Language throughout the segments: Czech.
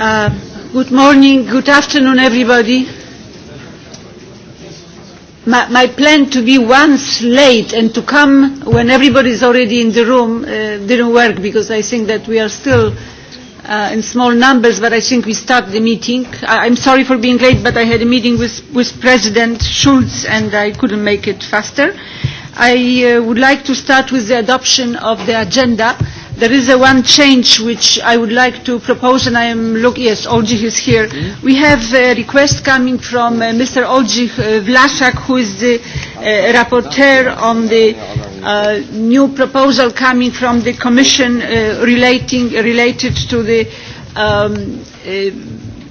Uh, good morning, good afternoon, everybody. My, my plan to be once late and to come when everybody is already in the room uh, didn't work because I think that we are still uh, in small numbers, but I think we start the meeting. I, I'm sorry for being late, but I had a meeting with, with President Schulz and I couldn't make it faster. I uh, would like to start with the adoption of the agenda. There is a one change which I would like to propose, and I am look. Yes, Olgich is here. Mm -hmm. We have a request coming from uh, Mr. Olgich uh, Vlasak, who is the uh, rapporteur on the uh, new proposal coming from the Commission uh, relating related to the um, uh,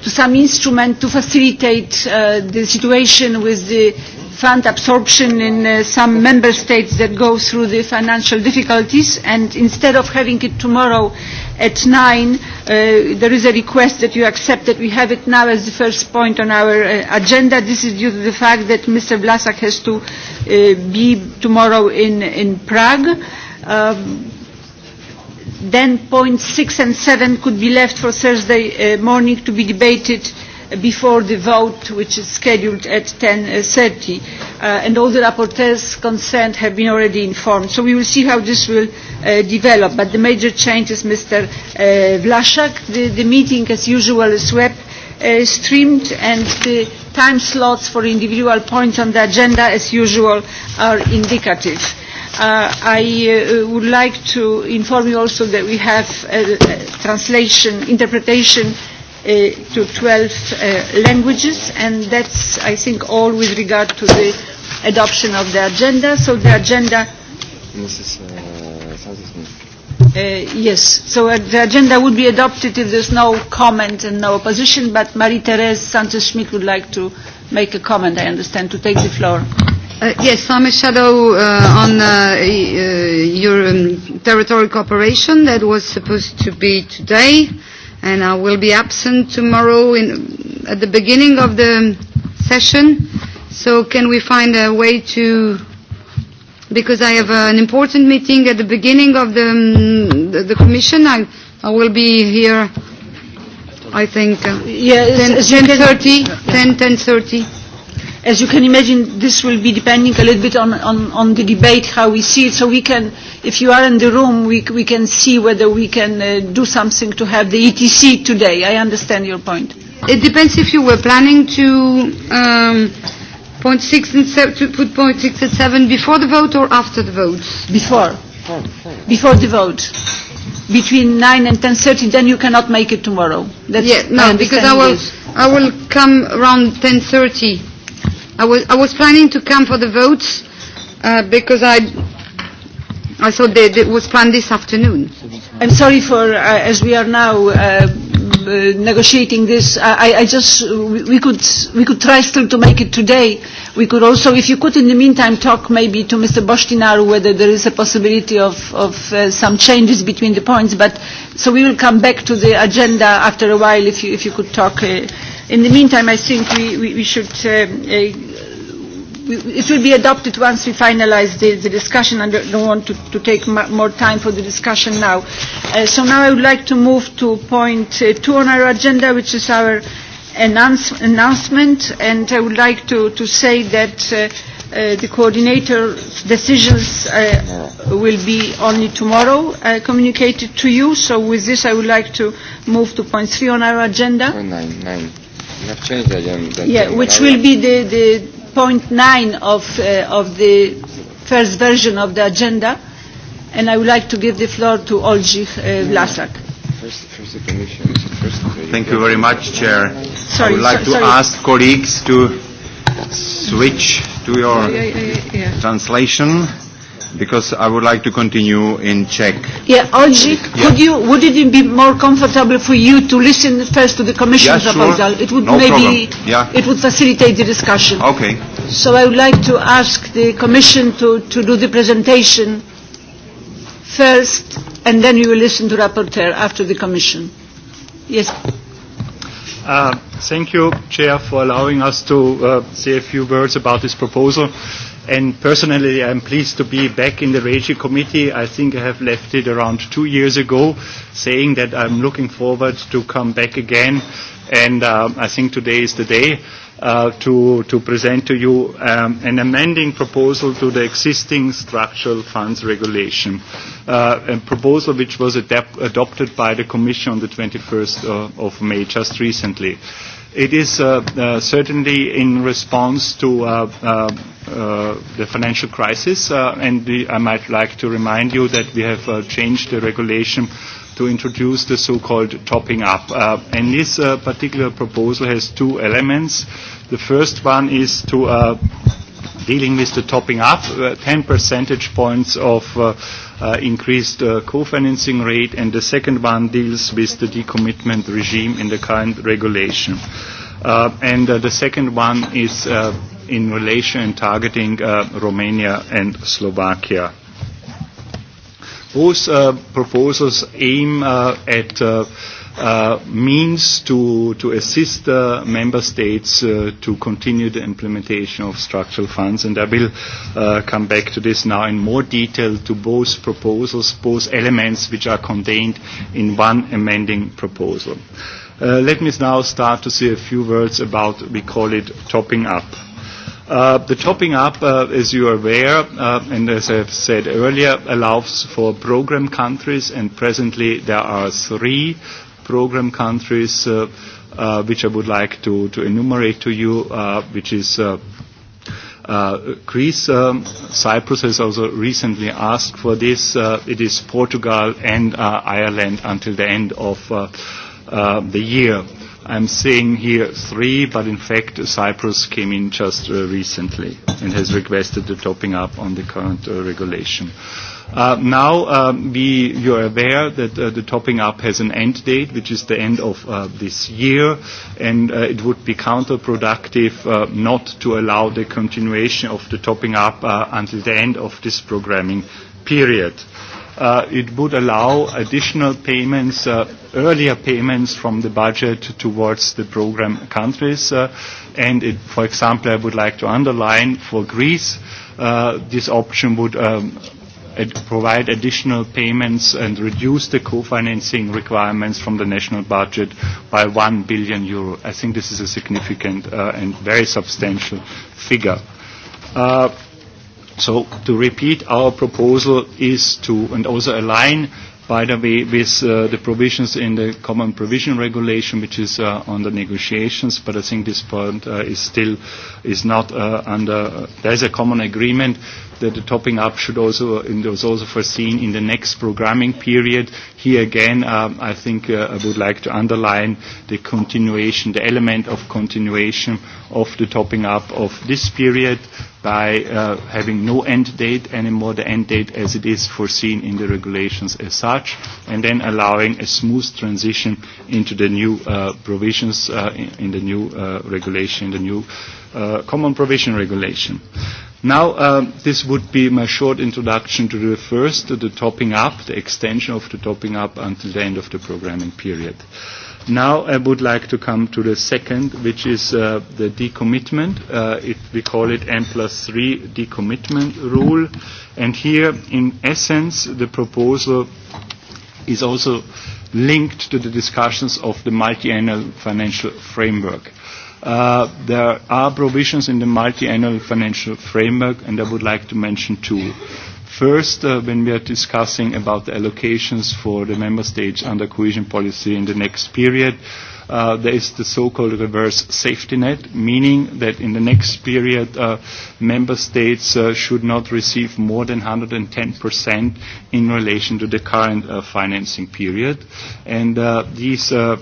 to some instrument to facilitate uh, the situation with the fund absorption in uh, some member states that go through the financial difficulties and instead of having it tomorrow at 9 uh, there is a request that you accept that we have it now as the first point on our uh, agenda this is due to the fact that Mr. Vlasak has to uh, be tomorrow in, in Prague um, then points 6 and 7 could be left for Thursday uh, morning to be debated uh, before the vote which is scheduled at 10.30 uh, and all the rapporteurs concerned have been already informed. So we will see how this will uh, develop. But the major change is Mr. Uh, Vlasak. The, the meeting as usual is web uh, streamed and the time slots for individual points on the agenda as usual are indicative. Uh, I uh, would like to inform you also that we have a, a translation, interpretation uh, to 12 uh, languages, and that's, I think, all with regard to the adoption of the agenda. So the agenda... Mrs. Uh, uh, yes, so uh, the agenda would be adopted if there's no comment and no opposition, but Marie-Thérèse Sanchez-Schmidt would like to make a comment, I understand, to take the floor. Uh, yes, I'm a shadow uh, on uh, uh, your um, territorial cooperation that was supposed to be today and I will be absent tomorrow in, at the beginning of the session. So can we find a way to, because I have an important meeting at the beginning of the, mm, the, the commission, I, I will be here, I think, uh, yes, 10, 10.30, 10, 10.30 as you can imagine, this will be depending a little bit on, on, on the debate, how we see it. So we can, if you are in the room, we, we can see whether we can uh, do something to have the ETC today. I understand your point. It depends if you were planning to um, point six and se- to put point six and seven before the vote or after the vote. Before, before the vote between 9 and 10.30, then you cannot make it tomorrow. That's yeah, no, because I will, I will come around 10.30 i was, I was planning to come for the votes uh, because I, I thought that it was planned this afternoon. I'm sorry for, uh, as we are now uh, Uh, negotiating this. I, I just we could we could try still to make it today. We could also, if you could, in the meantime, talk maybe to Mr. Bostinar whether there is a possibility of of uh, some changes between the points. But so we will come back to the agenda after a while if you if you could talk. Uh, in the meantime, I think we, we, we should, uh, uh, it will be adopted once we finalize the, the discussion. I don't want to, to take more time for the discussion now. Uh, so now I would like to move to point uh, two on our agenda, which is our announce announcement. And I would like to, to say that uh, Uh, the coordinator's decisions uh, will be only tomorrow uh, communicated to you. So with this, I would like to move to point three on our agenda. Nine, nine. Yeah, which will be the, the point nine of, uh, of the first version of the agenda. And I would like to give the floor to Olgich uh, Vlasak. Thank you very much, Chair. Sorry, I would like so, to sorry. ask colleagues to switch to your yeah, yeah, yeah, yeah. translation because I would like to continue in Czech. Yeah, Olgi, yeah. could you, would it be more comfortable for you to listen first to the Commission's yeah, proposal? Sure. It would no maybe, yeah. it would facilitate the discussion. Okay. So I would like to ask the Commission to, to do the presentation first, and then you will listen to Rapporteur after the Commission. Yes. Uh, thank you, Chair, for allowing us to uh, say a few words about this proposal. Uh, And personally, I'm pleased to be back in the Regi committee. I think I have left it around two years ago, saying that I'm looking forward to come back again. And uh, I think today is the day uh, to, to present to you um, an amending proposal to the existing structural funds regulation, uh, a proposal which was adap- adopted by the Commission on the 21st uh, of May, just recently. It is uh, uh, certainly in response to uh, uh, uh, the financial crisis, uh, and the, I might like to remind you that we have uh, changed the regulation to introduce the so-called topping up. Uh, and this uh, particular proposal has two elements. The first one is to uh, dealing with the topping up, uh, 10 percentage points of uh, uh, increased uh, co-financing rate, and the second one deals with the decommitment regime in the current regulation. Uh, and uh, the second one is uh, in relation and targeting uh, Romania and Slovakia. Both uh, proposals aim uh, at uh, uh, means to, to assist uh, member states uh, to continue the implementation of structural funds. And I will uh, come back to this now in more detail to both proposals, both elements which are contained in one amending proposal. Uh, let me now start to say a few words about, we call it topping up. Uh, the topping up, uh, as you are aware, uh, and as I've said earlier, allows for program countries, and presently there are three program countries uh, uh, which I would like to, to enumerate to you, uh, which is uh, uh, Greece, um, Cyprus has also recently asked for this. Uh, it is Portugal and uh, Ireland until the end of uh, uh, the year. I'm seeing here three, but in fact Cyprus came in just uh, recently and has requested the topping up on the current uh, regulation. Uh, now um, we, you're aware that uh, the topping up has an end date, which is the end of uh, this year, and uh, it would be counterproductive uh, not to allow the continuation of the topping up uh, until the end of this programming period. Uh, uh, it would allow additional payments, uh, earlier payments from the budget towards the program countries. Uh, and it, for example, I would like to underline for Greece, uh, this option would um, ad- provide additional payments and reduce the co-financing requirements from the national budget by 1 billion euro. I think this is a significant uh, and very substantial figure. Uh, So to repeat, our proposal is to, and also align, by the way, with uh, the provisions in the common provision regulation, which is uh, on the negotiations, but I think this point uh, is still, is not uh, under, uh, there is a common agreement that the topping up should also in those also foreseen in the next programming period. Here again, um, I think uh, I would like to underline the continuation, the element of continuation of the topping up of this period by uh, having no end date anymore, the end date as it is foreseen in the regulations as such, and then allowing a smooth transition into the new uh, provisions uh, in, in the new uh, regulation, the new uh, common provision regulation. Uh, Now, um, this would be my short introduction to the first, to the topping up, the extension of the topping up until the end of the programming period. Now I would like to come to the second, which is uh, the decommitment. Uh, it, we call it M plus 3 decommitment rule. And here, in essence, the proposal is also linked to the discussions of the multi-annual financial framework. Uh, there are provisions in the multi-annual financial framework, and I would like to mention two. First, uh, when we are discussing about the allocations for the member states under cohesion policy in the next period, uh, there is the so-called reverse safety net, meaning that in the next period, uh, member states uh, should not receive more than 110% in relation to the current uh, financing period. And uh, these uh,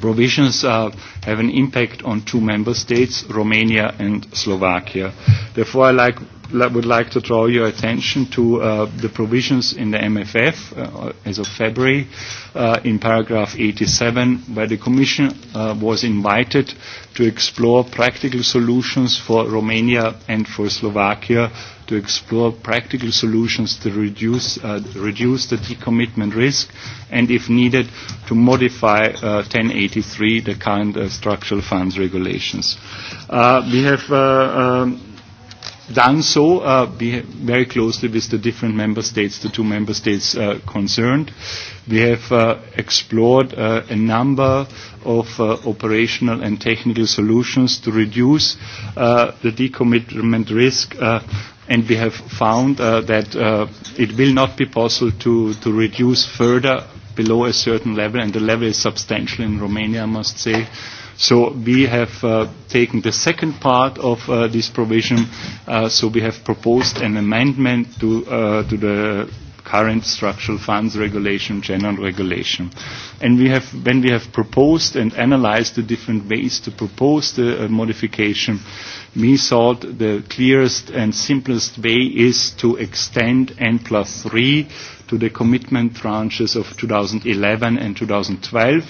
provisions uh, have an impact on two member states, Romania and Slovakia. Therefore, I like, would like to draw your attention to uh, the provisions in the MFF uh, as of February uh, in paragraph 87, where the Commission uh, was invited to explore practical solutions for Romania and for Slovakia to explore practical solutions to reduce, uh, reduce the decommitment risk and, if needed, to modify uh, 1083, the current uh, structural funds regulations. Uh, we have uh, um, done so uh, very closely with the different member states, the two member states uh, concerned. We have uh, explored uh, a number of uh, operational and technical solutions to reduce uh, the decommitment risk uh, and we have found uh, that uh, it will not be possible to, to reduce further below a certain level, and the level is substantial in Romania, I must say. So we have uh, taken the second part of uh, this provision, uh, so we have proposed an amendment to, uh, to the current structural funds regulation, general regulation. And we have, when we have proposed and analyzed the different ways to propose the uh, modification, we thought the clearest and simplest way is to extend N plus 3 to the commitment tranches of 2011 and 2012,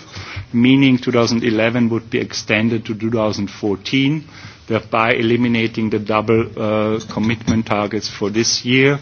meaning 2011 would be extended to 2014, thereby eliminating the double uh, commitment targets for this year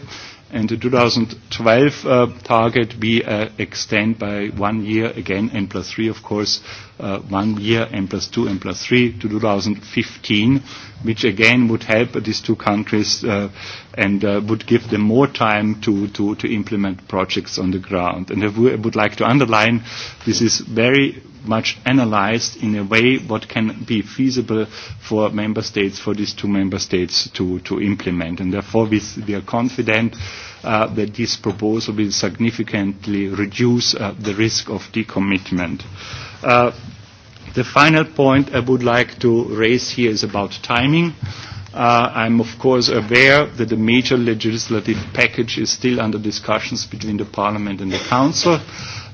and the 2012 uh, target we uh, extend by one year again, N plus three, of course, uh, one year, N plus two, N plus three to 2015, which again would help these two countries uh, and uh, would give them more time to, to, to implement projects on the ground. And I would like to underline this is very much analyzed in a way what can be feasible for member states, for these two member states to, to implement. And therefore, we, we are confident uh, that this proposal will significantly reduce uh, the risk of decommitment. Uh, the final point I would like to raise here is about timing. Uh, Uh, I'm of course aware that the major legislative package is still under discussions between the Parliament and the Council.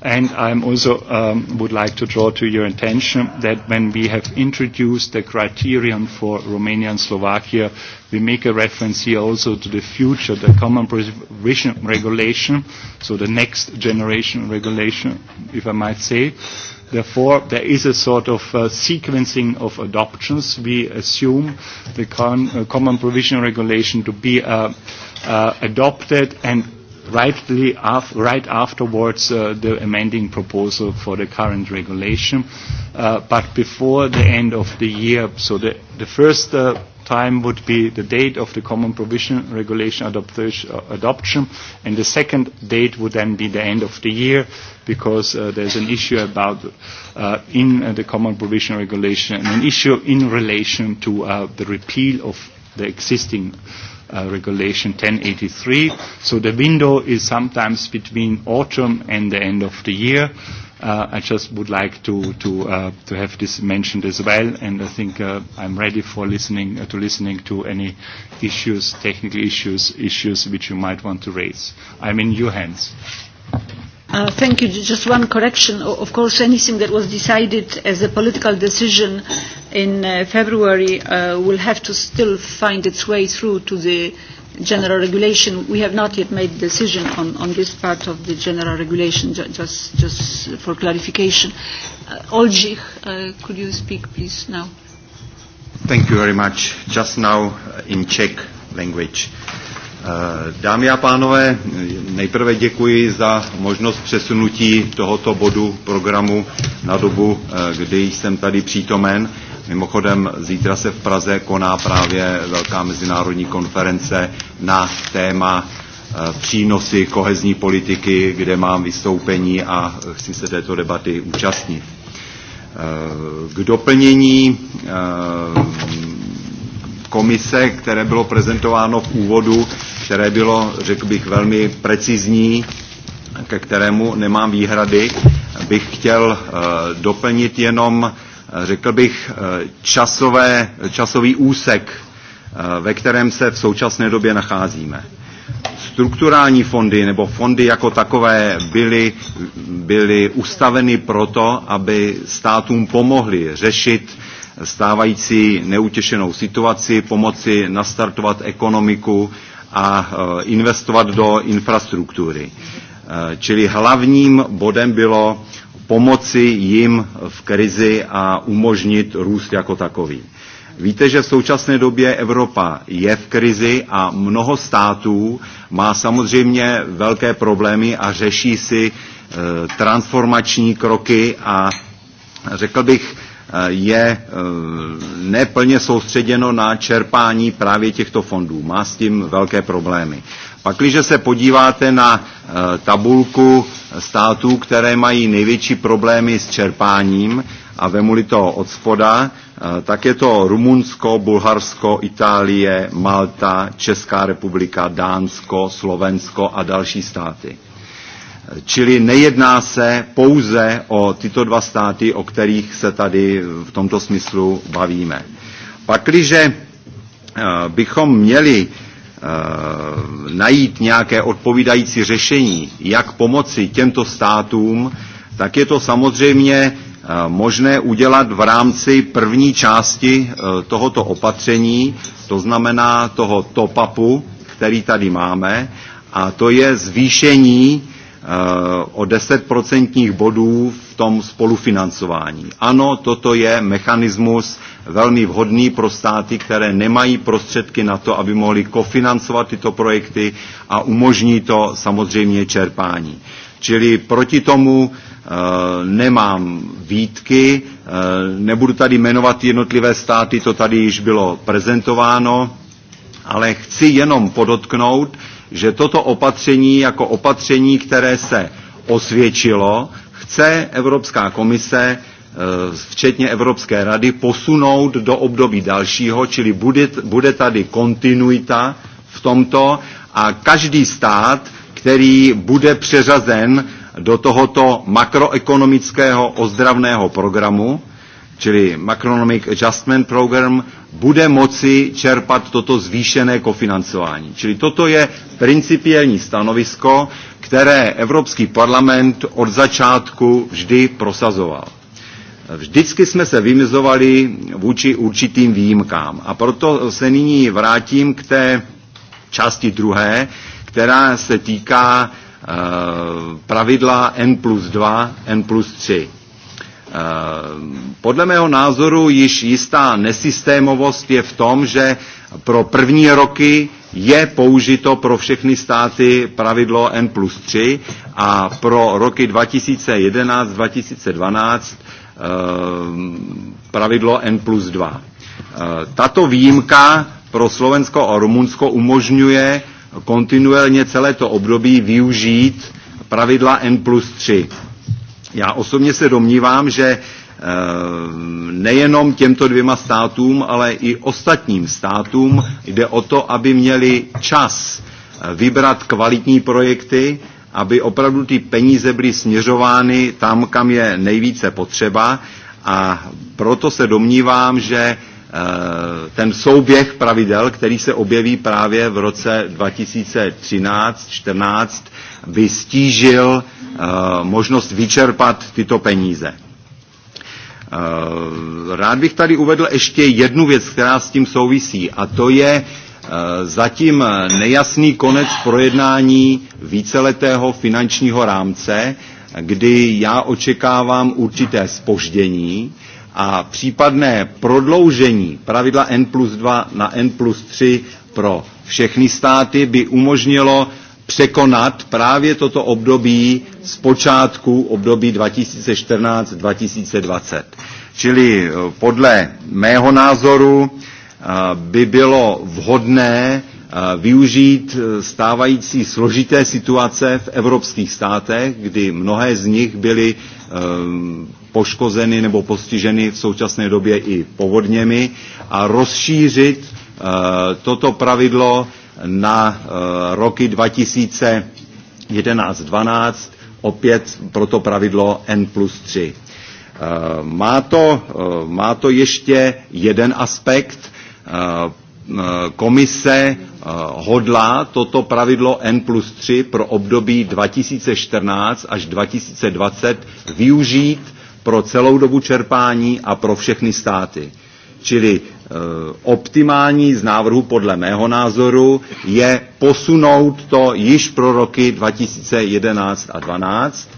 And I also um, would like to draw to your attention that when we have introduced the criterion for Romania and Slovakia, we make a reference here also to the future, the common provision regulation, so the next generation regulation, if I might say Therefore, there is a sort of uh, sequencing of adoptions. We assume the con- uh, common provision regulation to be uh, uh, adopted and rightly af- right afterwards uh, the amending proposal for the current regulation, uh, but before the end of the year. So the, the first uh, time would be the date of the common provision regulation uh, adoption, and the second date would then be the end of the year because uh, there's an issue about uh, in uh, the common provision regulation, an issue in relation to uh, the repeal of the existing uh, regulation 1083. So the window is sometimes between autumn and the end of the year. Uh, I just would like to to uh, to have this mentioned as well, and I think uh, I'm ready for listening uh, to listening to any issues, technical issues, issues which you might want to raise. I'm in your hands. Uh, thank you. Just one correction. O Of course, anything that was decided as a political decision in uh, February uh, will have to still find its way through to the general regulation, we have not yet made a decision on, on this part of the general regulation, ju just, just for clarification. Uh, Olgich, uh, could you speak, please, now? Thank you very much. Just now uh, in Czech language. Uh, dámy a pánové, nejprve děkuji za možnost přesunutí tohoto bodu programu na dobu, uh, kdy jsem tady přítomen. Mimochodem, zítra se v Praze koná právě velká mezinárodní konference na téma eh, přínosy kohezní politiky, kde mám vystoupení a chci se této debaty účastnit. Eh, k doplnění eh, komise, které bylo prezentováno v úvodu, které bylo, řekl bych, velmi precizní, ke kterému nemám výhrady, bych chtěl doplnit jenom řekl bych, eh, časové, časový úsek, eh, ve kterém se v současné době nacházíme. Strukturální fondy nebo fondy jako takové byly, byly ustaveny proto, aby státům pomohly řešit stávající neutěšenou situaci, pomoci nastartovat ekonomiku a eh, investovat do infrastruktury. Čili hlavním bodem bylo pomoci jim v krizi a umožnit růst jako takový. Víte, že v současné době Evropa je v krizi a mnoho států má samozřejmě velké problémy a řeší si eh, transformační kroky a řekl bych, eh, je eh, neplně soustředěno na čerpání právě těchto fondů. Má s tím velké problémy. Pakliže se podíváte na eh, tabulku států, které mají největší problémy s čerpáním, a vemuli to od spoda, eh, tak je to Rumunsko, Bulharsko, Itálie, Malta, Česká republika, Dánsko, Slovensko a další státy. Eh, čili nejedná se pouze o tyto dva státy, o kterých se tady v tomto smyslu bavíme. Pakliže bychom měli uh, Eh, najít nějaké odpovídající řešení, jak pomoci těmto státům, tak je to samozřejmě eh, možné udělat v rámci první části eh, tohoto opatření, to znamená toho top-upu, který tady máme, a to je zvýšení Eh, o 10% bodů v tom spolufinancování. Ano, toto je mechanismus velmi vhodný pro státy, které nemají prostředky na to, aby mohly kofinancovat tyto projekty a umožní to samozřejmě čerpání. Čili proti tomu e, nemám výtky, e, nebudu tady jmenovat jednotlivé státy, to tady již bylo prezentováno, ale chci jenom podotknout, že toto opatření jako opatření, které se osvědčilo, chce Evropská komise eh, včetně Evropské rady, posunout do období dalšího, čili bude, bude tady kontinuita v tomto a každý stát, který bude přeřazen do tohoto makroekonomického ozdravného programu, čili Macronomic Adjustment Program, bude moci čerpat toto zvýšené kofinancování. Čili toto je principiální stanovisko, které Evropský parlament od začátku vždy prosazoval. Vždycky jsme se vymizovali vůči určitým výjimkám a proto se nyní vrátím k té části druhé, která se týká eh, pravidla N plus 2, N plus 3. Eh, podle mého názoru již jistá nesystémovost je v tom, že pro první roky je použito pro všechny státy pravidlo N plus 3 a pro roky 2011-2012 eh, pravidlo N plus 2. Eh, tato výjimka pro Slovensko a Rumunsko umožňuje kontinuálně celé to období využít pravidla N plus 3. Já osobně se domnívám, že eh, nejenom těmto dvěma státům, ale i ostatním státům jde o to, aby měli čas eh, vybrat kvalitní projekty, aby opravdu ty peníze byly směřovány tam, kam je nejvíce potřeba. A proto se domnívám, že eh, ten souběh pravidel, který se objeví právě v roce 2013-14, by stížil eh, možnost vyčerpat tyto peníze. Eh, rád bych tady uvedl ještě jednu věc, která s tím souvisí, a to je eh, zatím nejasný konec projednání víceletého finančního rámce, kdy já očekávám určité spoždění a případné prodloužení pravidla N plus 2 na N plus 3 pro všechny státy by umožnilo překonat právě toto období z počátku období 2014-2020. Čili eh, podle mého názoru eh, by bylo vhodné eh, využít stávající složité situace v evropských státech, kdy mnohé z nich byly poškozeny nebo postiženy v současné době i povodněmi a rozšířit toto pravidlo na eh, roky 2011-12, opět pro to pravidlo N plus 3. Eh, má to, eh, má to ještě jeden aspekt. Komise hodlá toto pravidlo N plus 3 pro období 2014 až 2020 využít pro celou dobu čerpání a pro všechny státy. Čili Eh, optimální z návrhu podle mého názoru je posunout to již pro roky 2011 a 2012.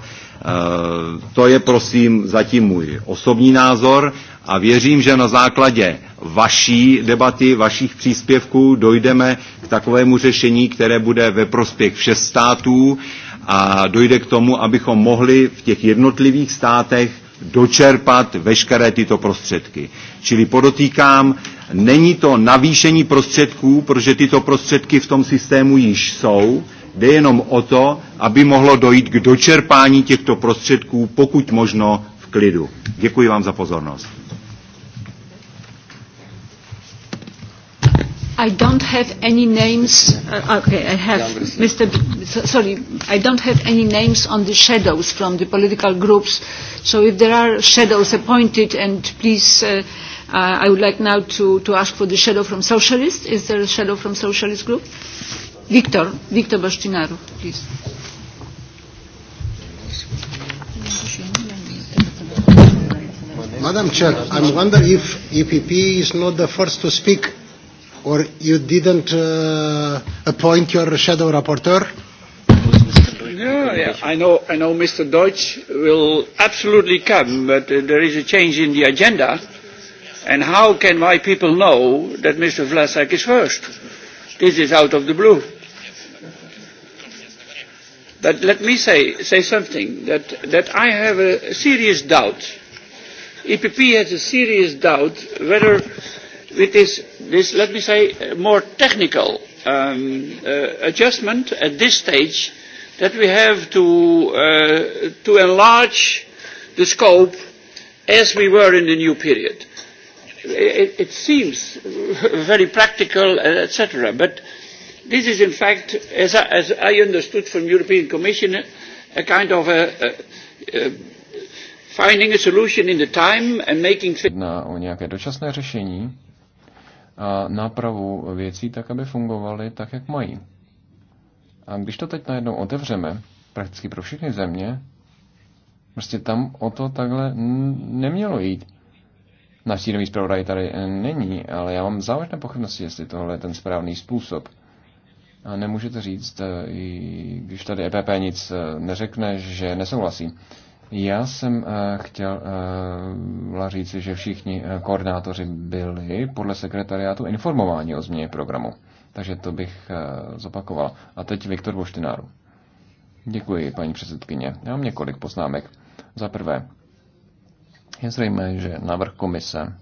Eh, to je prosím zatím můj osobní názor a věřím, že na základě vaší debaty, vašich příspěvků dojdeme k takovému řešení, které bude ve prospěch všech států a dojde k tomu, abychom mohli v těch jednotlivých státech dočerpat veškeré tyto prostředky. Čili podotýkám, není to navýšení prostředků, protože tyto prostředky v tom systému již jsou, jde jenom o to, aby mohlo dojít k dočerpání těchto prostředků pokud možno v klidu. Děkuji vám za pozornost. I don't have any names. Uh, okay, I have Mr. B sorry, I don't have any names on the shadows from the political groups. So if there are shadows appointed, and please, uh, uh, I would like now to, to ask for the shadow from Socialist. Is there a shadow from Socialist group? Victor, Victor Bastinaru, please. Madam Chair, I wonder if EPP is not the first to speak or you didn't uh, appoint your shadow rapporteur? Yeah, yeah. I know. I know. Mr. Deutsch will absolutely come, but uh, there is a change in the agenda. And how can my people know that Mr. Vlasak is first? This is out of the blue. But let me say, say something, that, that I have a serious doubt. EPP has a serious doubt whether with this, this let me say, more technical um, uh, adjustment at this stage that we have to, uh, to enlarge the scope as we were in the new period. It, it seems very practical, uh, etc. But this is, in fact, as I, as I understood from European Commission, a kind of a, a, a finding a solution in the time and making. Na, o nějaké dočasné řešení a nápravu věcí tak, aby fungovaly tak, jak mají. A když to teď najednou otevřeme, prakticky pro všechny země, prostě tam o to takhle nemělo jít. Na stínový zpravodaj tady není, ale já mám závažné pochybnosti, jestli tohle je ten správný způsob. A nemůžete říct, eh, když tady EPP nic eh, neřekne, že nesouhlasí. Já jsem eh, chtěl eh, říci, že všichni eh, koordinátoři byli podle sekretariátu informováni o změně programu. Takže to bych zopakoval. A teď Viktor Boštináru. Děkuji, paní předsedkyně. Já mám několik poznámek. Za prvé, je zřejmé, že návrh komise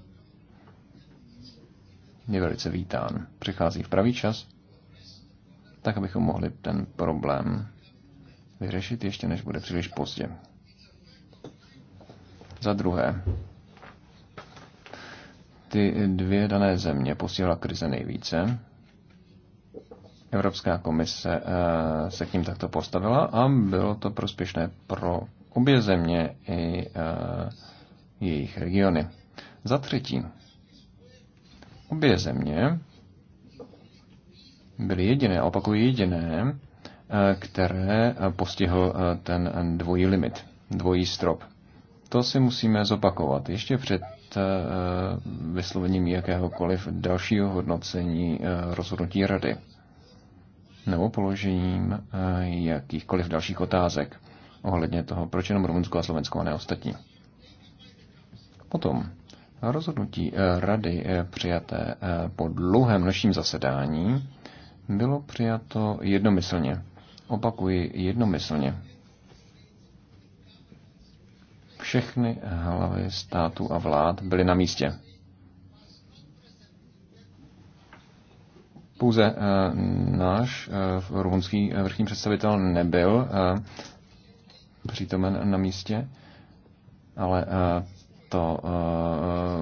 je velice vítán. Přichází v pravý čas, tak abychom mohli ten problém vyřešit ještě než bude příliš pozdě. Za druhé, ty dvě dané země posílala krize nejvíce. Evropská komise eh, se k ním takto postavila a bylo to prospěšné pro obě země i eh, jejich regiony. Za třetí, obě země byly jediné, opakuju jediné, eh, které postihl ten dvojí limit, dvojí strop. To si musíme zopakovat. Ještě před eh, vyslovením jakéhokoliv dalšího hodnocení eh, rozhodnutí rady nebo položením eh, jakýchkoliv dalších otázek ohledně toho, proč jenom Rumunsko a Slovensko a ne ostatní. Potom rozhodnutí rady přijaté po dlouhém nočním zasedání bylo přijato jednomyslně. Opakuji jednomyslně. Všechny hlavy států a vlád byly na místě. Pouze eh, náš eh, rumunský eh, vrchní představitel nebyl přítomen na místě, ale to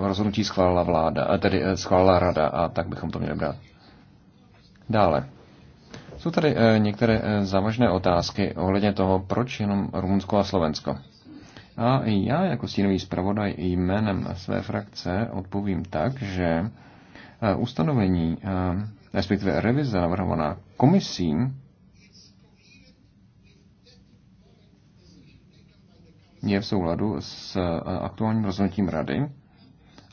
rozhodnutí schválila vláda, tedy schválila rada a tak bychom to měli brát. Dále. Jsou tady některé závažné otázky ohledně toho, proč jenom Rumunsko a Slovensko. A já jako stínový zpravodaj jménem své frakce odpovím tak, že e, ustanovení, e, respektive revize navrhovaná komisí, je v souladu s e, aktuálním rozhodnutím Rady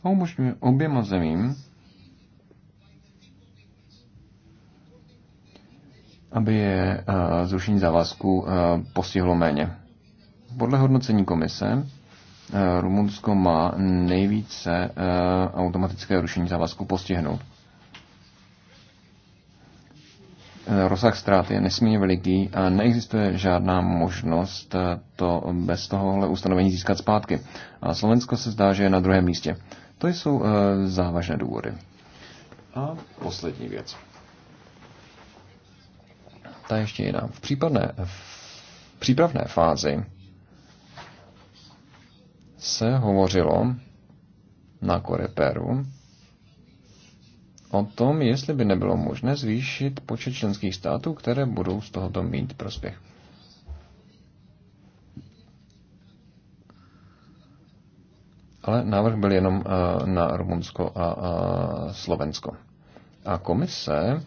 a umožňuje oběma zemím aby je zrušení závazku postihlo méně. Podle hodnocení komise eh, Rumunsko má nejvíce eh, automatické rušení závazku postihnout. Eh, rozsah ztrát je nesmírně veliký a neexistuje žádná možnost to bez tohohle ustanovení získat zpátky. A Slovensko se zdá, že je na druhém místě. To jsou závažné důvody. A poslední věc. Ta ještě jiná. V případné v přípravné fázi se hovořilo na Koreperu o tom, jestli by nebylo možné zvýšit počet členských států, které budou z tohoto mít prospěch. Ale návrh byl jenom eh, na Rumunsko a Slovensko. A komise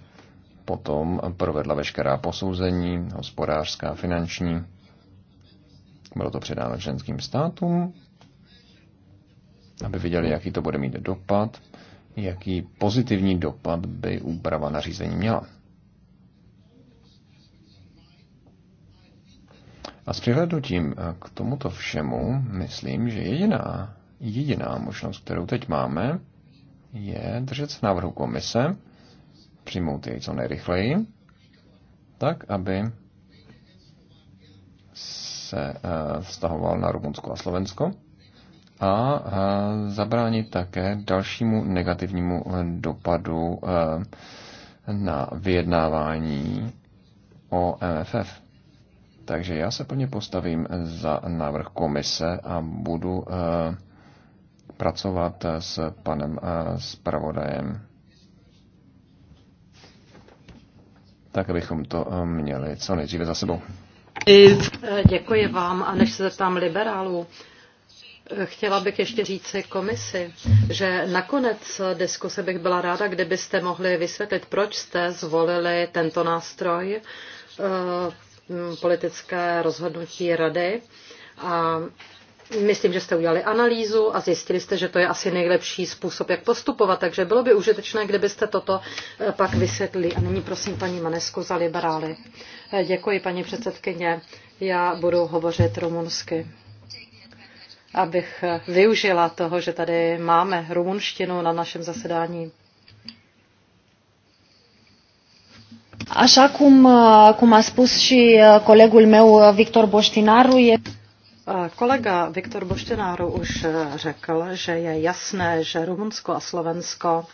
potom provedla veškerá posouzení, hospodářská, finanční. Bylo to předáno členským státům aby viděli, hmm. jaký to bude mít dopad, jaký pozitivní dopad by úprava nařízení měla. A s přihlednutím eh, k tomuto všemu, myslím, že jediná, jediná možnost, kterou teď máme, je držet se návrhu komise, přijmout jej co nejrychleji, tak, aby se eh, vztahoval na Rumunsko a Slovensko a zabránit také dalšímu negativnímu eh, dopadu eh, na vyjednávání o MFF. Takže já se plně postavím za návrh komise a budu eh, pracovat s panem zpravodajem. Tak, abychom to měli co nejdříve za sebou. Děkuji vám a než se zeptám liberálů, Chtěla bych ještě říci komisi, že nakonec diskuse bych byla ráda, kdybyste mohli vysvětlit, proč jste zvolili tento nástroj eh, politické rozhodnutí rady. A myslím, že jste udělali analýzu a zjistili jste, že to je asi nejlepší způsob, jak postupovat. Takže bylo by užitečné, kdybyste toto eh, pak vysvětlili. A nyní prosím paní Manesku za liberály. Eh, děkuji, paní předsedkyně. Já budu hovořit rumunsky abych využila toho, že tady máme rumunštinu na našem zasedání. Așa cum, cum a spus și uh, colegul meu uh, Victor Boștinaru, e... Kolega Viktor Boštenáru už uh, řekl, že je jasné, že Rumunsko a Slovensko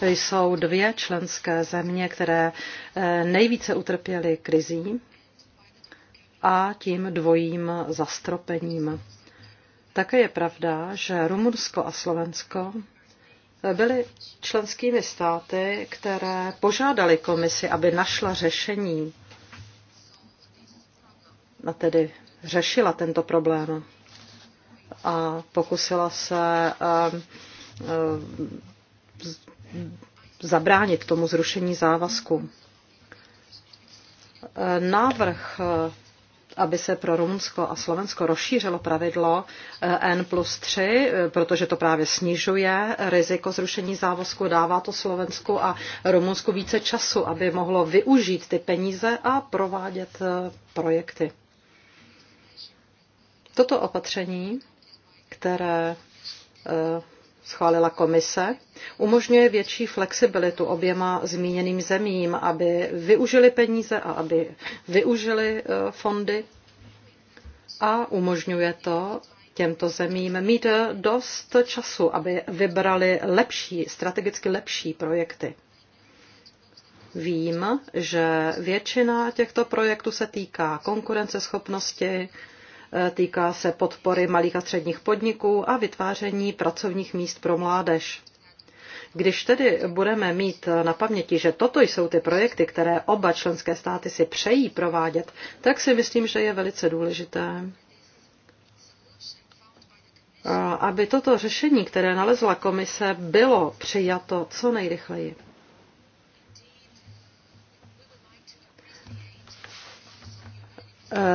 jsou dvě členské země, které eh, nejvíce utrpěly krizí a tím dvojím zastropením. Také je pravda, že Rumunsko a Slovensko byly členskými státy, které požádali komisi, aby našla řešení a tedy řešila tento problém a pokusila se eh, eh, zabránit tomu zrušení závazku. Eh, návrh aby se pro Rumunsko a Slovensko rozšířilo pravidlo eh, N plus 3, eh, protože to právě snižuje riziko zrušení závazku, dává to Slovensku a Rumunsku více času, aby mohlo využít ty peníze a provádět eh, projekty. Toto opatření, které schválila komise, umožňuje větší flexibilitu oběma zmíněným zemím, aby využili peníze a aby využili eh, fondy a umožňuje to těmto zemím mít eh, dost času, aby vybrali lepší, strategicky lepší projekty. Vím, že většina těchto projektů se týká konkurenceschopnosti, Eh, týká se podpory malých a středních podniků a vytváření pracovních míst pro mládež. Když tedy budeme mít na paměti, že toto jsou ty projekty, které oba členské státy si přejí provádět, tak si myslím, že je velice důležité, eh, aby toto řešení, které nalezla komise, bylo přijato co nejrychleji.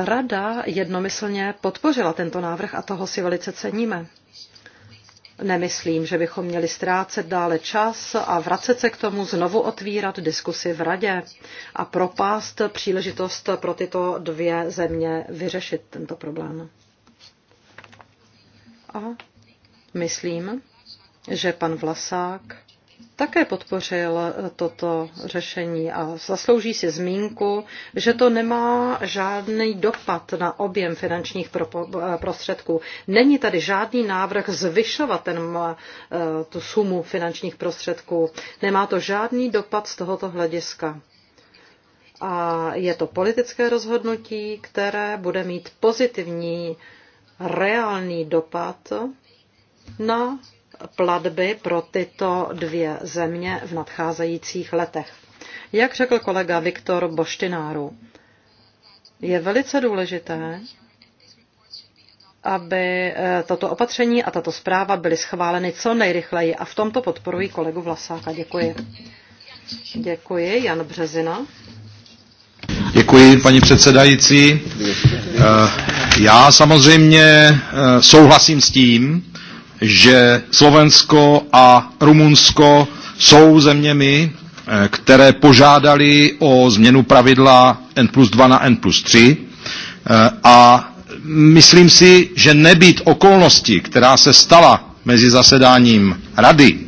Rada jednomyslně podpořila tento návrh a toho si velice ceníme. Nemyslím, že bychom měli ztrácet dále čas a vracet se k tomu, znovu otvírat diskusy v radě a propást příležitost pro tyto dvě země vyřešit tento problém. A myslím, že pan Vlasák také podpořil eh, toto řešení a zaslouží si zmínku, že to nemá žádný dopad na objem finančních eh, prostředků. Není tady žádný návrh zvyšovat ten, eh, tu sumu finančních prostředků. Nemá to žádný dopad z tohoto hlediska. A je to politické rozhodnutí, které bude mít pozitivní reálný dopad na platby pro tyto dvě země v nadcházejících letech. Jak řekl kolega Viktor Boštináru, je velice důležité, aby eh, toto opatření a tato zpráva byly schváleny co nejrychleji. A v tomto podporuji kolegu Vlasáka. Děkuji. Děkuji. Jan Březina. Děkuji, paní předsedající. Eh, já samozřejmě eh, souhlasím s tím, že Slovensko a Rumunsko jsou zeměmi, eh, které požádali o změnu pravidla N plus 2 na N plus 3 eh, a myslím si, že nebýt okolnosti, která se stala mezi zasedáním rady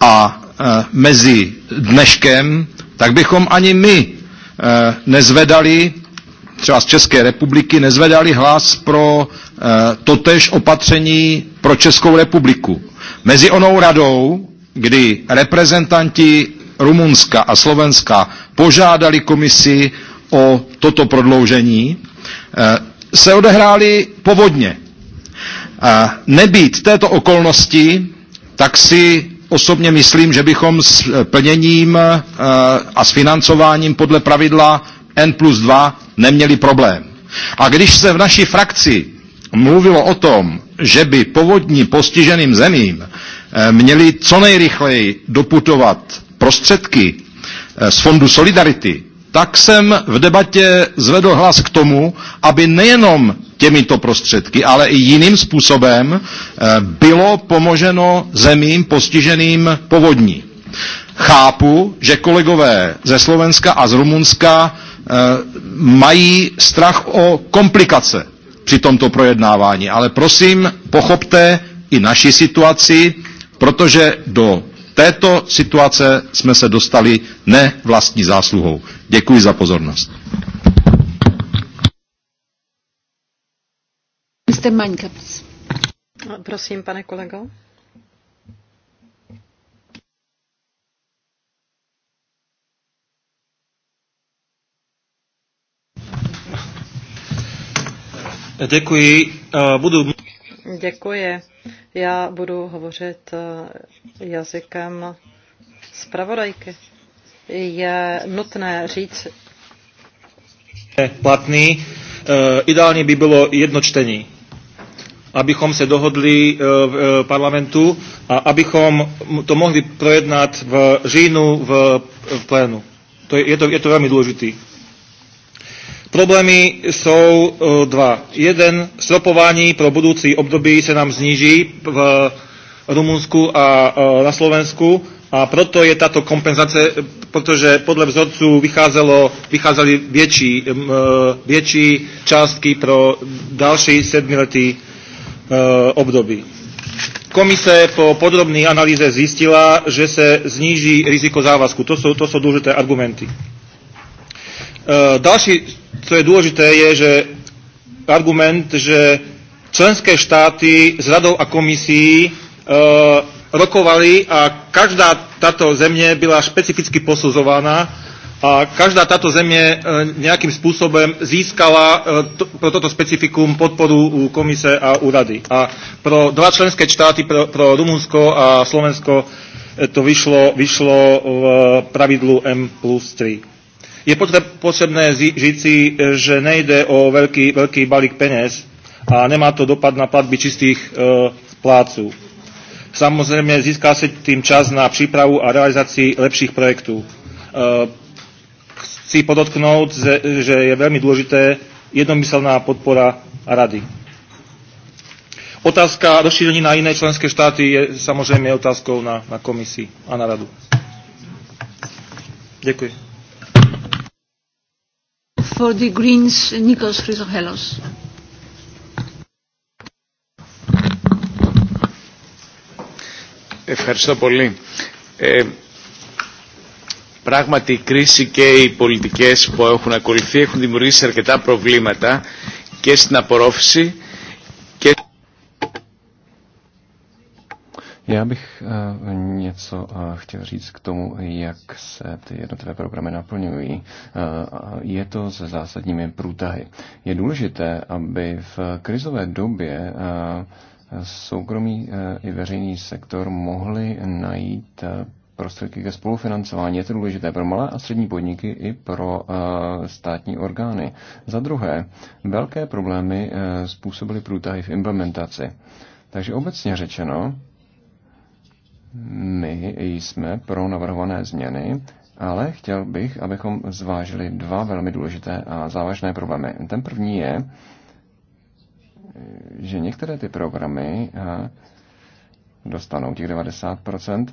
a eh, mezi dneškem, tak bychom ani my nezvedali třeba z České republiky nezvedali hlas pro e, eh, totež opatření pro Českou republiku. Mezi onou radou, kdy reprezentanti Rumunska a Slovenska požádali komisi o toto prodloužení, e, se odehrály povodně. E, nebýt této okolnosti, tak si osobně myslím, že bychom s plněním eh, a s financováním podle pravidla N plus 2 neměli problém. A když se v naší frakci mluvilo o tom, že by povodní postiženým zemím eh, měli co nejrychleji doputovat prostředky eh, z Fondu Solidarity, tak jsem v debatě zvedl hlas k tomu, aby nejenom těmito prostředky, ale i jiným způsobem eh, bylo pomoženo zemím postiženým povodní. Chápu, že kolegové ze Slovenska a z Rumunska Eh, mají strach o komplikace při tomto projednávání. Ale prosím, pochopte i naši situaci, protože do této situace jsme se dostali ne vlastní zásluhou. Děkuji za pozornost. Mr. Prosím, pane kolego. Děkuji. Eh, budu... Děkuji. Já budu hovořit eh, jazykem zpravodajky. Je nutné říct... Platný. Eh, ideálně by bylo jedno čtení abychom se dohodli v parlamentu a abychom to mohli projednat v říjnu v, v plénu. To je, je, to, je to velmi důležité. Problémy jsou e, dva. Jeden, stropování pro budoucí období se nám zníží v Rumunsku a e, na Slovensku a proto je tato kompenzace, protože podle vzorců vycházelo, vycházely větší, e, větší částky pro další sedmiletý období. Komise po podrobné analýze zjistila, že se zníží riziko závazku. To jsou, to jsou důležité argumenty. Eh, další, co je důležité, je, že argument, že členské štáty s radou a komisí eh, rokovali a každá tato země byla špecificky posuzována a každá tato země eh, nejakým způsobem získala pro toto specifikum podporu u komise a u rady. A pro dva členské štáty, pro, pro Rumunsko a Slovensko, to vyšlo, vyšlo v pravidlu M plus 3. Je potřebné říci, že nejde o velký, velký balík peněz a nemá to dopad na platby čistých uh, e, pláců. Samozřejmě získá se tím čas na přípravu a realizaci lepších projektů. Uh, chci podotknout, že je velmi důležité jednomyslná podpora rady. Otázka rozšíření na jiné členské štáty je samozřejmě otázkou na, na komisi a na radu. Děkuji for the Greens, Nikos Chrysohelos. Ευχαριστώ πολύ. Ε, πράγματι η κρίση και οι πολιτικές που έχουν ακολουθεί έχουν δημιουργήσει αρκετά προβλήματα και στην απορρόφηση Já bych eh, něco eh, chtěl říct k tomu, jak se ty jednotlivé programy naplňují. Eh, je to se zásadními průtahy. Je důležité, aby v krizové době soukromý i veřejný sektor mohli najít prostředky ke spolufinancování. Je to důležité pro malé a střední podniky i pro státní orgány. Za druhé, velké problémy způsobily průtahy v implementaci. Takže obecně řečeno, my jsme pro navrhované změny, ale chtěl bych, abychom zvážili dva velmi důležité a závažné problémy. Ten první je, že některé ty programy eh, dostanou těch 90%,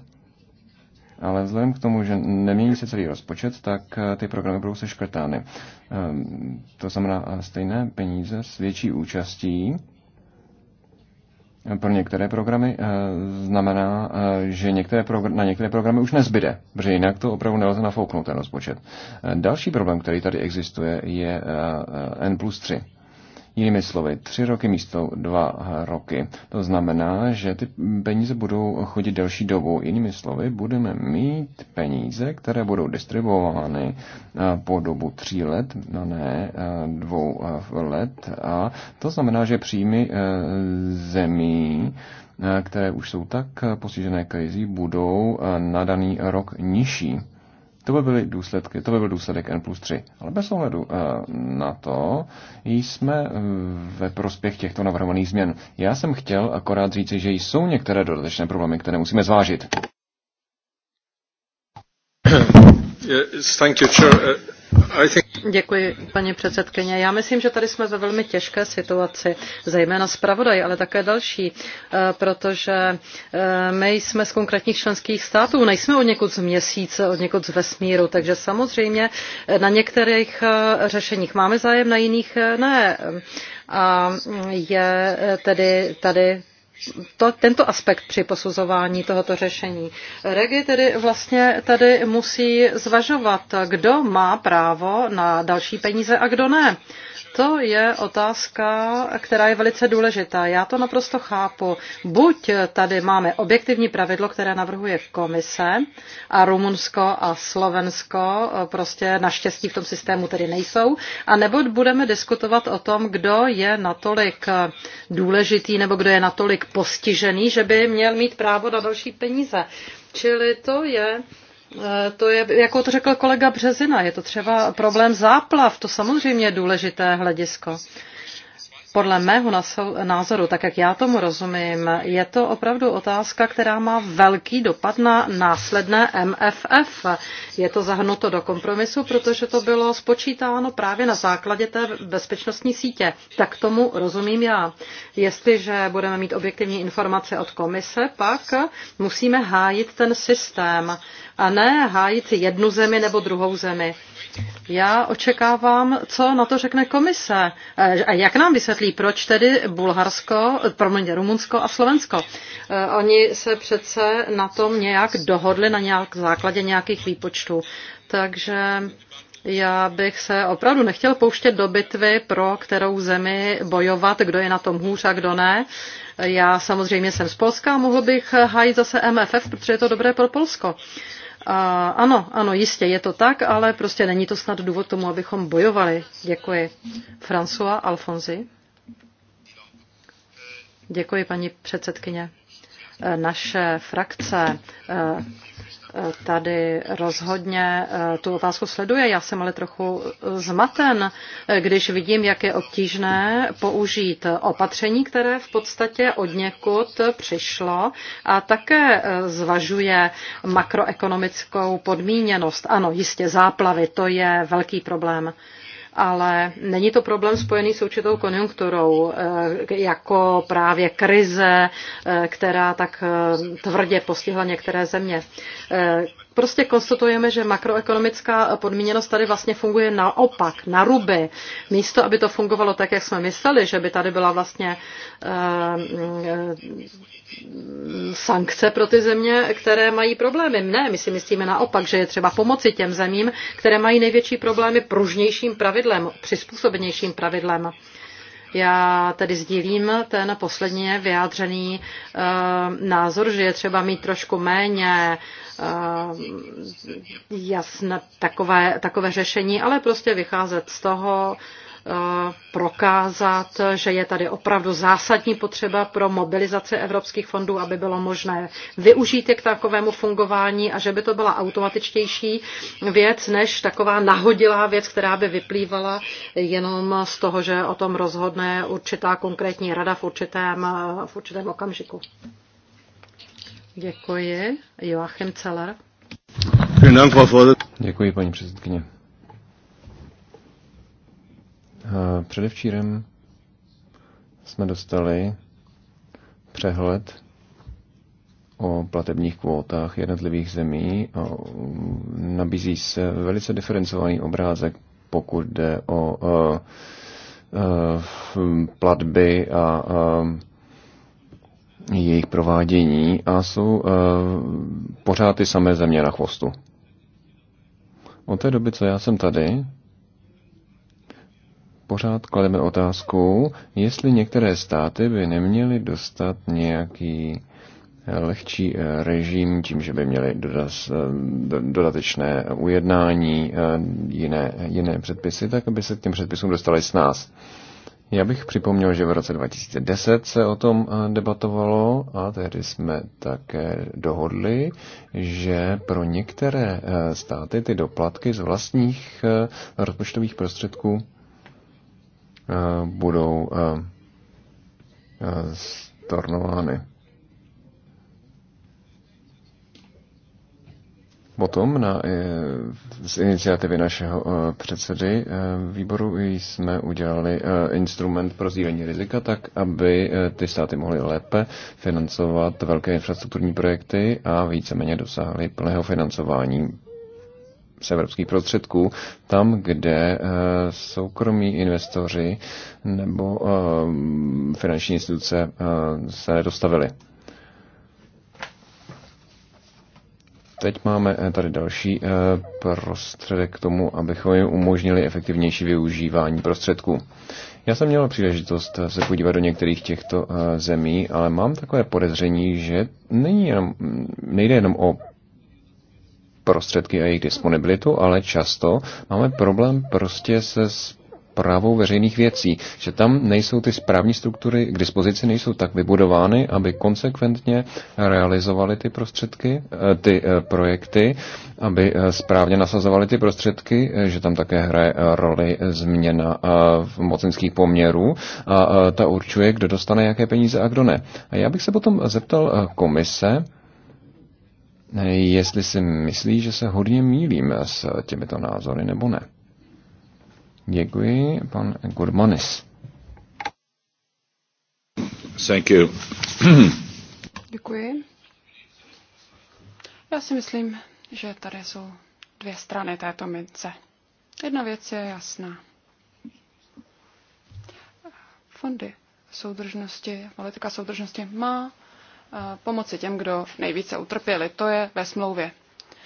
ale vzhledem k tomu, že nemění se celý rozpočet, tak eh, ty programy budou seškrtány. Ehm, to znamená eh, stejné peníze s větší účastí pro některé programy eh, znamená, eh, že některé progr- na některé programy už nezbyde, protože jinak to opravdu nelze nafouknout ten rozpočet. Eh, další problém, který tady existuje, je N plus 3. Jinými slovy, tři roky místo dva roky. To znamená, že ty peníze budou chodit delší dobu. Jinými slovy, budeme mít peníze, které budou distribuovány eh, po dobu tří let, no ne eh, dvou eh, let. A to znamená, že příjmy zemí které už jsou tak postižené krizí, budou na daný rok nižší. To by, byly důsledky, to by byl důsledek N plus 3. Ale bez ohledu eh, na to jsme eh, ve prospěch těchto navrhovaných změn. Já jsem chtěl akorát říci, že jsou některé dodatečné problémy, které musíme zvážit. Thank you, Děkuji, paní předsedkyně. Já myslím, že tady jsme ve velmi těžké situaci, zejména zpravodaj, ale také další, eh, protože eh, my jsme z konkrétních členských států, nejsme od někud z měsíce, od někud z vesmíru, takže samozřejmě na některých eh, řešeních máme zájem, na jiných ne. A je tedy tady to, tento aspekt při posuzování tohoto řešení. Regi tedy vlastně tady musí zvažovat, kdo má právo na další peníze a kdo ne. Uh, to je otázka, která je velice důležitá. Já to naprosto chápu. Buď tady máme objektivní pravidlo, které navrhuje komise a Rumunsko a Slovensko prostě naštěstí v tom systému tedy nejsou, a nebo budeme diskutovat o tom, kdo je natolik důležitý nebo kdo je natolik postižený, že by měl mít právo na další peníze. Čili to je Eh, to je, jako to řekl kolega Březina, je to třeba problém záplav, to samozřejmě je důležité hledisko. Podle mého názoru, tak jak já tomu rozumím, je to opravdu otázka, která má velký dopad na následné MFF. Je to zahrnuto do kompromisu, protože to bylo spočítáno právě na základě té bezpečnostní sítě. Tak tomu rozumím já. Jestliže budeme mít objektivní informace od komise, pak musíme hájit ten systém a ne hájit jednu zemi nebo druhou zemi. Já očekávám, co na to řekne komise a jak nám vysvětlí, vysvětlí, proč tedy Bulharsko, promiňte, Rumunsko a Slovensko. E, oni se přece na tom nějak dohodli na nějak, základě nějakých výpočtů. Takže já bych se opravdu nechtěl pouštět do bitvy, pro kterou zemi bojovat, kdo je na tom hůř a kdo ne. Já samozřejmě jsem z Polska a mohl bych hájit zase MFF, protože je to dobré pro Polsko. A ano, ano, jistě je to tak, ale prostě není to snad důvod tomu, abychom bojovali. Děkuji. François Alfonzi. Děkuji, paní předsedkyně. Naše frakce eh, tady rozhodně eh, tu otázku sleduje. Já jsem ale trochu zmaten, eh, když vidím, jak je obtížné použít opatření, které v podstatě od někud přišlo a také zvažuje makroekonomickou podmíněnost. Ano, jistě záplavy, to je velký problém ale není to problém spojený s určitou konjunkturou, eh, jako právě krize, eh, která tak eh, tvrdě postihla některé země prostě konstatujeme, že makroekonomická podmíněnost tady vlastně funguje naopak, na ruby. Místo, aby to fungovalo tak, jak jsme mysleli, že by tady byla vlastně eh, eh, sankce pro ty země, které mají problémy. Ne, my si myslíme naopak, že je třeba pomoci těm zemím, které mají největší problémy pružnějším pravidlem, přizpůsobenějším pravidlem. Já tedy sdílím ten posledně vyjádřený eh, názor, že je třeba mít trošku méně eh, jasné takové, takové řešení, ale prostě vycházet z toho, Eh, prokázat, že je tady opravdu zásadní potřeba pro mobilizaci evropských fondů, aby bylo možné využít je k takovému fungování a že by to byla automatičtější věc, než taková nahodilá věc, která by vyplývala jenom z toho, že o tom rozhodne určitá konkrétní rada v určitém, eh, v určitém okamžiku. Děkuji. Joachim Celer. Děkuji, paní předsedkyně. Eh, předevčírem jsme dostali přehled o platebních kvótách jednotlivých zemí. Mm, nabízí se velice diferencovaný obrázek, pokud jde o eh, eh, platby a jejich provádění a jsou pořád ty samé země na chvostu. Od té doby, co já jsem tady, pořád klademe otázku, jestli některé státy by neměly dostat nějaký eh, lehčí eh, režim tím, že by měli dodas, eh, dodatečné ujednání, jiné, jiné předpisy, tak aby se k těm předpisům dostali s nás. Já bych připomněl, že v roce 2010 se o tom debatovalo a tehdy jsme také dohodli, že pro některé státy ty doplatky z vlastních rozpočtových prostředků Eh, budou eh, eh, stornovány. Potom na, z iniciativy našeho předsedy výboru jsme udělali instrument pro sdílení rizika tak, aby ty státy mohly lépe financovat velké infrastrukturní projekty a víceméně dosáhly plného financování z evropských prostředků, tam, kde eh, soukromí investoři nebo eh, finanční instituce eh, se nedostavili. Teď máme tady další prostředek k tomu, abychom jim umožnili efektivnější využívání prostředků. Já jsem měl příležitost se podívat do některých těchto zemí, ale mám takové podezření, že není jenom, nejde jenom o prostředky a jejich disponibilitu, ale často máme problém prostě se zprávou veřejných věcí, že tam nejsou ty správní struktury k dispozici, nejsou tak vybudovány, aby konsekventně realizovaly ty prostředky, eh, ty eh, projekty, aby eh, správně nasazovaly ty prostředky, že tam také hraje roli změna v mocenských poměrů a ta určuje, kdo dostane jaké peníze a kdo ne. A já bych se potom zeptal komise, jestli si myslí, že se hodně mílíme s těmito názory nebo ne. Děkuji, pan Gurmanis. Thank you. Děkuji. Já si myslím, že tady jsou dvě strany této mince. Jedna věc je jasná. Fondy soudržnosti, politika soudržnosti má Eh, pomoci těm, kdo nejvíce utrpěli. To je ve smlouvě.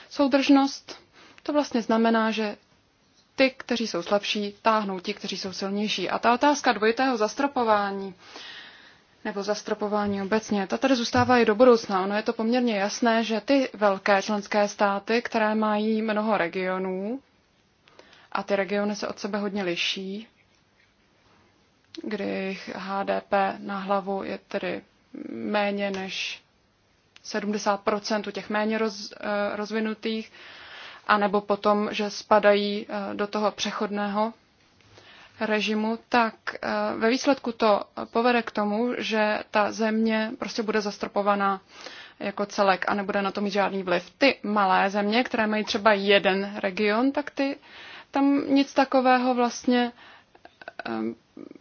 Soudržnost to vlastně znamená, že ty, kteří jsou slabší, táhnou ti, kteří jsou silnější. A ta otázka dvojitého zastropování nebo zastropování obecně, ta tady zůstává i do budoucna. Ono je to poměrně jasné, že ty velké členské státy, které mají mnoho regionů, a ty regiony se od sebe hodně liší, kdy jejich HDP na hlavu je tedy méně než 70% u těch méně roz, eh, rozvinutých, anebo potom, že spadají eh, do toho přechodného režimu, tak eh, ve výsledku to povede k tomu, že ta země prostě bude zastropovaná jako celek a nebude na to mít žádný vliv. Ty malé země, které mají třeba jeden region, tak ty tam nic takového vlastně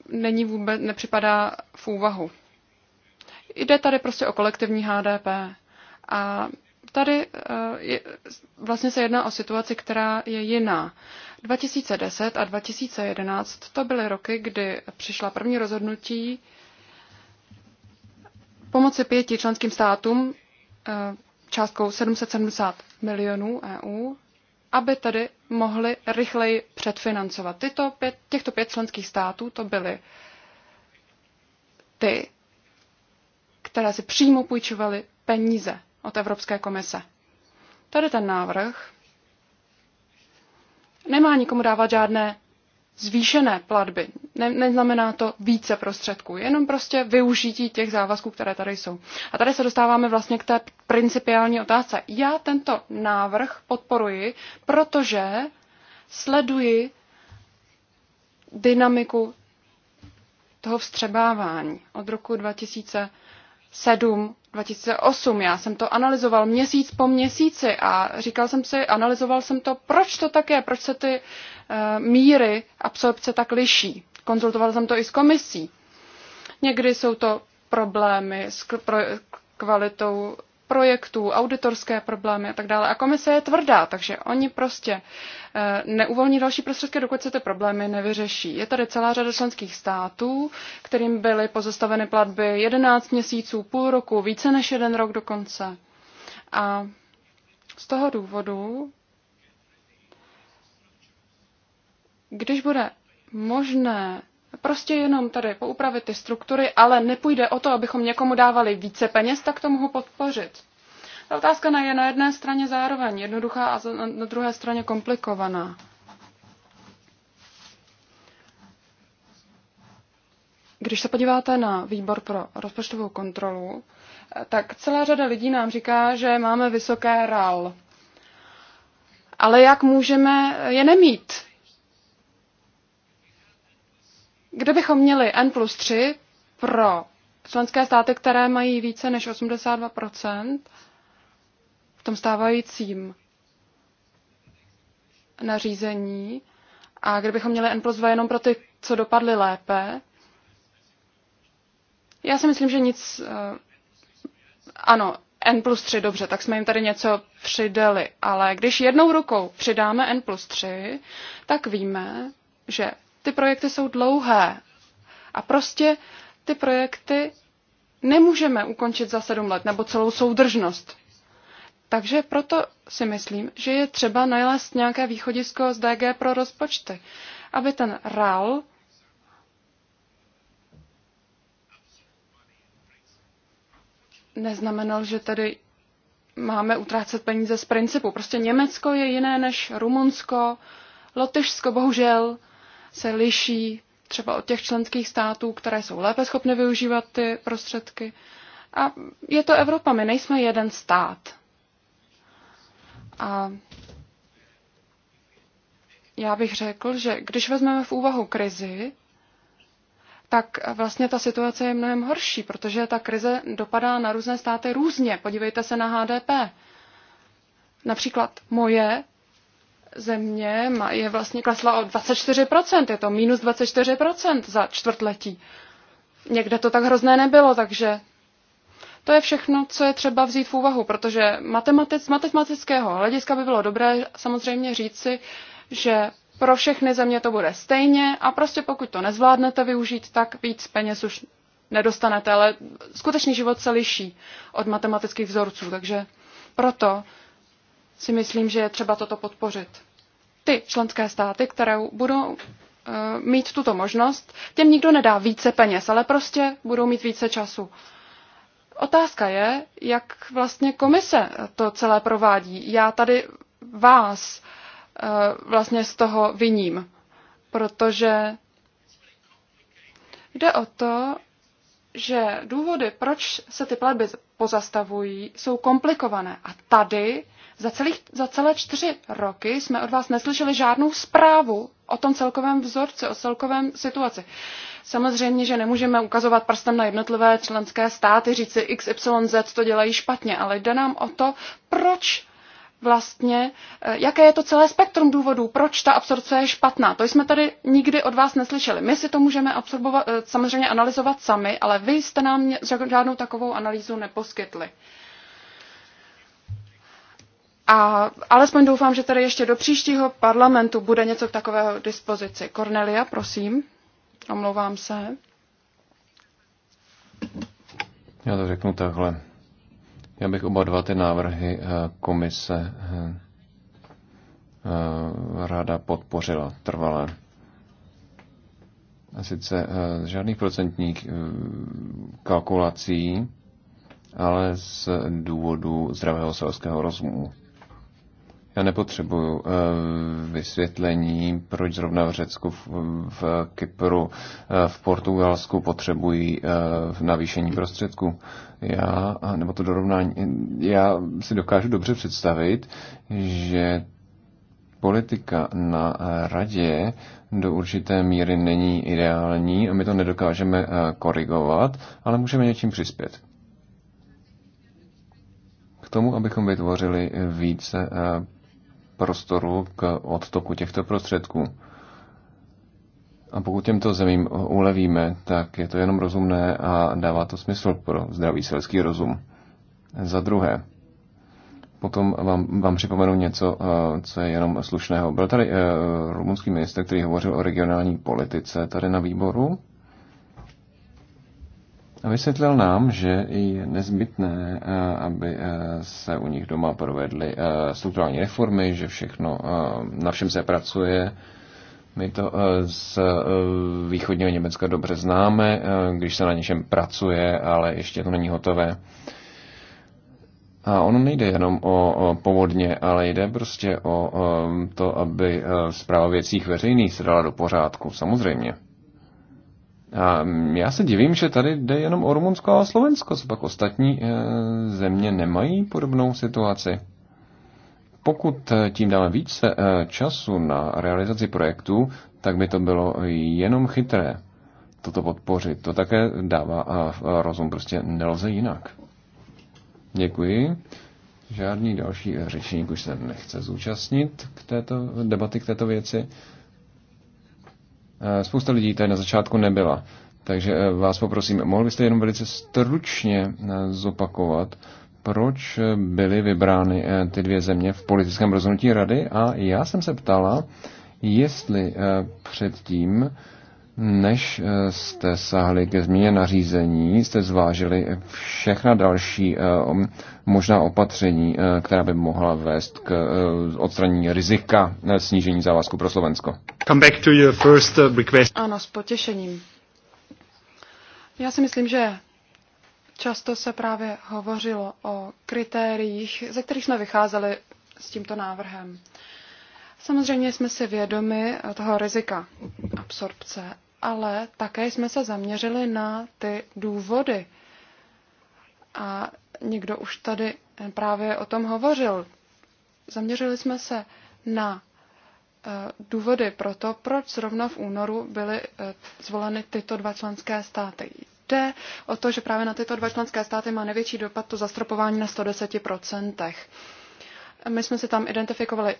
není vůbec, nepřipadá v úvahu. Jde tady prostě o kolektivní HDP. A tady eh, je, vlastně se jedná o situaci, která je jiná. 2010 a 2011 to byly roky, kdy přišla první rozhodnutí pomoci pěti členským státům eh, částkou 770 milionů EU, aby tedy mohli rychleji předfinancovat. Tyto pět, těchto pět členských států to byly ty, které si přímo půjčovaly peníze od Evropské komise. Tady ten návrh nemá nikomu dávat žádné zvýšené platby. Ne, neznamená to více prostředků, jenom prostě využití těch závazků, které tady jsou. A tady se dostáváme vlastně k té principiální otázce. Já tento návrh podporuji, protože sleduji dynamiku toho vstřebávání od roku 2000 7 2008. Já jsem to analyzoval měsíc po měsíci a říkal jsem si, analyzoval jsem to, proč to tak je, proč se ty uh, míry absorpce tak liší. Konzultoval jsem to i s komisí. Někdy jsou to problémy s kvalitou projektů, auditorské problémy a tak dále. A komise je tvrdá, takže oni prostě eh, neuvolní další prostředky, dokud se ty problémy nevyřeší. Je tady celá řada členských států, kterým byly pozastaveny platby 11 měsíců, půl roku, více než jeden rok dokonce. A z toho důvodu, když bude možné prostě jenom tady poupravit ty struktury, ale nepůjde o to, abychom někomu dávali více peněz, tak to mohu podpořit. Ta otázka je na jedné straně zároveň jednoduchá a na druhé straně komplikovaná. Když se podíváte na výbor pro rozpočtovou kontrolu, tak celá řada lidí nám říká, že máme vysoké RAL. Ale jak můžeme je nemít? Kdybychom měli N plus 3 pro členské státy, které mají více než 82% v tom stávajícím nařízení, a kdybychom měli N plus 2 jenom pro ty, co dopadly lépe, já si myslím, že nic... Eh, ano, N plus 3, dobře, tak jsme jim tady něco přidali, ale když jednou rukou přidáme N plus 3, tak víme, že ty projekty jsou dlouhé a prostě ty projekty nemůžeme ukončit za sedm let nebo celou soudržnost. Takže proto si myslím, že je třeba nalézt nějaké východisko z DG pro rozpočty, aby ten RAL neznamenal, že tedy máme utrácet peníze z principu. Prostě Německo je jiné než Rumunsko, Lotyšsko bohužel se liší třeba od těch členských států, které jsou lépe schopny využívat ty prostředky. A je to Evropa, my nejsme jeden stát. A já bych řekl, že když vezmeme v úvahu krizi, tak vlastně ta situace je mnohem horší, protože ta krize dopadá na různé státy různě. Podívejte se na HDP. Například moje země je vlastně klesla o 24%, je to minus 24% za čtvrtletí. Někde to tak hrozné nebylo, takže to je všechno, co je třeba vzít v úvahu, protože matematic, z matematického hlediska by bylo dobré samozřejmě říci, že pro všechny země to bude stejně a prostě pokud to nezvládnete využít, tak víc peněz už nedostanete, ale skutečný život se liší od matematických vzorců, takže proto si myslím, že je třeba toto podpořit ty členské státy, které budou eh, mít tuto možnost, těm nikdo nedá více peněz, ale prostě budou mít více času. Otázka je, jak vlastně komise to celé provádí. Já tady vás eh, vlastně z toho viním, protože jde o to, že důvody, proč se ty platby pozastavují, jsou komplikované. A tady za, celých, za celé čtyři roky jsme od vás neslyšeli žádnou zprávu o tom celkovém vzorci, o celkovém situaci. Samozřejmě, že nemůžeme ukazovat prstem na jednotlivé členské státy, říci XYZ to dělají špatně, ale jde nám o to, proč vlastně, eh, jaké je to celé spektrum důvodů, proč ta absorpce je špatná. To jsme tady nikdy od vás neslyšeli. My si to můžeme eh, samozřejmě analyzovat sami, ale vy jste nám žádnou takovou analýzu neposkytli. A alespoň doufám, že tady ještě do příštího parlamentu bude něco k takového dispozici. Cornelia, prosím. Omlouvám se. Já to řeknu takhle. Já bych oba dva ty návrhy eh, komise eh, eh, ráda podpořila trvalé. A sice žádných procentních kalkulací, ale z důvodu zdravého selského rozumu. Já nepotřebuju eh, vysvětlení, proč zrovna v Řecku, v Kypru, eh, v Portugalsku potřebují eh, navýšení prostředků. Já, nebo to dorovnání, já si dokážu dobře představit, že politika na radě do určité míry není ideální a my to nedokážeme korigovat, ale můžeme něčím přispět k tomu, abychom vytvořili více prostoru k odtoku těchto prostředků. A pokud těmto zemím ulevíme, tak je to jenom rozumné a dává to smysl pro zdravý selský rozum. Za druhé, potom vám, vám připomenu něco, eh, co je jenom slušného. Byl tady eh, rumunský minister, který hovořil o regionální politice tady na výboru a Vysvětlil nám, že je nezbytné, eh, aby eh, se u nich doma provedly eh, strukturální reformy, že všechno, na všem se pracuje. My to z východního Německa dobře známe, když se na něčem pracuje, ale ještě to není hotové. A ono nejde jenom o, povodně, ale jde prostě o, to, aby zpráva věcích veřejných se dala do pořádku, samozřejmě. Já se divím, že tady jde jenom o Rumunsko a Slovensko, co pak ostatní eh, země nemají podobnou situaci. Pokud eh, tím dáme více eh, času na realizaci projektů, tak by to bylo jenom chytré toto podpořit. To také dává rozum, prostě nelze jinak. Děkuji. Žádný další řečník už se nechce zúčastnit k této debaty k této věci. Eh, spousta lidí tady na začátku nebyla. Takže eh, vás poprosím, mohl byste jenom velice stručně eh, zopakovat, proč byly vybrány ty dvě země v politickém rozhodnutí rady a já jsem se ptala, jestli předtím, než jste sahli ke změně nařízení, jste zvážili všechna další možná opatření, eh, která by mohla vést k eh, odstranění rizika eh, snížení závazku pro Slovensko. Come back to your first uh, request. Ano, s potěšením. Já si myslím, že často se právě hovořilo o kritériích, ze kterých jsme vycházeli s tímto návrhem. Samozřejmě jsme si vědomi toho rizika absorpce, ale také jsme se zaměřili na ty důvody. A někdo už tady eh, právě o tom hovořil. Zaměřili jsme se na eh, důvody pro to, proč zrovna v únoru byly eh, zvoleny tyto dva členské státy. Jde o to, že právě na tyto dva členské státy má největší dopad to zastropování na 110%. My jsme si tam identifikovali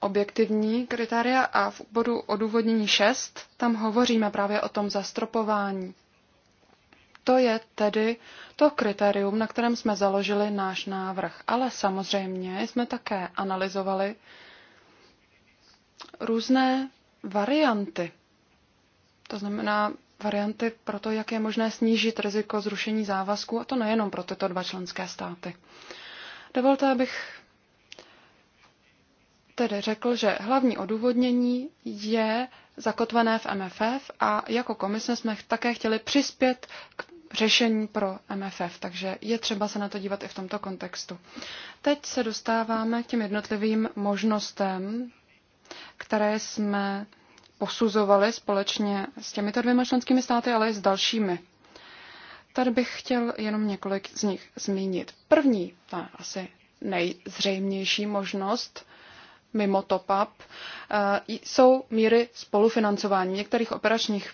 objektivní kritéria a v bodu odůvodnění 6 tam hovoříme právě o tom zastropování to je tedy to kritérium, na kterém jsme založili náš návrh. Ale samozřejmě jsme také analyzovali různé varianty. To znamená varianty pro to, jak je možné snížit riziko zrušení závazků, a to nejenom pro tyto dva členské státy. Dovolte, abych tedy řekl, že hlavní odůvodnění je zakotvené v MFF a jako komise jsme také chtěli přispět k řešení pro MFF, takže je třeba se na to dívat i v tomto kontextu. Teď se dostáváme k těm jednotlivým možnostem, které jsme posuzovali společně s těmito dvěma členskými státy, ale i s dalšími. Tady bych chtěl jenom několik z nich zmínit. První, ta asi nejzřejmější možnost, mimo top-up, eh, jsou míry spolufinancování. V některých operačních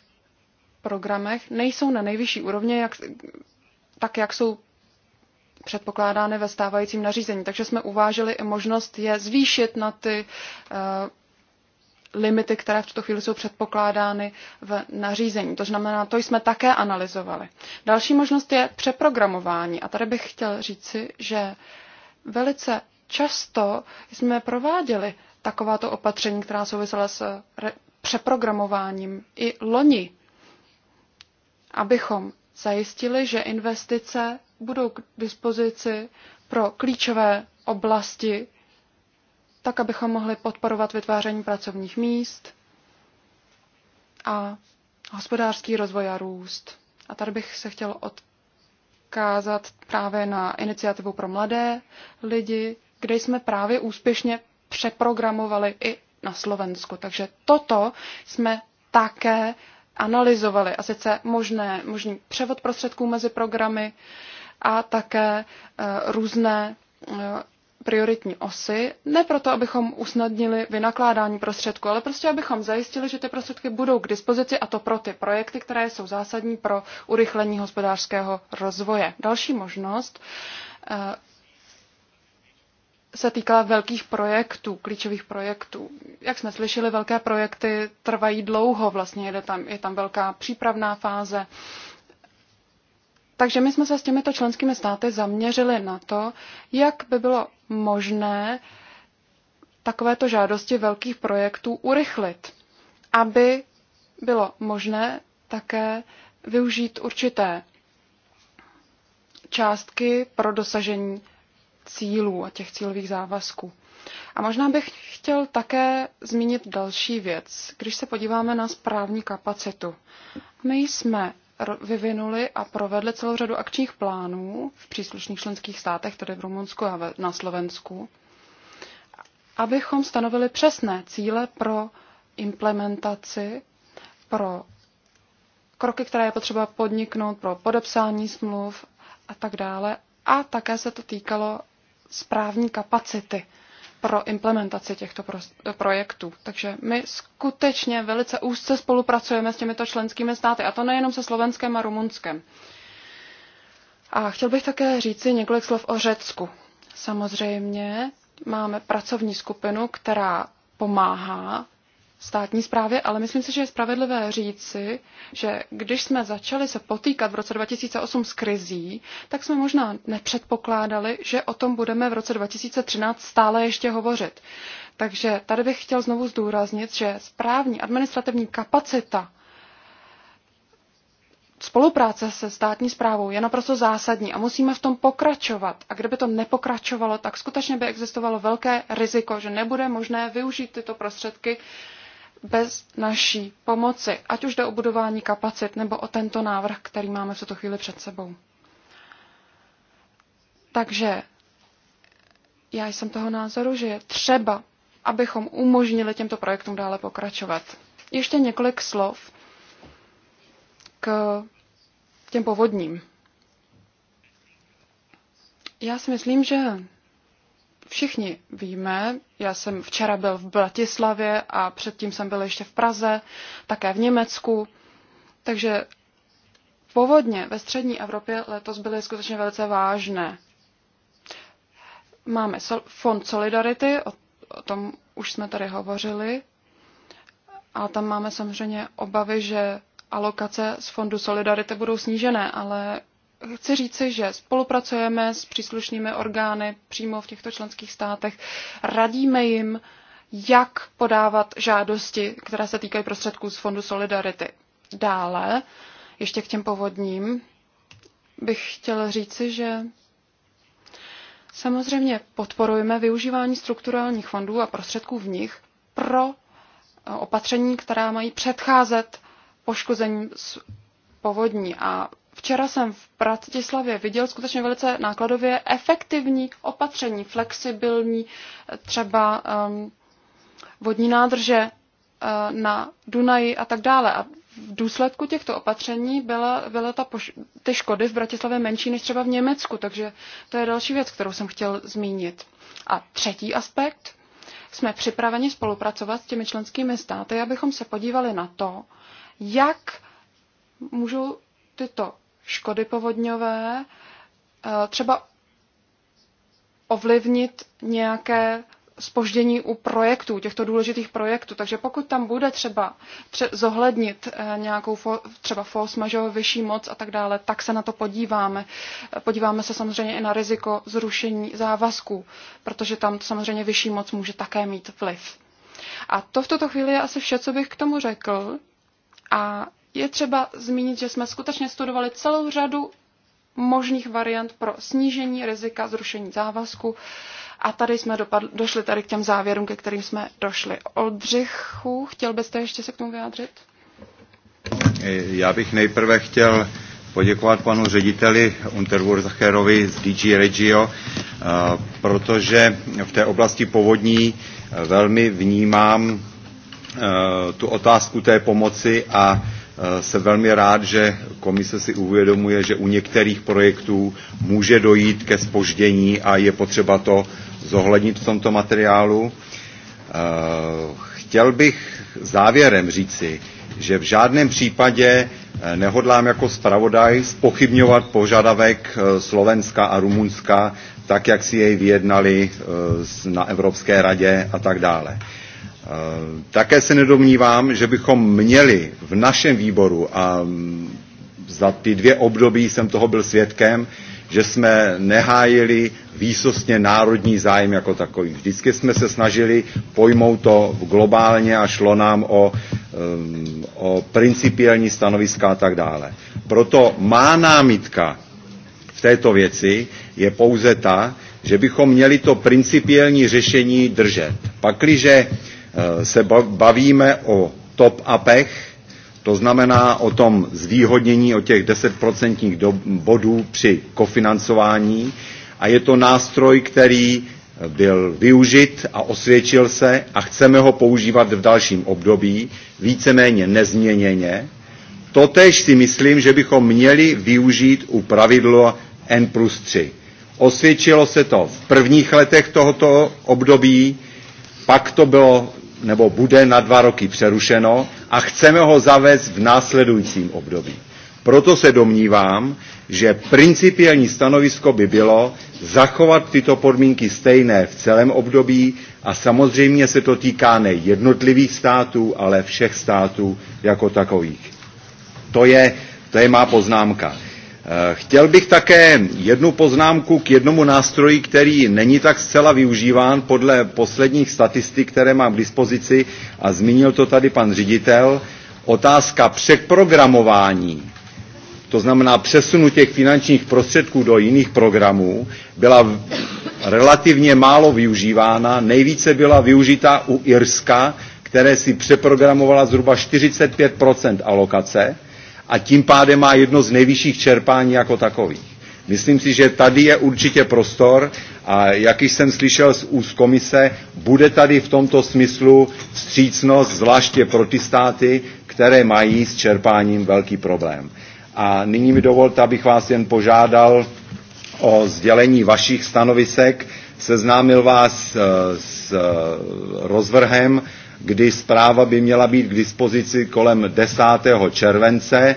programech nejsou na nejvyšší úrovně, jak, tak jak jsou předpokládány ve stávajícím nařízení. Takže jsme uvážili i možnost je zvýšit na ty uh, limity, které v tuto chvíli jsou předpokládány v nařízení. To znamená, to jsme také analyzovali. Další možnost je přeprogramování. A tady bych chtěl říci, že velice často jsme prováděli takováto opatření, která souvisela s přeprogramováním i loni abychom zajistili, že investice budou k dispozici pro klíčové oblasti, tak abychom mohli podporovat vytváření pracovních míst a hospodářský rozvoj a růst. A tady bych se chtěl odkázat právě na iniciativu pro mladé lidi, kde jsme právě úspěšně přeprogramovali i na Slovensku. Takže toto jsme také analyzovali, a sice možné, možný převod prostředků mezi programy a také eh, různé eh, prioritní osy, ne proto, abychom usnadnili vynakládání prostředků, ale prostě abychom zajistili, že ty prostředky budou k dispozici a to pro ty projekty, které jsou zásadní pro urychlení hospodářského rozvoje. Další možnost eh, se týkala velkých projektů, klíčových projektů. Jak jsme slyšeli, velké projekty trvají dlouho, vlastně je tam, je tam velká přípravná fáze. Takže my jsme se s těmito členskými státy zaměřili na to, jak by bylo možné takovéto žádosti velkých projektů urychlit, aby bylo možné také využít určité částky pro dosažení cílů a těch cílových závazků. A možná bych chtěl také zmínit další věc. Když se podíváme na správní kapacitu, my jsme vyvinuli a provedli celou řadu akčních plánů v příslušných členských státech, tedy v Rumunsku a na Slovensku, abychom stanovili přesné cíle pro implementaci, pro kroky, které je potřeba podniknout, pro podepsání smluv a tak dále. A také se to týkalo správní kapacity pro implementaci těchto projektů. Takže my skutečně velice úzce spolupracujeme s těmito členskými státy, a to nejenom se Slovenskem a Rumunskem. A chtěl bych také říci několik slov o Řecku. Samozřejmě máme pracovní skupinu, která pomáhá státní správě, ale myslím si, že je spravedlivé říci, že když jsme začali se potýkat v roce 2008 s krizí, tak jsme možná nepředpokládali, že o tom budeme v roce 2013 stále ještě hovořit. Takže tady bych chtěl znovu zdůraznit, že správní administrativní kapacita spolupráce se státní zprávou je naprosto zásadní a musíme v tom pokračovat. A kdyby to nepokračovalo, tak skutečně by existovalo velké riziko, že nebude možné využít tyto prostředky bez naší pomoci, ať už jde o budování kapacit nebo o tento návrh, který máme v tuto chvíli před sebou. Takže já jsem toho názoru, že je třeba, abychom umožnili těmto projektům dále pokračovat. Ještě několik slov k těm povodním. Já si myslím, že všichni víme, já jsem včera byl v Bratislavě a předtím jsem byl ještě v Praze, také v Německu, takže povodně ve střední Evropě letos byly skutečně velice vážné. Máme fond Solidarity, o, o tom už jsme tady hovořili, a tam máme samozřejmě obavy, že alokace z fondu Solidarity budou snížené, ale chci říci, že spolupracujeme s příslušnými orgány přímo v těchto členských státech, radíme jim, jak podávat žádosti, které se týkají prostředků z Fondu Solidarity. Dále, ještě k těm povodním, bych chtěl říci, že samozřejmě podporujeme využívání strukturálních fondů a prostředků v nich pro opatření, která mají předcházet poškození povodní a Včera jsem v Bratislavě viděl skutečně velice nákladově efektivní opatření, flexibilní, eh, třeba um, vodní nádrže uh, na Dunaji a tak dále. A v důsledku těchto opatření byla, byla ta poš- ty škody v Bratislavě menší než třeba v Německu, takže to je další věc, kterou jsem chtěl zmínit. A třetí aspekt, jsme připraveni spolupracovat s těmi členskými státy, abychom se podívali na to, jak můžou tyto škody povodňové eh, třeba ovlivnit nějaké spoždění u projektů, těchto důležitých projektů. Takže pokud tam bude třeba zohlednit eh, nějakou třeba force major, vyšší moc a tak dále, tak se na to podíváme. Eh, podíváme se samozřejmě i na riziko zrušení závazků, protože tam samozřejmě vyšší moc může také mít vliv. A to v tuto chvíli je asi vše, co bych k tomu řekl. A je třeba zmínit, že jsme skutečně studovali celou řadu možných variant pro snížení rizika zrušení závazku a tady jsme dopadli, došli tady k těm závěrům, ke kterým jsme došli. Oldřichu, chtěl byste ještě se k tomu vyjádřit? Eh, já bych nejprve chtěl poděkovat panu řediteli Unterwurzacherovi z DG Regio, eh, protože v té oblasti povodní eh, velmi vnímám tu otázku té pomoci a Eh, jsem velmi rád, že komise si uvědomuje, že u některých projektů může dojít ke spoždění a je potřeba to zohlednit v tomto materiálu. Eh, chtěl bych závěrem říci, že v žádném případě eh, nehodlám jako zpravodaj spochybňovat požadavek Slovenska a Rumunska, tak jak si jej vyjednali na Evropské radě a tak dále. Eh, také se nedomnívám, že bychom měli v našem výboru, a mm, za ty dvě období jsem toho byl svědkem, že jsme nehájili výsostně národní zájem jako takový. Vždycky jsme se snažili pojmout to globálně a šlo nám o, mm, o principiální stanoviska a tak dále. Proto má námitka v této věci je pouze ta, že bychom měli to principiální řešení držet. Pakliže uh, Eh, se bavíme o top-upech, to znamená o tom zvýhodnění o těch 10% bodů při kofinancování a je to nástroj, který eh, byl využit a osvědčil se a chceme ho používat v dalším období, víceméně nezměněně. Totež si myslím, že bychom měli využít u pravidla N plus 3. Osvědčilo se to v prvních letech tohoto období, pak to bylo nebo bude na dva roky přerušeno a chceme ho zavést v následujícím období. Proto se domnívám, že principiální stanovisko by bylo zachovat tyto podmínky stejné v celém období a samozřejmě se to týká ne jednotlivých států, ale všech států jako takových. To je, to je má poznámka. Eh, chtěl bych také jednu poznámku k jednomu nástroji, který není tak zcela využíván podle posledních statistik, které mám k dispozici, a zmínil to tady pan ředitel, otázka přeprogramování, to znamená přesunu těch finančních prostředků do jiných programů, byla relativně málo využívána, nejvíce byla využita u Irska, které si přeprogramovala zhruba 45 alokace, a tím pádem má jedno z nejvyšších čerpání jako takových. Myslím si, že tady je určitě prostor a jak jsem slyšel z úst komise, bude tady v tomto smyslu vstřícnost, zvláště pro ty státy, které mají s čerpáním velký problém. A nyní mi dovolte, abych vás jen požádal o sdělení vašich stanovisek, seznámil vás eh, s eh, rozvrhem kdy zpráva by měla být k dispozici kolem 10. července. E,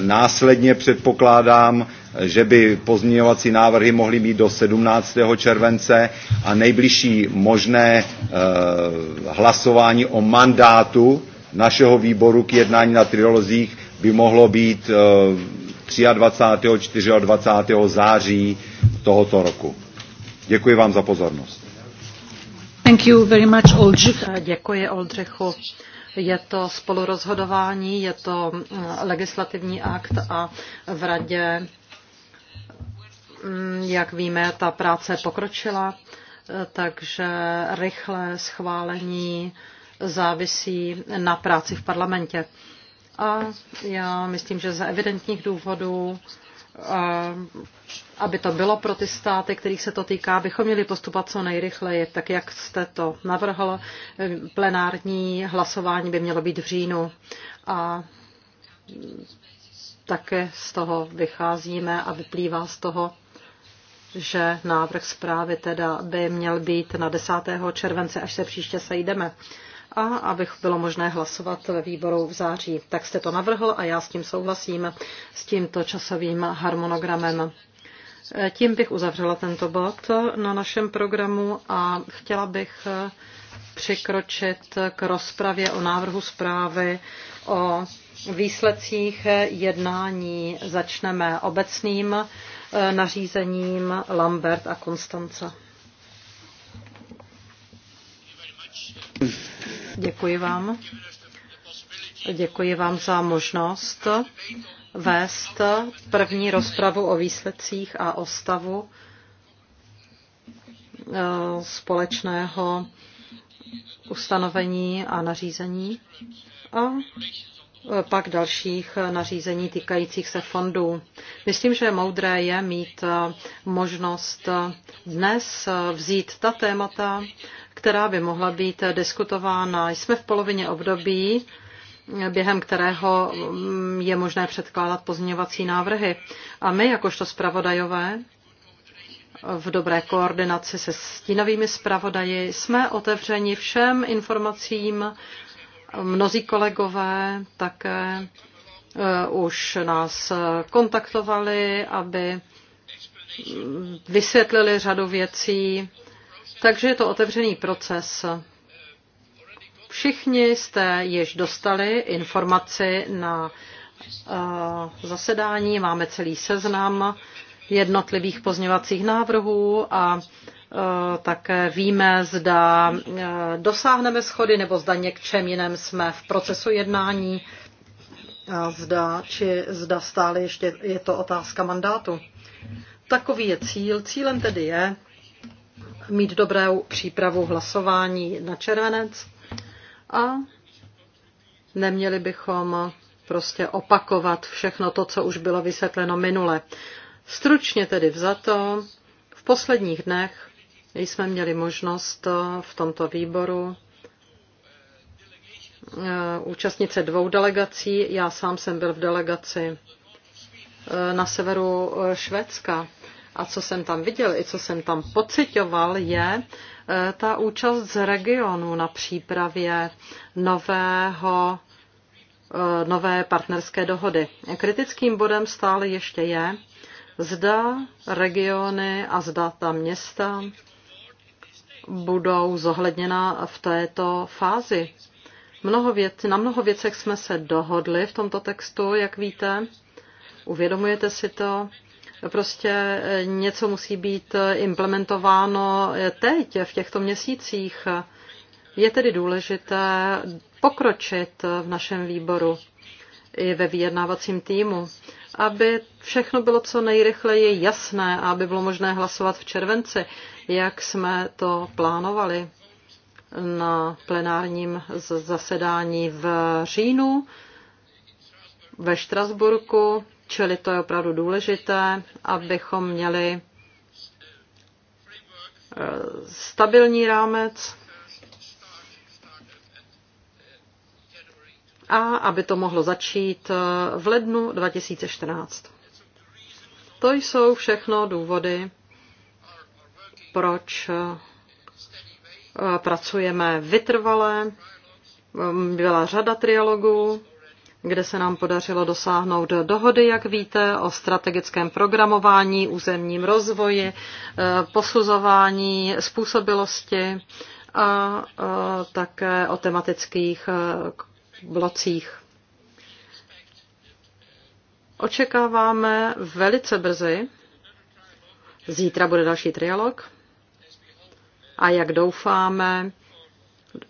následně předpokládám, že by pozměňovací návrhy mohly být do 17. července a nejbližší možné e, hlasování o mandátu našeho výboru k jednání na trilozích by mohlo být 23. E, 24. září tohoto roku. Děkuji vám za pozornost. Děkuji, Oldřichu. Je to spolurozhodování, je to eh, legislativní akt a v radě, mm, jak víme, ta práce pokročila, eh, takže rychlé schválení závisí na práci v parlamentě. A já myslím, že z evidentních důvodů Eh, aby to bylo pro ty státy, kterých se to týká, bychom měli postupovat co nejrychleji, tak jak jste to navrhl. Plenární hlasování by mělo být v říjnu a také z toho vycházíme a vyplývá z toho, že návrh zprávy teda by měl být na 10. července, až se příště sejdeme a abych bylo možné hlasovat ve výboru v září. Tak jste to navrhl a já s tím souhlasím, s tímto časovým harmonogramem. Tím bych uzavřela tento bod na našem programu a chtěla bych přikročit k rozpravě o návrhu zprávy o výsledcích jednání. Začneme obecným nařízením Lambert a Konstance. Děkuji vám. Děkuji vám za možnost vést první rozpravu o výsledcích a o stavu eh, společného ustanovení a nařízení a eh, pak dalších nařízení týkajících se fondů. Myslím, že moudré je mít eh, možnost dnes vzít ta témata, která by mohla být diskutována. Jsme v polovině období, během kterého mm, je možné předkládat pozměňovací návrhy. A my, jakožto zpravodajové, v dobré koordinaci se stínovými zpravodaji, jsme otevřeni všem informacím. Mnozí kolegové také eh, už nás kontaktovali, aby mm, vysvětlili řadu věcí takže je to otevřený proces. Všichni jste již dostali informaci na eh, zasedání, máme celý seznam jednotlivých pozněvacích návrhů a eh, také víme, zda eh, dosáhneme schody nebo zda někčem jiném jsme v procesu jednání, zda, či zda stále ještě je to otázka mandátu. Takový je cíl. Cílem tedy je mít dobrou přípravu hlasování na červenec a neměli bychom prostě opakovat všechno to, co už bylo vysvětleno minule. Stručně tedy vzato, v posledních dnech jsme měli možnost v tomto výboru eh, účastnit se dvou delegací. Já sám jsem byl v delegaci eh, na severu eh, Švédska a co jsem tam viděl i co jsem tam pocitoval, je e, ta účast z regionu na přípravě nového, e, nové partnerské dohody. Kritickým bodem stále ještě je, zda regiony a zda ta města budou zohledněna v této fázi. Mnoho věc, na mnoho věcech jsme se dohodli v tomto textu, jak víte. Uvědomujete si to. Prostě eh, něco musí být eh, implementováno eh, teď, v těchto měsících. Je tedy důležité pokročit v našem výboru i ve vyjednávacím týmu, aby všechno bylo co nejrychleji jasné a aby bylo možné hlasovat v červenci, jak jsme to plánovali na plenárním zasedání v říjnu ve Štrasburku Čili to je opravdu důležité, abychom měli eh, stabilní rámec a aby to mohlo začít eh, v lednu 2014. To jsou všechno důvody, proč eh, pracujeme vytrvale. Byla řada trialogů kde se nám podařilo dosáhnout dohody, jak víte, o strategickém programování, územním rozvoji, eh, posuzování způsobilosti a eh, také o tematických eh, blocích. Očekáváme velice brzy. Zítra bude další trialog. A jak doufáme,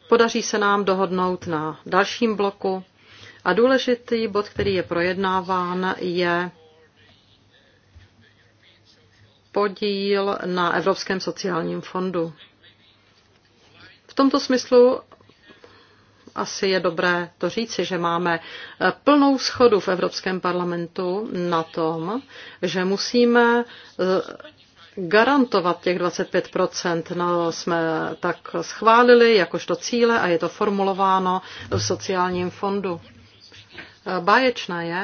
podaří se nám dohodnout na dalším bloku a důležitý bod, který je projednáván, je podíl na Evropském sociálním fondu. V tomto smyslu asi je dobré to říci, že máme plnou schodu v Evropském parlamentu na tom, že musíme eh, garantovat těch 25%. No, jsme tak schválili jakožto cíle a je to formulováno v sociálním fondu. Báječné je,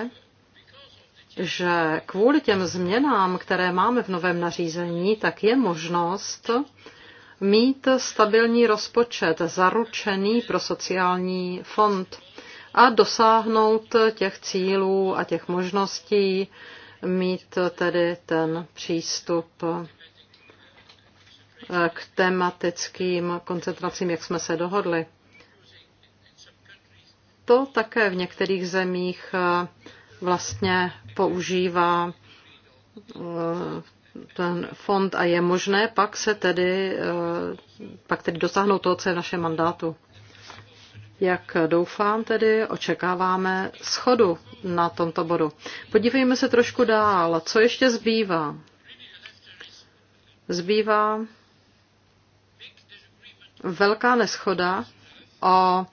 že kvůli těm změnám, které máme v novém nařízení, tak je možnost mít stabilní rozpočet zaručený pro sociální fond a dosáhnout těch cílů a těch možností, mít tedy ten přístup k tematickým koncentracím, jak jsme se dohodli to také v některých zemích eh, vlastně používá eh, ten fond a je možné pak se tedy, eh, pak tedy dosáhnout toho, co je v našem mandátu. Jak doufám, tedy očekáváme schodu na tomto bodu. Podívejme se trošku dál. Co ještě zbývá? Zbývá velká neschoda o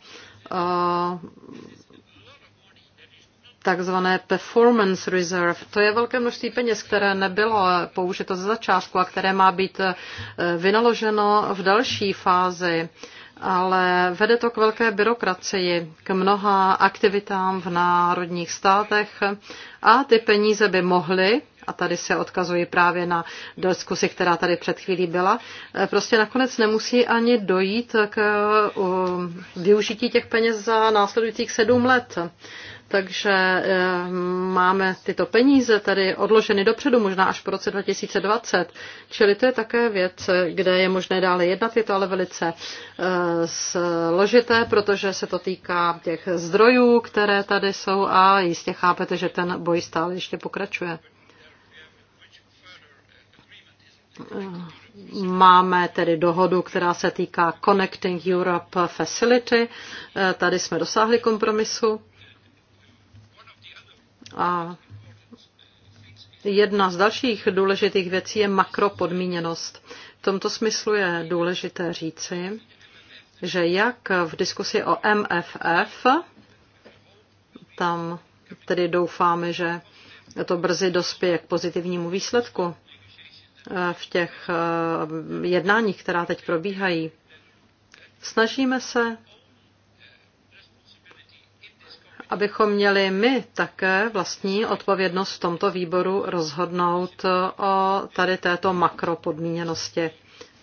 takzvané performance reserve. To je velké množství peněz, které nebylo použito ze začátku a které má být e, vynaloženo v další fázi, ale vede to k velké byrokracii, k mnoha aktivitám v národních státech a ty peníze by mohly a tady se odkazuji právě na diskusi, která tady před chvílí byla, eh, prostě nakonec nemusí ani dojít k eh, využití těch peněz za následujících sedm let. Takže eh, máme tyto peníze tady odloženy dopředu, možná až po roce 2020. Čili to je také věc, kde je možné dále jednat. Je to ale velice složité, protože se to týká těch zdrojů, které tady jsou a jistě chápete, že ten boj stále ještě pokračuje. Máme tedy dohodu, která se týká Connecting Europe Facility. Tady jsme dosáhli kompromisu. A jedna z dalších důležitých věcí je makropodmíněnost. V tomto smyslu je důležité říci, že jak v diskusi o MFF, tam tedy doufáme, že to brzy dospěje k pozitivnímu výsledku v těch eh, jednáních, která teď probíhají. Snažíme se, abychom měli my také vlastní odpovědnost v tomto výboru rozhodnout eh, o tady této makropodmíněnosti.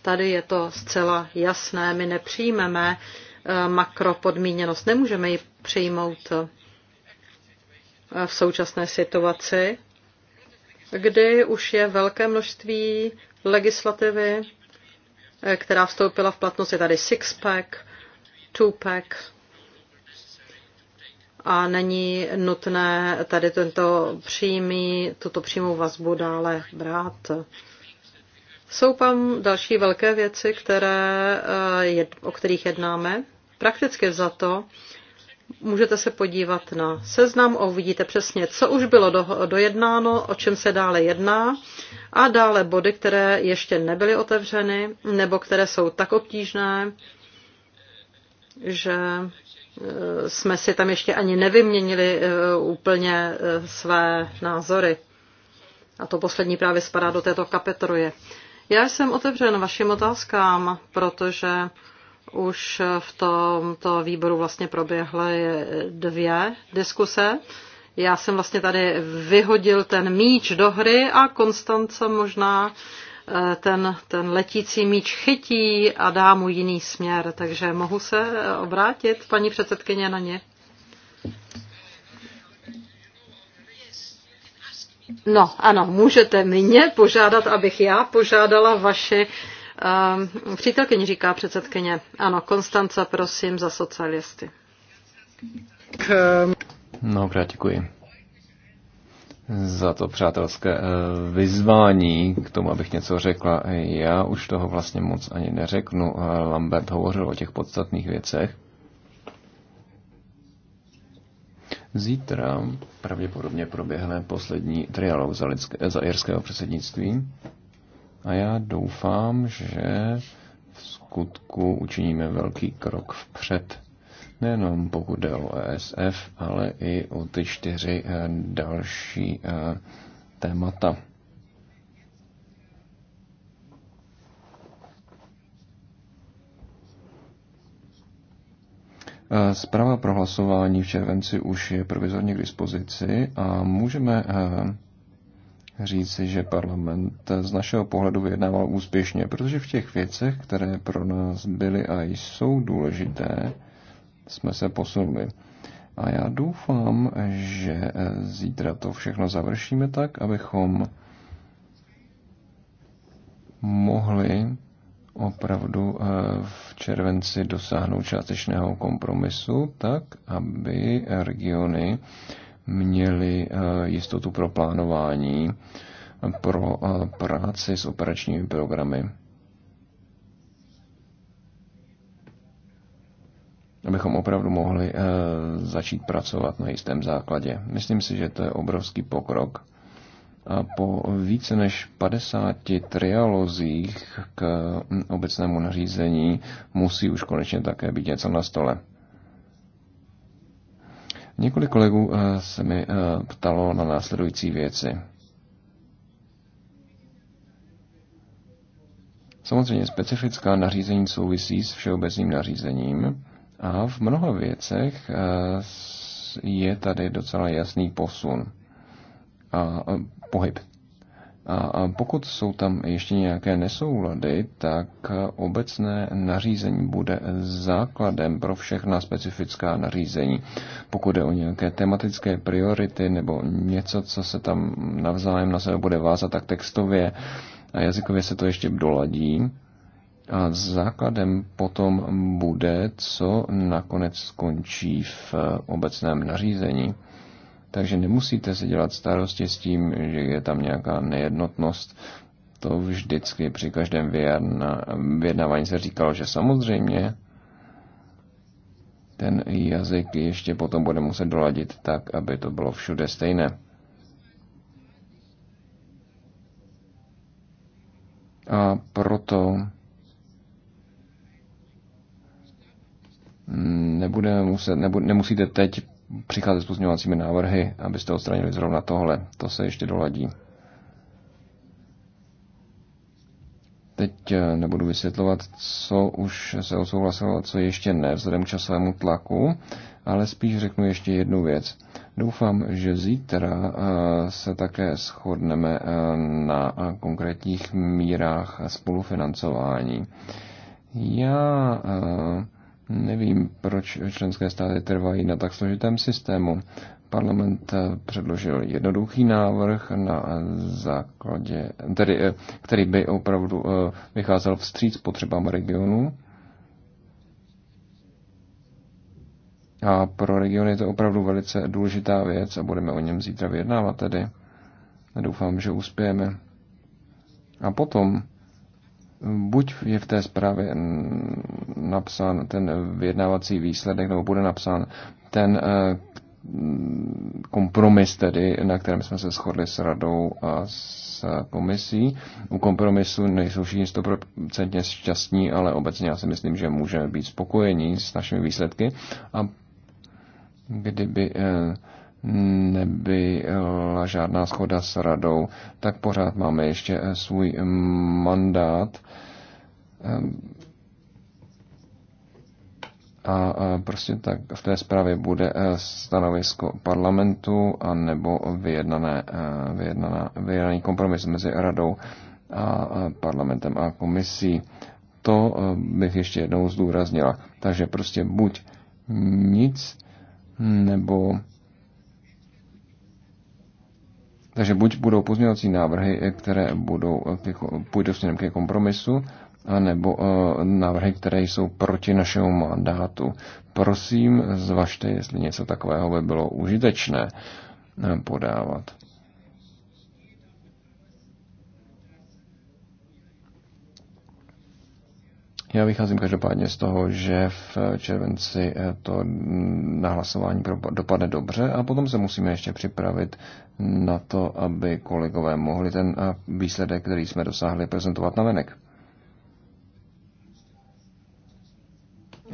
Tady je to zcela jasné. My nepřijmeme eh, makropodmíněnost. Nemůžeme ji přijmout v současné situaci, kdy už je velké množství legislativy, eh, která vstoupila v platnost. Je tady six-pack, two-pack a není nutné tady tento přímý, tuto přímou vazbu dále brát. Jsou tam další velké věci, které, eh, o kterých jednáme. Prakticky za to Můžete se podívat na seznam a uvidíte přesně, co už bylo do, dojednáno, o čem se dále jedná a dále body, které ještě nebyly otevřeny nebo které jsou tak obtížné, že e, jsme si tam ještě ani nevyměnili e, úplně e, své názory. A to poslední právě spadá do této kapetroje. Já jsem otevřen vašim otázkám, protože už v tomto výboru vlastně proběhly dvě diskuse. Já jsem vlastně tady vyhodil ten míč do hry a Konstance možná eh, ten, ten letící míč chytí a dá mu jiný směr. Takže mohu se eh, obrátit, paní předsedkyně, na ně? No, ano, můžete mě požádat, abych já požádala vaši Ehm, přítelkyně říká předsedkyně. Ano, Konstanca, prosím, za socialisty. No, krát děkuji za to přátelské eh, vyzvání k tomu, abych něco řekla. Já už toho vlastně moc ani neřeknu. Eh, Lambert hovořil o těch podstatných věcech. Zítra pravděpodobně proběhne poslední trialog za, lidské, za jirského předsednictví. A já doufám, že v skutku učiníme velký krok vpřed. Nejenom pokud jde o ESF, ale i o ty čtyři eh, další eh, témata. Eh, zpráva pro hlasování v červenci už je provizorně k dispozici a můžeme říci, že parlament z našeho pohledu vyjednával úspěšně, protože v těch věcech, které pro nás byly a jsou důležité, jsme se posunuli. A já doufám, že zítra to všechno završíme tak, abychom mohli opravdu eh, v červenci dosáhnout částečného kompromisu, tak aby regiony měli eh, jistotu pro plánování, pro eh, práci s operačními programy. abychom opravdu mohli eh, začít pracovat na jistém základě. Myslím si, že to je obrovský pokrok. A po více než 50 trialozích k hm, obecnému nařízení musí už konečně také být něco na stole. Několik kolegů eh, se mi eh, ptalo na následující věci. Samozřejmě specifická nařízení souvisí s všeobecným nařízením a v mnoha věcech eh, je tady docela jasný posun a pohyb. A pokud jsou tam ještě nějaké nesoulady, tak obecné nařízení bude základem pro všechna specifická nařízení. Pokud je o nějaké tematické priority nebo něco, co se tam navzájem na sebe bude vázat, tak textově a jazykově se to ještě doladí. A základem potom bude, co nakonec skončí v eh, obecném nařízení. Takže nemusíte si dělat starosti s tím, že je tam nějaká nejednotnost. To vždycky při každém vyjednávání se říkalo, že samozřejmě ten jazyk ještě potom bude muset doladit tak, aby to bylo všude stejné. A proto nebudeme muset, nebu, nemusíte teď přicházet s pozměňovacími návrhy, abyste odstranili zrovna tohle. To se ještě doladí. Teď eh, nebudu vysvětlovat, co už se odsouhlasilo a co ještě ne, vzhledem k časovému tlaku, ale spíš řeknu ještě jednu věc. Doufám, že zítra eh, se také shodneme eh, na konkrétních mírách spolufinancování. Já Nevím, proč členské státy trvají na tak složitém systému. Parlament eh, předložil jednoduchý návrh, na základě, tedy, eh, který by opravdu eh, vycházel vstříc potřebám regionu. A pro regiony je to opravdu velice důležitá věc a budeme o něm zítra vyjednávat tedy. Doufám, že uspějeme. A potom buď je v té zprávě napsán ten vyjednávací výsledek, nebo bude napsán ten eh, kompromis tedy, na kterém jsme se shodli s radou a s komisí. U kompromisu nejsou všichni stoprocentně šťastní, ale obecně já si myslím, že můžeme být spokojení s našimi výsledky a kdyby eh, nebyla žádná schoda s radou, tak pořád máme ještě eh, svůj eh, mandát. Eh, a prostě tak v té zprávě bude stanovisko parlamentu a nebo vyjednané, vyjednaná, vyjednaný kompromis mezi radou a parlamentem a komisí. To bych ještě jednou zdůraznila. Takže prostě buď nic, nebo takže buď budou pozměňovací návrhy, které budou, eh, půjdou směrem ke kompromisu, nebo uh, eh, návrhy, které jsou proti našemu mandátu. Prosím, zvažte, jestli něco takového by bylo užitečné eh, podávat. Já vycházím každopádně z toho, že v červenci eh, to mm, nahlasování dopadne dobře a potom se musíme ještě připravit na to, aby kolegové mohli ten eh, výsledek, který jsme dosáhli, prezentovat na venek.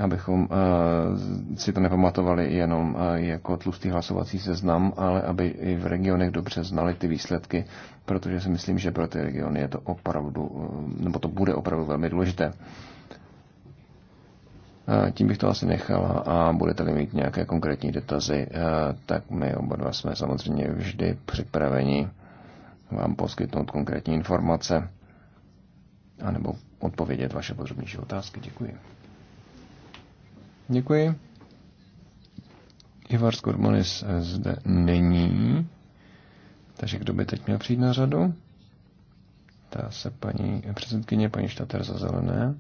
abychom eh, si to nepamatovali jenom jako tlustý hlasovací seznam, ale aby i v regionech dobře znali ty výsledky, protože si myslím, že pro ty regiony je to opravdu, nebo to bude opravdu velmi důležité. Tím bych to asi nechala a budete-li mít nějaké konkrétní dotazy, eh, tak my oba dva jsme samozřejmě vždy připraveni vám poskytnout konkrétní informace anebo odpovědět vaše podrobnější otázky. Děkuji. Děkuji. Ivar Skormonis eh, zde není, takže kdo by teď měl přijít na řadu? Ta se paní předsedkyně, paní Štater za zelené.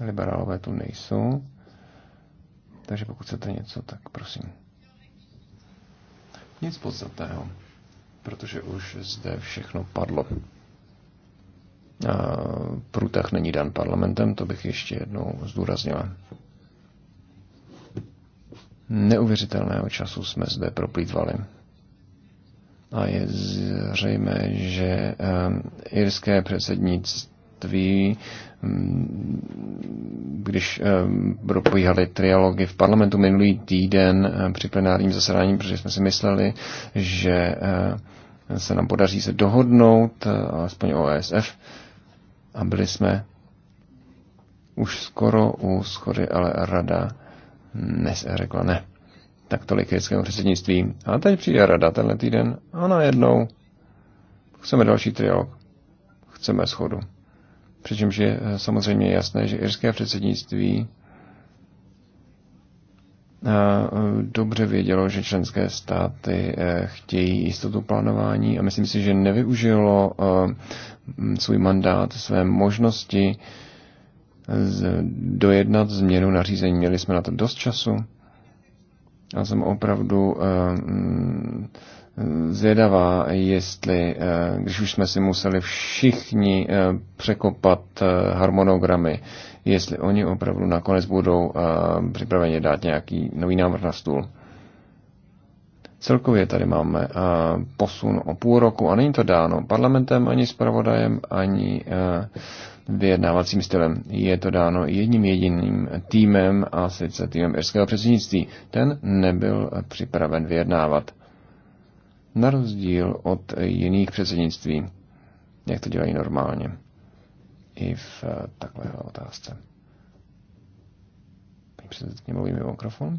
Liberálové tu nejsou. Takže pokud chcete něco, tak prosím. Nic podstatného, protože už zde všechno padlo. A průtah není dan parlamentem, to bych ještě jednou zdůraznila. Neuvěřitelného času jsme zde proplýtvali. A je zřejmé, že eh, irské předsednictví když eh, probíhaly trialogy v parlamentu minulý týden eh, při plenárním zasedání, protože jsme si mysleli, že eh, se nám podaří se dohodnout, alespoň o ESF, a byli jsme už skoro u schody, ale rada dnes řekla ne. Tak tolik českého předsednictví. A teď přijde rada tenhle týden a najednou chceme další trialog. Chceme schodu. Přičemž je eh, samozřejmě jasné, že irské předsednictví eh, dobře vědělo, že členské státy eh, chtějí jistotu plánování a myslím si, že nevyužilo svůj mandát, své možnosti dojednat změnu nařízení. Měli jsme na to dost času. Já jsem opravdu zvědavá, jestli, eh, když už jsme si museli všichni eh, překopat eh, harmonogramy, jestli oni opravdu nakonec budou připraveni dát nějaký nový návrh na stůl. Celkově tady máme posun o půl roku a není to dáno parlamentem, ani zpravodajem, ani vyjednávacím stylem. Je to dáno jedním jediným týmem, a sice týmem irského předsednictví. Ten nebyl připraven vyjednávat na rozdíl od jiných předsednictví, jak to dělají normálně i v eh, takovéhle otázce. Paní předsedkyně, mluví mi mikrofon.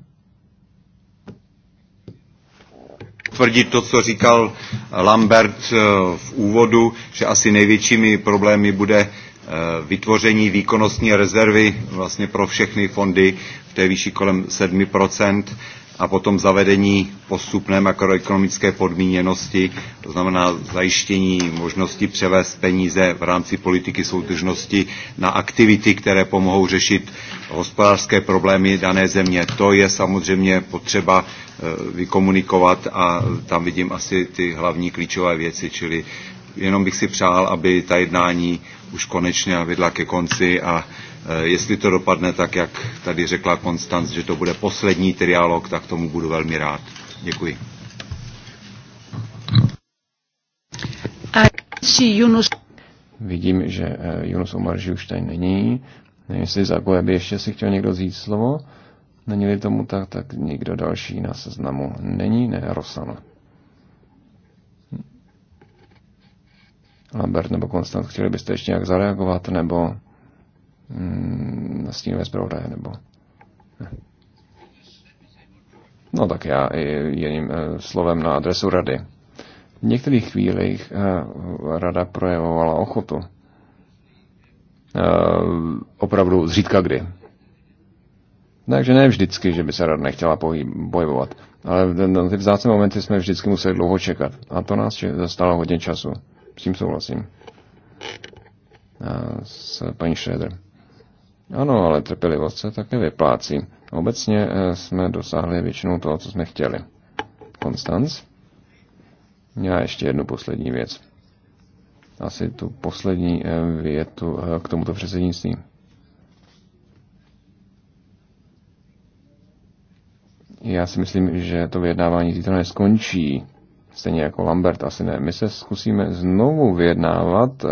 Tvrdit to, co říkal Lambert eh, v úvodu, že asi největšími problémy bude eh, vytvoření výkonnostní rezervy vlastně pro všechny fondy v té výši kolem 7 a potom zavedení postupné makroekonomické podmíněnosti, to znamená zajištění možnosti převést peníze v rámci politiky soudržnosti na aktivity, které pomohou řešit hospodářské problémy dané země. To je samozřejmě potřeba eh, vykomunikovat a tam vidím asi ty hlavní klíčové věci, čili jenom bych si přál, aby ta jednání už konečně vydla ke konci a Eh, jestli to dopadne tak, jak tady řekla Konstanc, že to bude poslední trialog, tak tomu budu velmi rád. Děkuji. Vidím, že eh, Junus Omar už tady není. Nevím, jestli za by ještě si chtěl někdo vzít slovo. Není-li tomu tak, tak nikdo další na seznamu není, ne Rosana. Lambert nebo Konstant, chtěli byste ještě nějak zareagovat, nebo Mm, na stínové zpravodaje, nebo... No tak já jedním eh, slovem na adresu rady. V některých chvílích eh, rada projevovala ochotu. Eh, opravdu zřídka kdy. Takže ne vždycky, že by se rada nechtěla bojovat. Ale na ty vzácné momenty jsme vždycky museli dlouho čekat. A to nás zastalo hodně času. S tím souhlasím. A s paní Schröder. Ano, ale trpělivost se také vyplácí. Obecně eh, jsme dosáhli většinou toho, co jsme chtěli. Konstanc? Já ještě jednu poslední věc. Asi tu poslední eh, větu eh, k tomuto předsednictví. Já si myslím, že to vyjednávání zítra neskončí. Stejně jako Lambert asi ne. My se zkusíme znovu vyjednávat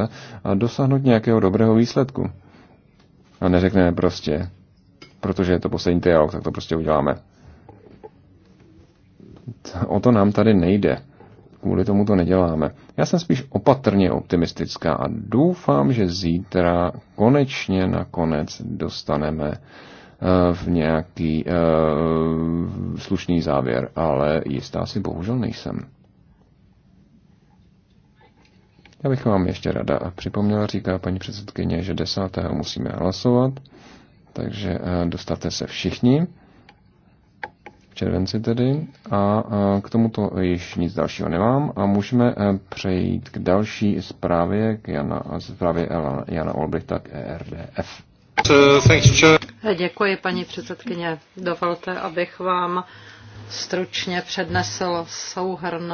a dosáhnout nějakého dobrého výsledku. No neřekneme prostě, protože je to poslední dialog, tak to prostě uděláme. O to nám tady nejde. Kvůli tomu to neděláme. Já jsem spíš opatrně optimistická a doufám, že zítra konečně nakonec dostaneme eh, v nějaký uh, slušný závěr, ale jistá si bohužel nejsem. Já bych vám ještě rada připomněla, říká paní předsedkyně, že 10. musíme hlasovat, takže eh, dostate se všichni, v červenci tedy, a eh, k tomuto již nic dalšího nemám a můžeme eh, přejít k další zprávě, k Jana, zprávě Jana Olbrichta k ERDF. Děkuji, paní předsedkyně. Dovolte, abych vám stručně přednesl souhrn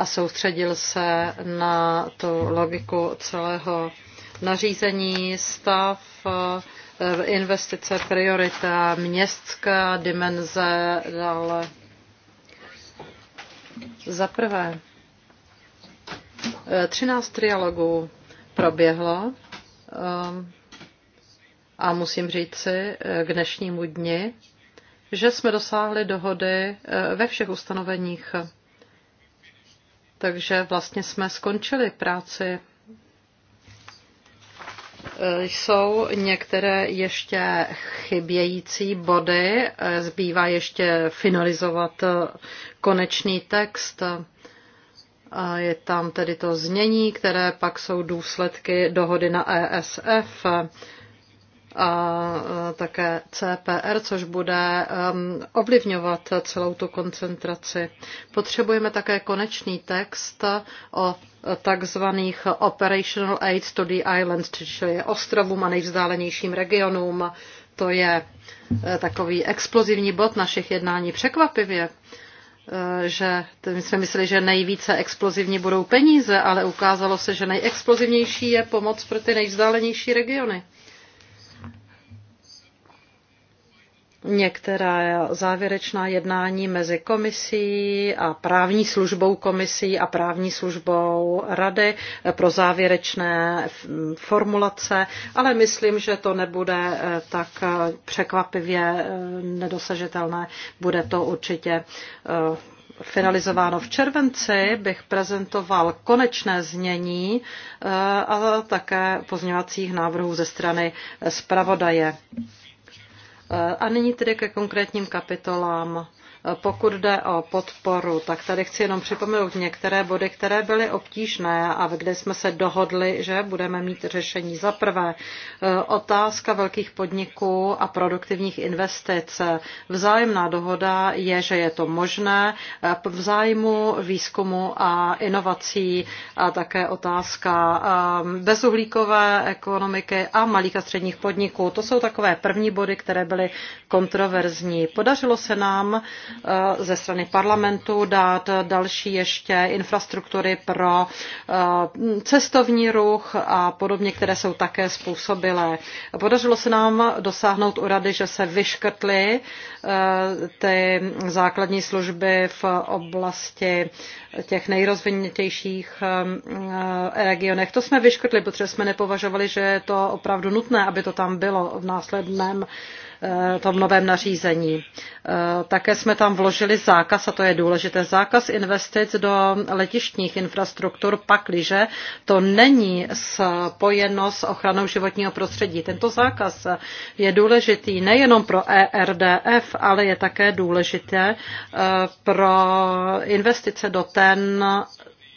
a soustředil se na tu logiku celého nařízení, stav, eh, investice, priorita, městská dimenze, dále. Za prvé, 13 eh, trialogů proběhlo eh, a musím říci k dnešnímu dni, že jsme dosáhli dohody ve všech ustanoveních takže vlastně jsme skončili práci. E, jsou některé ještě chybějící body, e, zbývá ještě finalizovat konečný text. Je tam tedy to znění, které pak jsou důsledky dohody na ESF a také CPR, což bude um, ovlivňovat celou tu koncentraci. Potřebujeme také konečný text o takzvaných Operational Aid to the Islands, čili ostrovům a nejvzdálenějším regionům. To je eh, takový explozivní bod našich jednání. Překvapivě, eh, že my jsme mysleli, že nejvíce explozivní budou peníze, ale ukázalo se, že nejexplozivnější je pomoc pro ty nejvzdálenější regiony. některá závěrečná jednání mezi komisí a právní službou komisí a právní službou rady pro závěrečné formulace, ale myslím, že to nebude eh, tak eh, překvapivě eh, nedosažitelné. Bude to určitě finalizováno v červenci, bych prezentoval konečné znění a také pozněvacích návrhů ze strany zpravodaje. Eh, a nyní tedy ke konkrétním kapitolám. Pokud jde o podporu, tak tady chci jenom připomenout některé body, které byly obtížné a kde jsme se dohodli, že budeme mít řešení. Za prvé, e, otázka velkých podniků a produktivních investic. Vzájemná dohoda je, že je to možné e, v zájmu výzkumu a inovací a také otázka e, bezuhlíkové ekonomiky a malých a středních podniků. To jsou takové první body, které byly kontroverzní. Podařilo se nám Eh, ze strany parlamentu dát další ještě infrastruktury pro eh, cestovní ruch a podobně, které jsou také způsobilé. Podařilo se nám dosáhnout u rady, že se vyškrtly eh, ty základní služby v oblasti těch nejrozvinutějších regionech. To jsme vyškrtli, protože jsme nepovažovali, že je to opravdu nutné, aby to tam bylo v následném Eh, tom novém nařízení. Eh, také jsme tam vložili zákaz, a to je důležité, zákaz investic do letištních infrastruktur, pakliže to není spojeno s ochranou životního prostředí. Tento zákaz je důležitý nejenom pro ERDF, ale je také důležité eh, pro investice do ten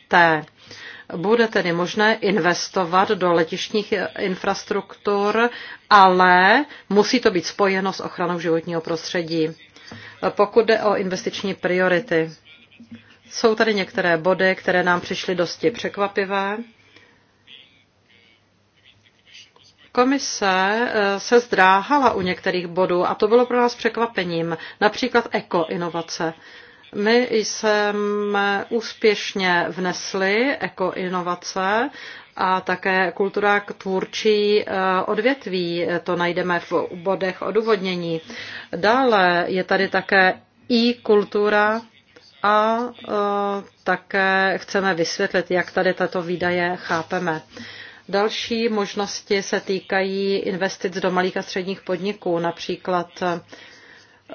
té. Bude tedy možné investovat do letišních infrastruktur, ale musí to být spojeno s ochranou životního prostředí. Pokud jde o investiční priority, jsou tady některé body, které nám přišly dosti překvapivé. Komise eh, se zdráhala u některých bodů a to bylo pro nás překvapením, například ekoinovace. My jsme úspěšně vnesli ekoinovace a také kultura k tvůrčí eh, odvětví. To najdeme v bodech odůvodnění. Dále je tady také i kultura a eh, také chceme vysvětlit, jak tady tato výdaje chápeme. Další možnosti se týkají investic do malých a středních podniků, například eh,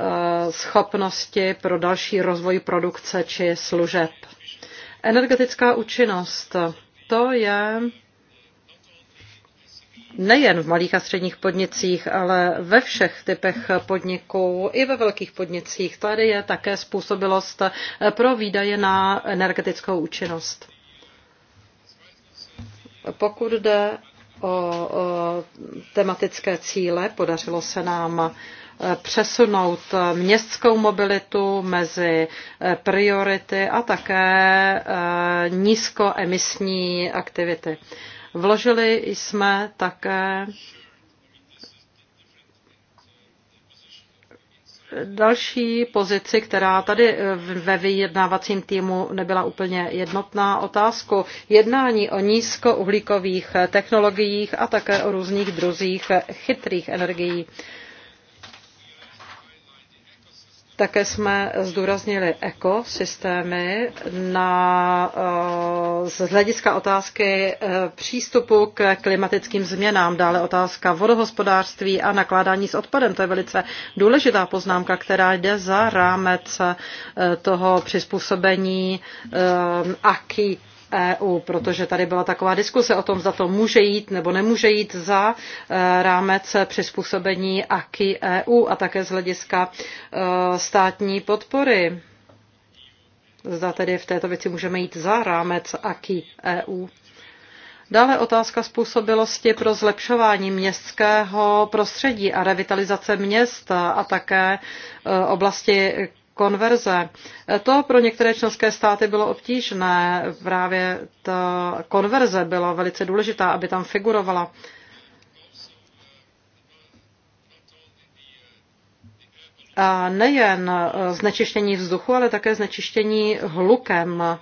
Eh, schopnosti pro další rozvoj produkce či služeb. Energetická účinnost, to je nejen v malých a středních podnicích, ale ve všech typech podniků, i ve velkých podnicích. Tady je také způsobilost pro výdaje na energetickou účinnost. Pokud jde o, o tematické cíle, podařilo se nám přesunout městskou mobilitu mezi eh, priority a také eh, nízkoemisní aktivity. Vložili jsme také Další pozici, která tady eh, ve vyjednávacím týmu nebyla úplně jednotná otázku, jednání o nízkouhlíkových technologiích a také o různých druzích chytrých energií. Také jsme zdůraznili ekosystémy na, eh, z hlediska otázky eh, přístupu k klimatickým změnám, dále otázka vodohospodářství a nakládání s odpadem. To je velice důležitá poznámka, která jde za rámec eh, toho přizpůsobení aký EU, protože tady byla taková diskuse o tom, zda to může jít nebo nemůže jít za e, rámec přizpůsobení AKI EU a také z hlediska e, státní podpory. Zda tedy v této věci můžeme jít za rámec AKI EU. Dále otázka způsobilosti pro zlepšování městského prostředí a revitalizace měst a také e, oblasti konverze. To pro některé členské státy bylo obtížné. Právě ta konverze byla velice důležitá, aby tam figurovala. A nejen znečištění vzduchu, ale také znečištění hlukem.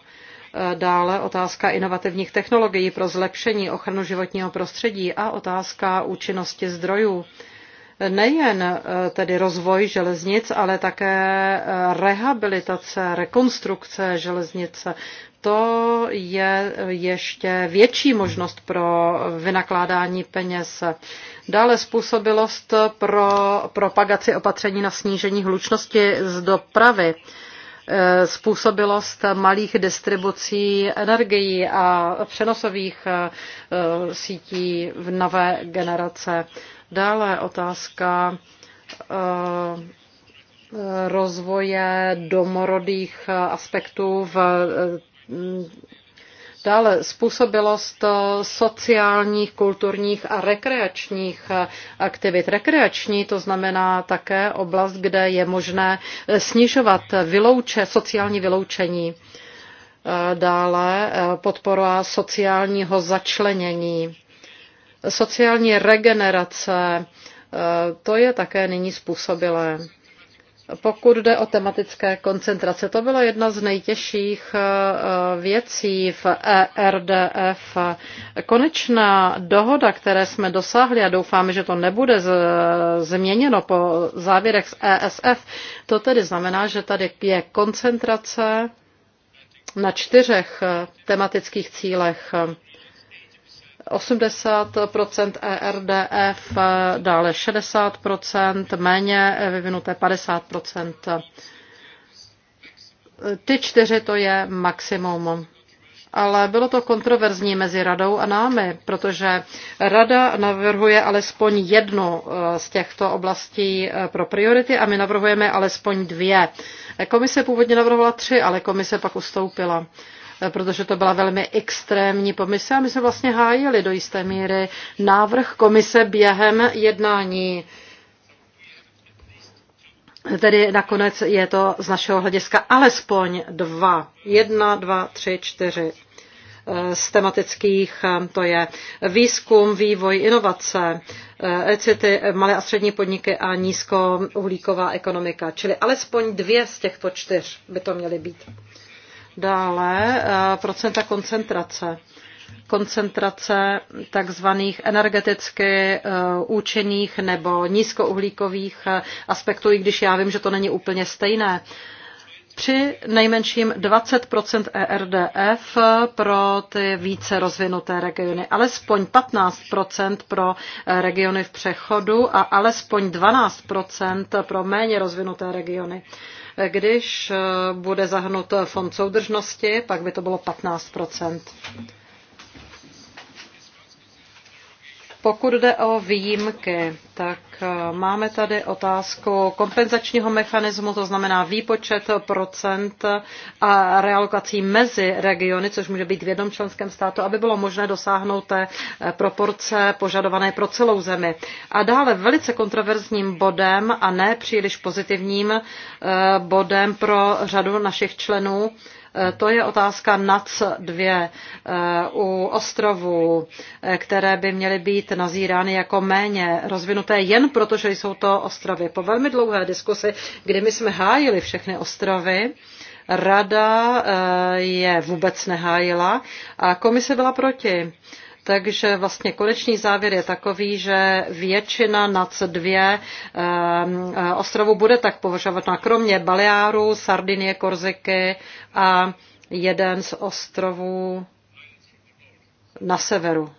Dále otázka inovativních technologií pro zlepšení ochranu životního prostředí a otázka účinnosti zdrojů nejen eh, tedy rozvoj železnic, ale také eh, rehabilitace, rekonstrukce železnice. To je ještě větší možnost pro vynakládání peněz. Dále způsobilost pro propagaci opatření na snížení hlučnosti z dopravy eh, způsobilost malých distribucí energií a přenosových sítí v nové generace. Dále otázka eh, eh, rozvoje domorodých eh, aspektů v mm, Dále způsobilost sociálních, kulturních a rekreačních aktivit. Rekreační to znamená také oblast, kde je možné snižovat vylouče, sociální vyloučení. Dále podpora sociálního začlenění Sociální regenerace, eh, to je také nyní způsobilé. Pokud jde o tematické koncentrace, to byla jedna z nejtěžších eh, věcí v ERDF. Konečná dohoda, které jsme dosáhli, a doufáme, že to nebude změněno po závěrech z ESF, to tedy znamená, že tady je koncentrace na čtyřech eh, tematických cílech 80 ERDF, dále 60 méně vyvinuté 50 Ty čtyři to je maximum. Ale bylo to kontroverzní mezi radou a námi, protože rada navrhuje alespoň jednu eh, z těchto oblastí eh, pro priority a my navrhujeme alespoň dvě. Komise původně navrhovala tři, ale komise pak ustoupila protože to byla velmi extrémní komise a my jsme vlastně hájili do jisté míry návrh komise během jednání. Tedy nakonec je to z našeho hlediska alespoň dva. Jedna, dva, tři, čtyři eh, z tematických, eh, to je výzkum, vývoj, inovace, ECITy, eh, malé a střední podniky a nízkouhlíková ekonomika. Čili alespoň dvě z těchto čtyř by to měly být. Dále eh, procenta koncentrace koncentrace takzvaných energeticky eh, účinných nebo nízkouhlíkových eh, aspektů, i když já vím, že to není úplně stejné. Při nejmenším 20 ERDF pro ty více rozvinuté regiony, alespoň 15 pro regiony v přechodu a alespoň 12 pro méně rozvinuté regiony. Když eh, bude zahrnut fond soudržnosti, pak by to bylo 15 Pokud jde o výjimky, tak eh, máme tady otázku kompenzačního mechanismu, to znamená výpočet procent eh, a realokací mezi regiony, což může být v jednom členském státu, aby bylo možné dosáhnout té eh, proporce požadované pro celou zemi. A dále velice kontroverzním bodem a ne příliš pozitivním bodem pro řadu našich členů Eh, to je otázka NAC 2 eh, u ostrovů, eh, které by měly být nazírány jako méně rozvinuté jen proto, že jsou to ostrovy. Po velmi dlouhé diskusi, kdy my jsme hájili všechny ostrovy, Rada je vůbec nehájila a komise byla proti. Takže vlastně konečný závěr je takový, že většina nad dvě ehm, eh, ostrovů bude tak považována, no kromě Baleáru, Sardinie, Korziky a jeden z ostrovů na severu.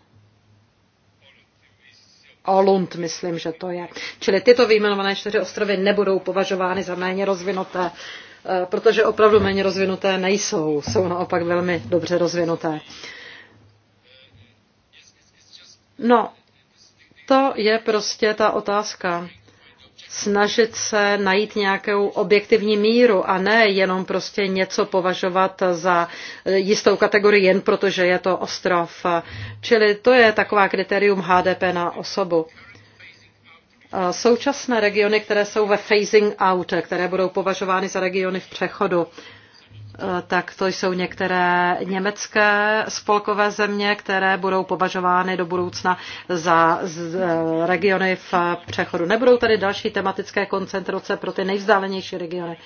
Olund, myslím, že to je. Čili tyto vyjmenované čtyři ostrovy nebudou považovány za méně rozvinuté, eh, protože opravdu méně rozvinuté nejsou. Jsou naopak velmi dobře rozvinuté. No, to je prostě ta otázka. Snažit se najít nějakou objektivní míru a ne jenom prostě něco považovat za jistou kategorii jen protože je to ostrov. Čili to je taková kritérium HDP na osobu. Současné regiony, které jsou ve phasing out, které budou považovány za regiony v přechodu, tak to jsou některé německé spolkové země, které budou považovány do budoucna za e, regiony v přechodu. Nebudou tady další tematické koncentrace pro ty nejvzdálenější regiony.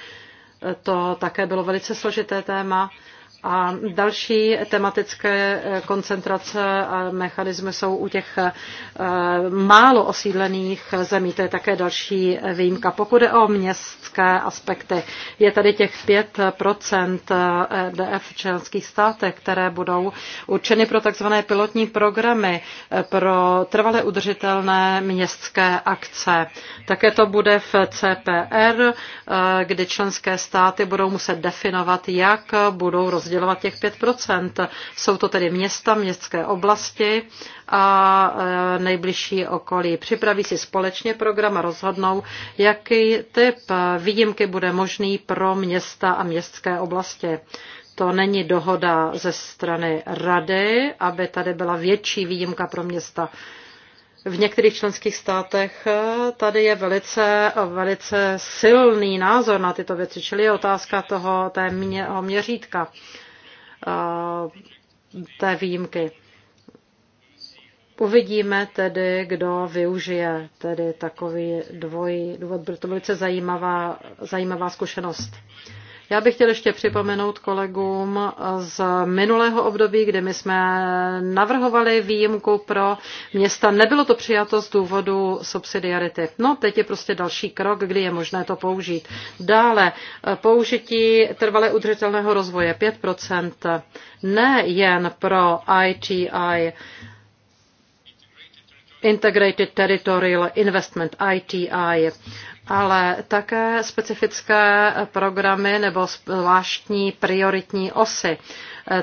E, to také bylo velice složité téma a další tematické eh, koncentrace a mechanismy jsou u těch eh, málo osídlených zemí. To je také další výjimka. Pokud je o městské aspekty, je tady těch 5 eh, e DF v členských státech, které budou určeny pro takzvané pilotní programy pro trvale udržitelné městské akce. Také to bude v CPR, kdy členské státy budou muset definovat, jak budou rozdělovat rozdělovat těch 5%. Jsou to tedy města, městské oblasti a e, nejbližší okolí. Připraví si společně program a rozhodnou, jaký typ výjimky bude možný pro města a městské oblasti to není dohoda ze strany rady, aby tady byla větší výjimka pro města v některých členských státech eh, tady je velice, velice silný názor na tyto věci, čili je otázka toho té mě, měřítka, eh, té výjimky. Uvidíme tedy, kdo využije tedy takový dvojí důvod. protože to velice zajímavá, zajímavá zkušenost. Já bych chtěl ještě připomenout kolegům z minulého období, kde my jsme navrhovali výjimku pro města. Nebylo to přijato z důvodu subsidiarity. No, teď je prostě další krok, kdy je možné to použít. Dále použití trvalé udržitelného rozvoje 5%. Ne jen pro ITI, Integrated Territorial Investment, ITI, ale také specifické programy nebo zvláštní prioritní osy.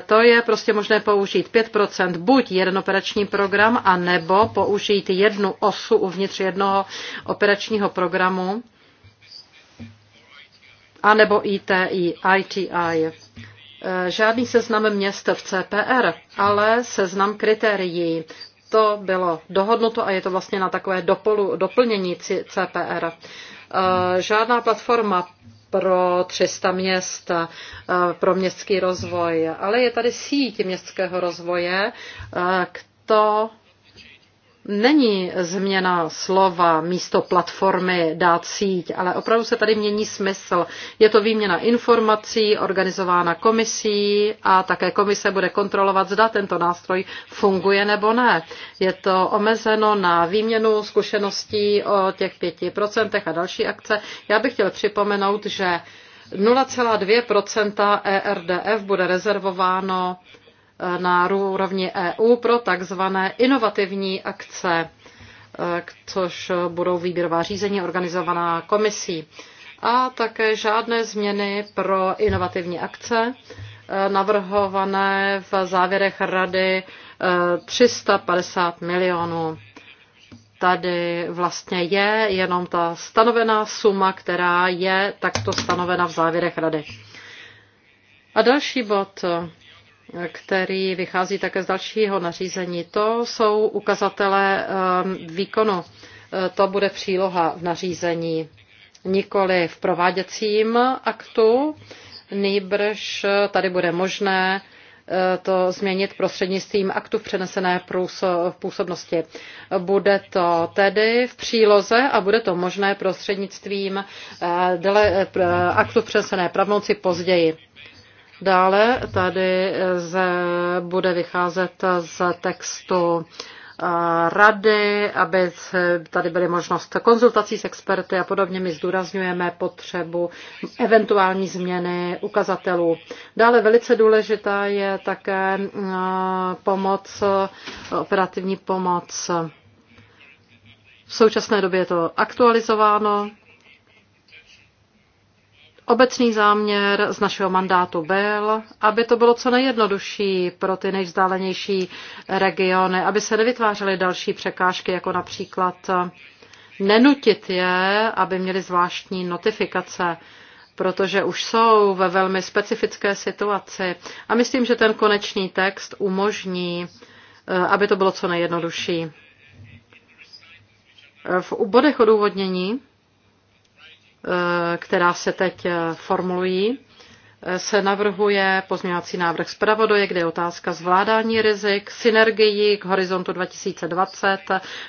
To je prostě možné použít 5%, buď jeden operační program, anebo použít jednu osu uvnitř jednoho operačního programu, anebo ITI, ITI. Žádný seznam měst v CPR, ale seznam kritérií to bylo dohodnuto a je to vlastně na takové dopolu, doplnění CPR. Eh, žádná platforma pro 300 měst, eh, pro městský rozvoj, ale je tady síť městského rozvoje, eh, kdo není změna slova místo platformy dát síť, ale opravdu se tady mění smysl. Je to výměna informací organizována komisí a také komise bude kontrolovat, zda tento nástroj funguje nebo ne. Je to omezeno na výměnu zkušeností o těch pěti procentech a další akce. Já bych chtěl připomenout, že 0,2% ERDF bude rezervováno na úrovni EU pro takzvané inovativní akce, e, což budou výběrová řízení organizovaná komisí. A také žádné změny pro inovativní akce e, navrhované v závěrech rady 350 e, milionů. Tady vlastně je jenom ta stanovená suma, která je takto stanovena v závěrech rady. A další bod který vychází také z dalšího nařízení. To jsou ukazatele ehm, výkonu. E, to bude příloha v nařízení, nikoli v prováděcím aktu, nejbrž e, tady bude možné e, to změnit prostřednictvím aktu v přenesené působnosti. Bude to tedy v příloze a bude to možné prostřednictvím aktu v přenesené pravnouci později. Dále tady eh, ze, bude vycházet z textu eh, rady, aby tady byly možnost konzultací s experty a podobně. My zdůrazňujeme potřebu eventuální změny ukazatelů. Dále velice důležitá je také eh, pomoc, operativní pomoc. V současné době je to aktualizováno Obecný záměr z našeho mandátu byl, aby to bylo co nejjednodušší pro ty nejvzdálenější regiony, aby se nevytvářely další překážky, jako například nenutit je, aby měli zvláštní notifikace, protože už jsou ve velmi specifické situaci. A myslím, že ten konečný text umožní, eh, aby to bylo co nejjednodušší. Eh, v bodech odůvodnění Eh, která se teď eh, formulují se navrhuje pozměňovací návrh zpravodaje, kde je otázka zvládání rizik, synergii k horizontu 2020,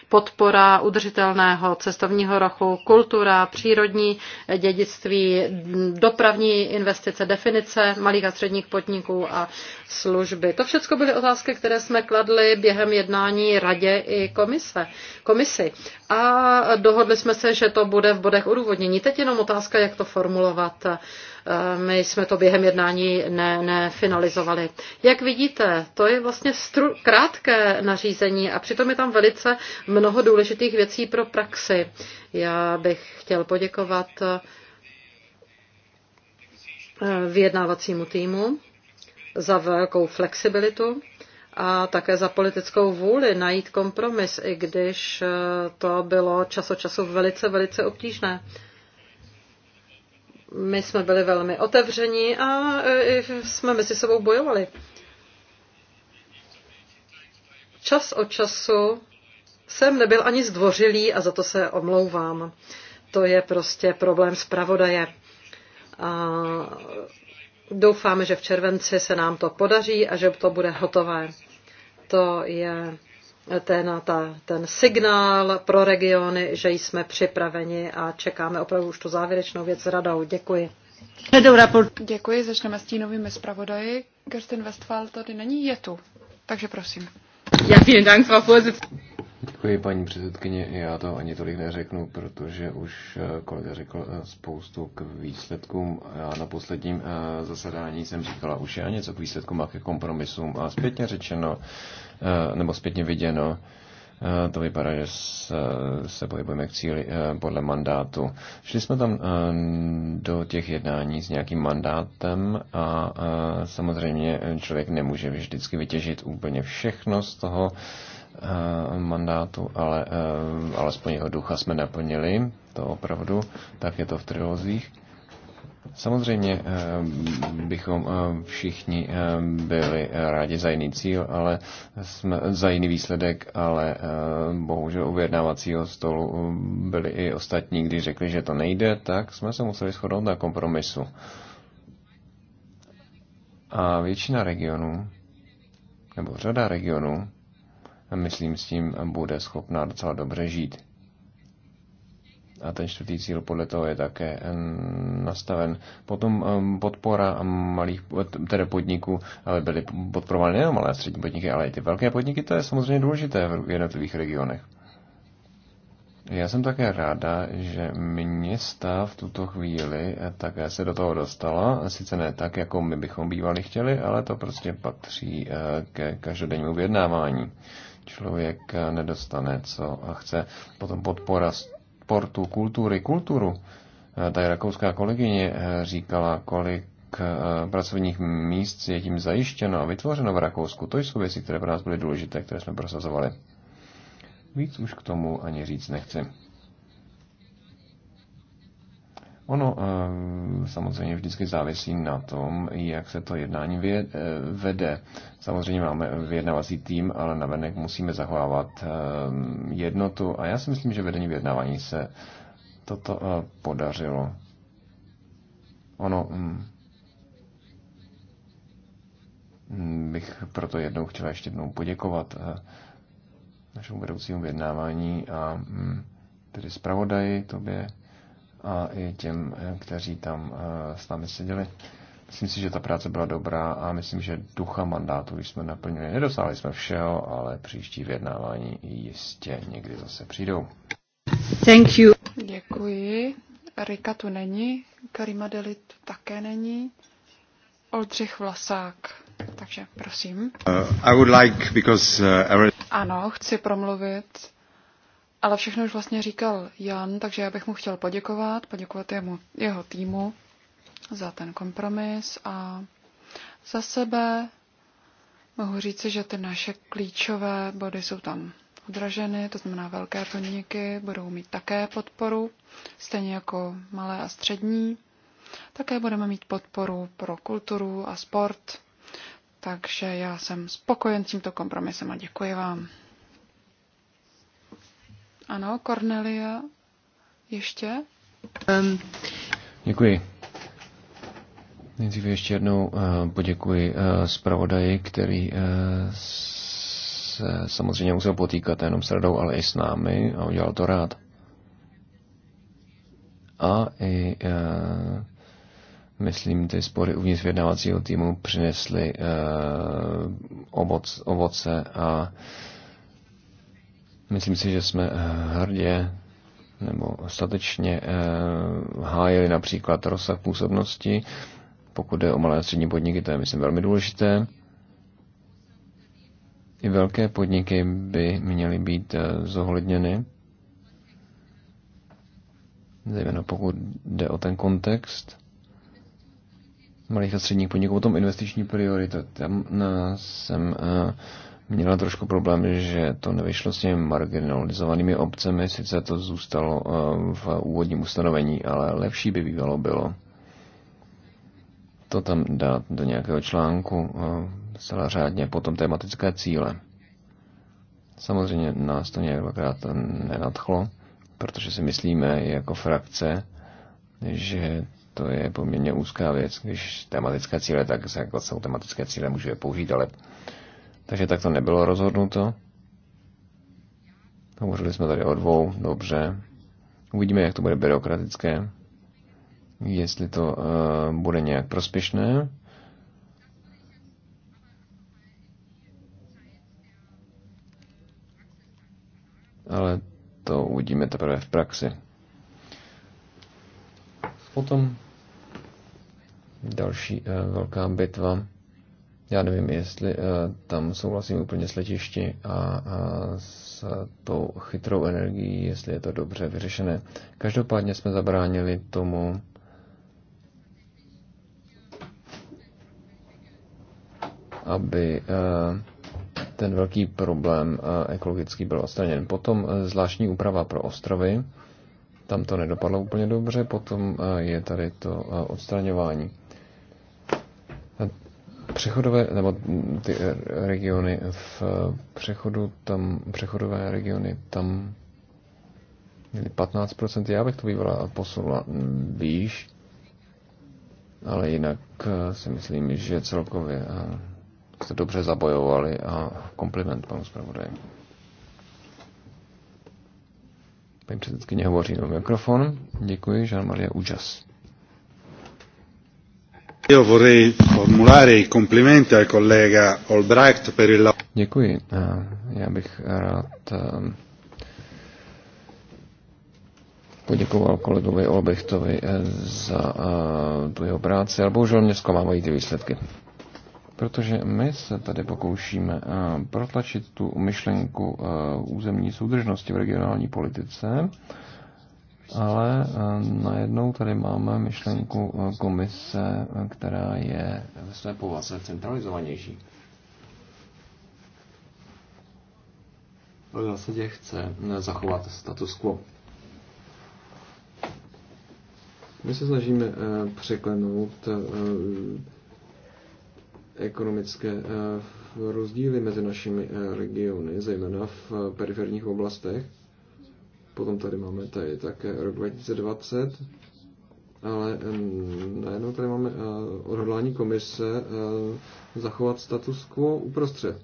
podpora udržitelného cestovního rochu, kultura, přírodní dědictví, dopravní investice, definice malých a středních podniků a služby. To všechno byly otázky, které jsme kladli během jednání radě i komise, komisi. A dohodli jsme se, že to bude v bodech odůvodnění. Teď jenom otázka, jak to formulovat. Eh, my jsme to během jednání ne, nefinalizovali. Jak vidíte, to je vlastně stru, krátké nařízení a přitom je tam velice mnoho důležitých věcí pro praxi. Já bych chtěl poděkovat eh, vyjednávacímu týmu za velkou flexibilitu a také za politickou vůli najít kompromis, i když eh, to bylo čas od času velice, velice obtížné. My jsme byli velmi otevření a e, jsme mezi sebou bojovali. Čas od času jsem nebyl ani zdvořilý a za to se omlouvám. To je prostě problém zpravodaje. A doufáme, že v červenci se nám to podaří a že to bude hotové. To je ten, ta, ten signál pro regiony, že jsme připraveni a čekáme opravdu už tu závěrečnou věc s radou. Děkuji. Děkuji, začneme s novými zpravodaji. Kirsten Westphal tady není, je tu. Takže prosím. Ja, vielen Dank, Frau Vorsitzende. Děkuji, paní předsedkyně. Já to ani tolik neřeknu, protože už eh, kolega řekl eh, spoustu k výsledkům. Já na posledním eh, zasedání jsem říkala už já něco k výsledkům a ke kompromisům. A zpětně řečeno, nebo zpětně viděno, to vypadá, že se pohybujeme k cíli podle mandátu. Šli jsme tam do těch jednání s nějakým mandátem a samozřejmě člověk nemůže vždycky vytěžit úplně všechno z toho, Eh, mandátu, ale eh, alespoň jeho ducha jsme naplnili, to opravdu, tak je to v trilozích. Samozřejmě eh, bychom všichni byli rádi za jiný cíl, ale jsme, za jiný výsledek, ale bohužel u vyjednávacího stolu byli i ostatní, když řekli, že to nejde, tak jsme se museli shodnout na kompromisu. A většina regionů, nebo řada regionů, myslím, s tím bude schopná docela dobře žít. A ten čtvrtý cíl podle toho je také eh, nastaven. Potom eh, podpora malých tedy podniků, ale byly podporovány nejenom malé a střední podniky, ale i ty velké podniky, to je samozřejmě důležité v jednotlivých regionech. Já jsem také ráda, že města v tuto chvíli eh, také se do toho dostala. Sice ne tak, jako my bychom bývali chtěli, ale to prostě patří ke každodennímu vyjednávání člověk nedostane, co chce. Potom podpora sportu, kultury, kulturu. Tady rakouská kolegyně říkala, kolik eh, pracovních míst je tím zajištěno a vytvořeno v Rakousku. To jsou věci, které pro nás byly důležité, které jsme prosazovali. Víc už k tomu ani říct nechci. Ono eh, samozřejmě vždycky závisí na tom, jak se to jednání eh, vede. Samozřejmě máme vyjednavací tým, ale navenek musíme zachovávat eh, jednotu a já si myslím, že vedení vyjednávání se toto podařilo. Ono hm, bych proto jednou chtěla ještě jednou poděkovat našemu vedoucímu vyjednávání a hm, tedy zpravodaji, tobě, a i těm, eh, kteří tam eh, s námi seděli. Myslím si, že ta práce byla dobrá a myslím, že ducha mandátu když jsme naplnili. Nedosáhli jsme všeho, ale příští vyjednávání jistě někdy zase přijdou. Thank you. Děkuji. Rika tu není, Karima Delit také není, Oldřich Vlasák. Takže prosím. Uh, I would like, because, uh, Ano, chci promluvit ale všechno už vlastně říkal Jan, takže já bych mu chtěl poděkovat, poděkovat jemu, jeho týmu za ten kompromis a za sebe mohu říci, že ty naše klíčové body jsou tam odraženy, to znamená velké podniky budou mít také podporu, stejně jako malé a střední. Také budeme mít podporu pro kulturu a sport, takže já jsem spokojen s tímto kompromisem a děkuji vám. Ano, Cornelia, ještě? Um. Děkuji. Nejdříve ještě jednou uh, poděkuji uh, zpravodaji, který uh, se samozřejmě musel potýkat nejenom s radou, ale i s námi a udělal to rád. A i, myslím, ty spory uvnitř vědnávacího týmu přinesly ovoce a Myslím si, že jsme eh, hrdě nebo statečně eh, hájili například rozsah působnosti. Pokud jde o malé a střední podniky, to je, myslím, velmi důležité. I velké podniky by měly být eh, zohledněny, zejména pokud jde o ten kontext malých a středních podniků, o tom investiční priorita. Tam jsem měla trošku problémy, že to nevyšlo s těmi marginalizovanými obcemi, sice to zůstalo eh, v úvodním ustanovení, ale lepší by bývalo bylo to tam dát do nějakého článku eh, celá řádně, potom tematické cíle. Samozřejmě nás to nějak dvakrát nenadchlo, protože si myslíme jako frakce, že to je poměrně úzká věc, když tematické cíle, tak jako jsou tematické cíle, můžeme použít, ale takže tak to nebylo rozhodnuto. Hovořili jsme tady o dvou, dobře. Uvidíme, jak to bude byrokratické, jestli to uh, bude nějak prospěšné. Ale to uvidíme teprve v praxi. Potom další uh, velká bitva já nevím, jestli eh, tam souhlasím úplně s letišti a, a s tou chytrou energií, jestli je to dobře vyřešené. Každopádně jsme zabránili tomu, aby eh, ten velký problém eh, ekologický byl odstraněn. Potom zvláštní úprava pro ostrovy, tam to nedopadlo úplně dobře, potom je tady to odstraňování přechodové, nebo ty eh, regiony v eh, přechodu tam, přechodové regiony tam měly 15%, já bych to bývala posunula výš, ale jinak eh, si myslím, že celkově jste dobře zabojovali a kompliment panu zpravodaji. Paní předsedkyně hovoří o mikrofon. Děkuji, Jean-Marie Úžas. Io vorrei formulare i complimenti al collega Olbracht per il lavoro. Děkuji. Já bych rád ehm, poděkoval kolegovi Olbrichtovi eh, za eh, tu jeho práci, ale bohužel mě zklamávají ty výsledky. Protože my se tady pokoušíme eh, protlačit tu myšlenku územní soudržnosti v regionální politice, ale eh, najednou tady máme myšlenku eh, komise, eh, která je ve své povaze centralizovanější. V zásadě chce zachovat status quo. My se snažíme překlenout ekonomické rozdíly mezi našimi regiony, zejména v periferních oblastech Potom tady máme tady také rok 2020, ale najednou tady máme eh, odhodlání komise eh, zachovat status quo uprostřed.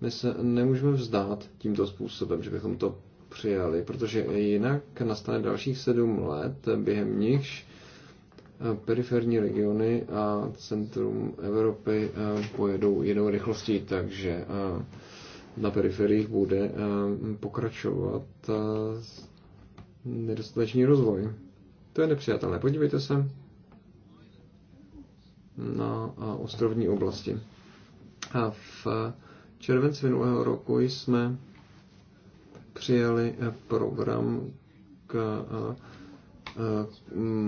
My se nemůžeme vzdát tímto způsobem, že bychom to přijali, protože jinak nastane dalších sedm let, během nichž eh, periferní regiony a centrum Evropy pojedou jinou rychlostí, takže na periferiích bude eh, pokračovat eh, nedostatečný rozvoj. To je nepřijatelné. Podívejte se na eh, ostrovní oblasti. A v červenci minulého roku jsme přijali program k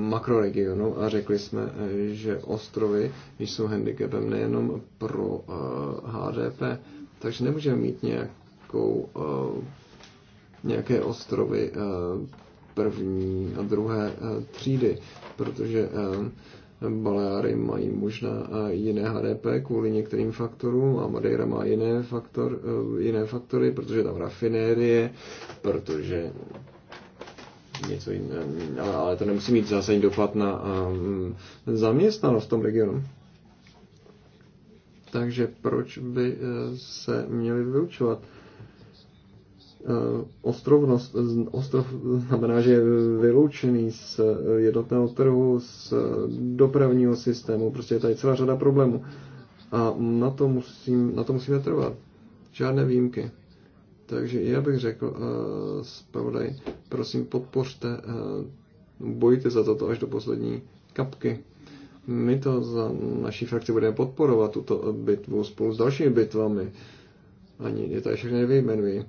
makroregionu a řekli jsme, že ostrovy jsou handicapem nejenom pro HDP, takže nemůžeme mít nějakou, eh, nějaké ostrovy eh, první a druhé eh, třídy, protože Baleáry mají možná jiné HDP kvůli některým faktorům a Madeira má jiné, faktor, jiné faktory, protože tam rafinérie, protože něco jiné, ale to nemusí mít zásadní dopad na zaměstnanost v tom regionu. Takže proč by eh, se měli vyučovat? Eh, ostrovnost, ostrov znamená, že je vyloučený z jednotného trhu, z dopravního systému, prostě je tady celá řada problémů. A na to, musím, na to musíme trvat. Žádné výjimky. Takže já bych řekl, uh, eh, spravodaj, prosím podpořte, uh, bojte za toto až do poslední kapky. My to za naší frakci budeme podporovat, tuto bitvu spolu s dalšími bitvami. Ani je tady všechny nevyjmenují.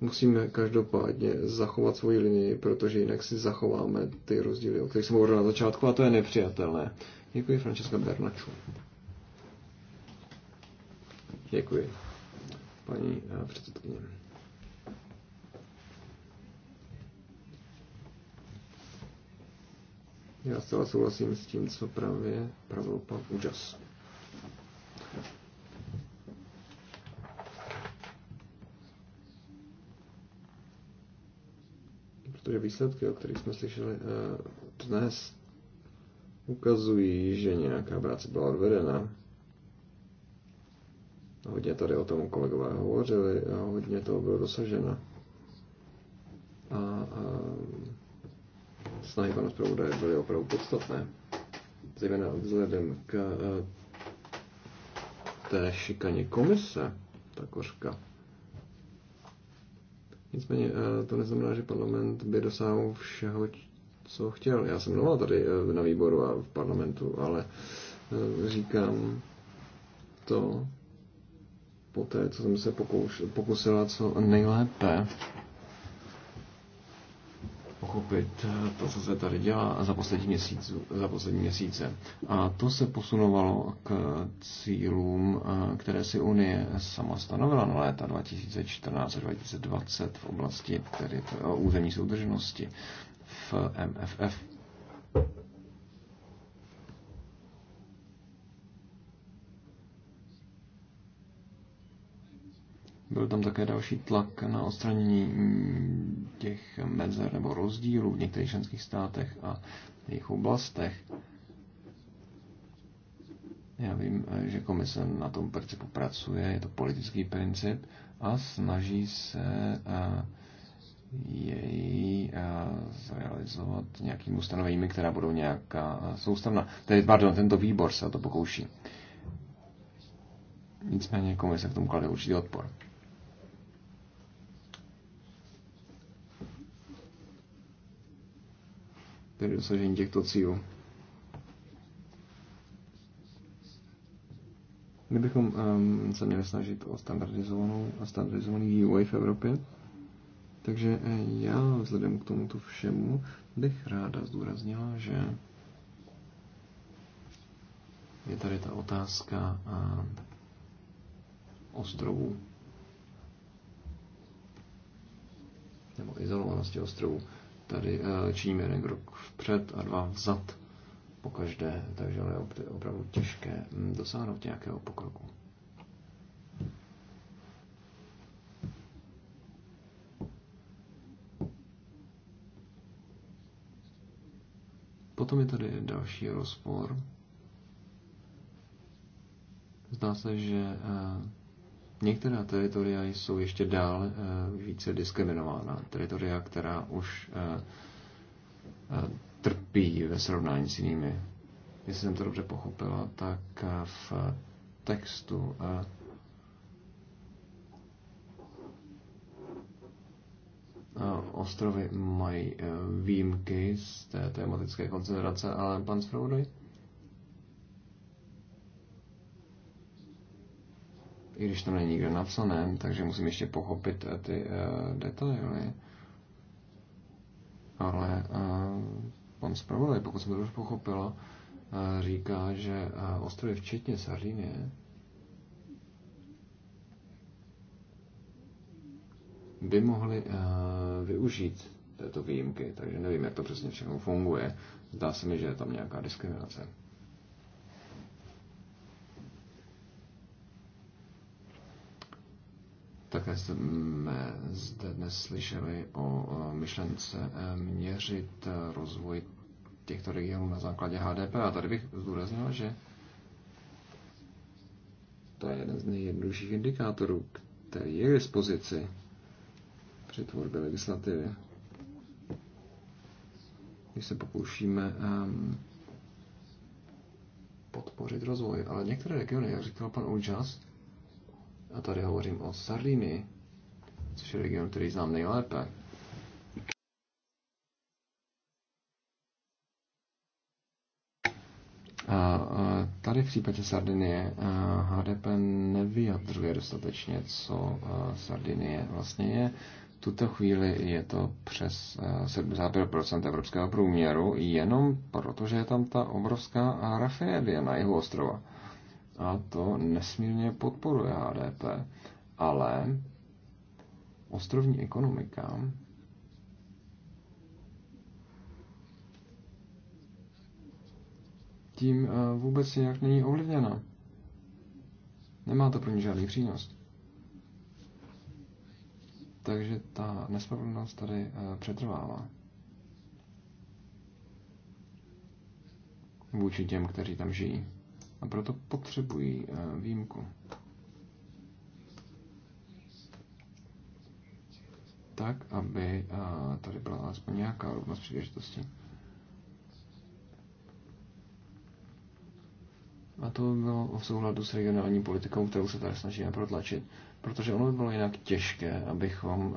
Musíme každopádně zachovat svoji linii, protože jinak si zachováme ty rozdíly, o kterých jsem hovořil na začátku, a to je nepřijatelné. Děkuji, Francesca Bernaču. Děkuji, paní eh, předsedkyně. Já zcela souhlasím s tím, co právě pravil pan Úžas. Protože výsledky, o kterých jsme slyšeli eh, dnes, ukazují, že nějaká práce byla odvedena. Hodně tady o tom kolegové hovořili a hodně toho bylo dosaženo. A, a snahy pana zpravodaje byly opravdu podstatné, zejména vzhledem k eh, té šikaně komise, kořka. Nicméně eh, to neznamená, že parlament by dosáhl všeho, co chtěl. Já jsem mluvil tady eh, na výboru a v parlamentu, ale říkám to po té, co jsem se pokusila co nejlépe pochopit eh, to, co se tady dělá za poslední, měsíc, za poslední měsíce. A to se posunovalo k cílům, eh, které si Unie sama stanovila na léta 2014-2020 v oblasti tedy eh, územní soudržnosti v MFF. Byl tam také další tlak na odstranění těch mezer nebo rozdílů v některých členských státech a jejich oblastech. Já vím, že komise na tom principu pracuje, je to politický princip a snaží se jej zrealizovat nějakými ustanoveními, která budou nějaká soustavná. Tedy, pardon, tento výbor se o to pokouší. Nicméně komise v tom klade určitý odpor. k dosažení těchto cílů. Kdybychom um, ehm, se měli snažit o standardizovanou a standardizovaný vývoj v Evropě, takže eh, já vzhledem k tomuto všemu bych ráda zdůraznila, že je tady ta otázka a eh, ostrovů nebo izolovanosti ostrovů tady eh, činíme jeden krok vpřed a dva vzad po každé, takže je opravdu těžké hm, dosáhnout nějakého pokroku. Potom je tady další rozpor. Zdá se, že eh, Některá teritoria jsou ještě dál eh, více diskriminována. Teritoria, která už eh, eh, trpí ve srovnání s jinými. Jestli jsem to dobře pochopila, tak v textu ostrovy mají výjimky z té tematické koncentrace, ale pan Sfroudoj? i když to není nikde napsané, takže musím ještě pochopit eh, ty uh, detaily. Ale uh, pan zpravodaj, pokud jsem to už pochopila, uh, říká, že uh, ostrovy včetně Sardinie by mohli uh, využít této výjimky, takže nevím, jak to přesně všechno funguje. Zdá se mi, že je tam nějaká diskriminace. Také jsme zde dnes slyšeli o myšlence eh, měřit eh, rozvoj těchto regionů na základě HDP. A tady bych zdůraznil, že to je jeden z nejjednodušších indikátorů, který je k dispozici při tvorbě legislativy. Když se pokoušíme um, podpořit rozvoj, ale některé regiony, jak říkal pan Ulčas, a tady hovořím o Sardinii, což je region, který znám nejlépe, A tady v případě Sardinie HDP nevyjadřuje dostatečně, co Sardinie vlastně je. V tuto chvíli je to přes 75% evropského průměru, jenom protože je tam ta obrovská rafinerie na jihu ostrova a to nesmírně podporuje HDP, ale ostrovní ekonomika tím eh, vůbec nějak není ovlivněna. Nemá to pro ně žádný přínos. Takže ta nespravedlnost tady eh, přetrvává. Vůči těm, kteří tam žijí a proto potřebují eh, výjimku. Tak, aby eh, tady byla alespoň nějaká rovnost příležitosti. A to bylo v souhladu s regionální politikou, kterou se tady snažíme protlačit, protože ono by bylo jinak těžké, abychom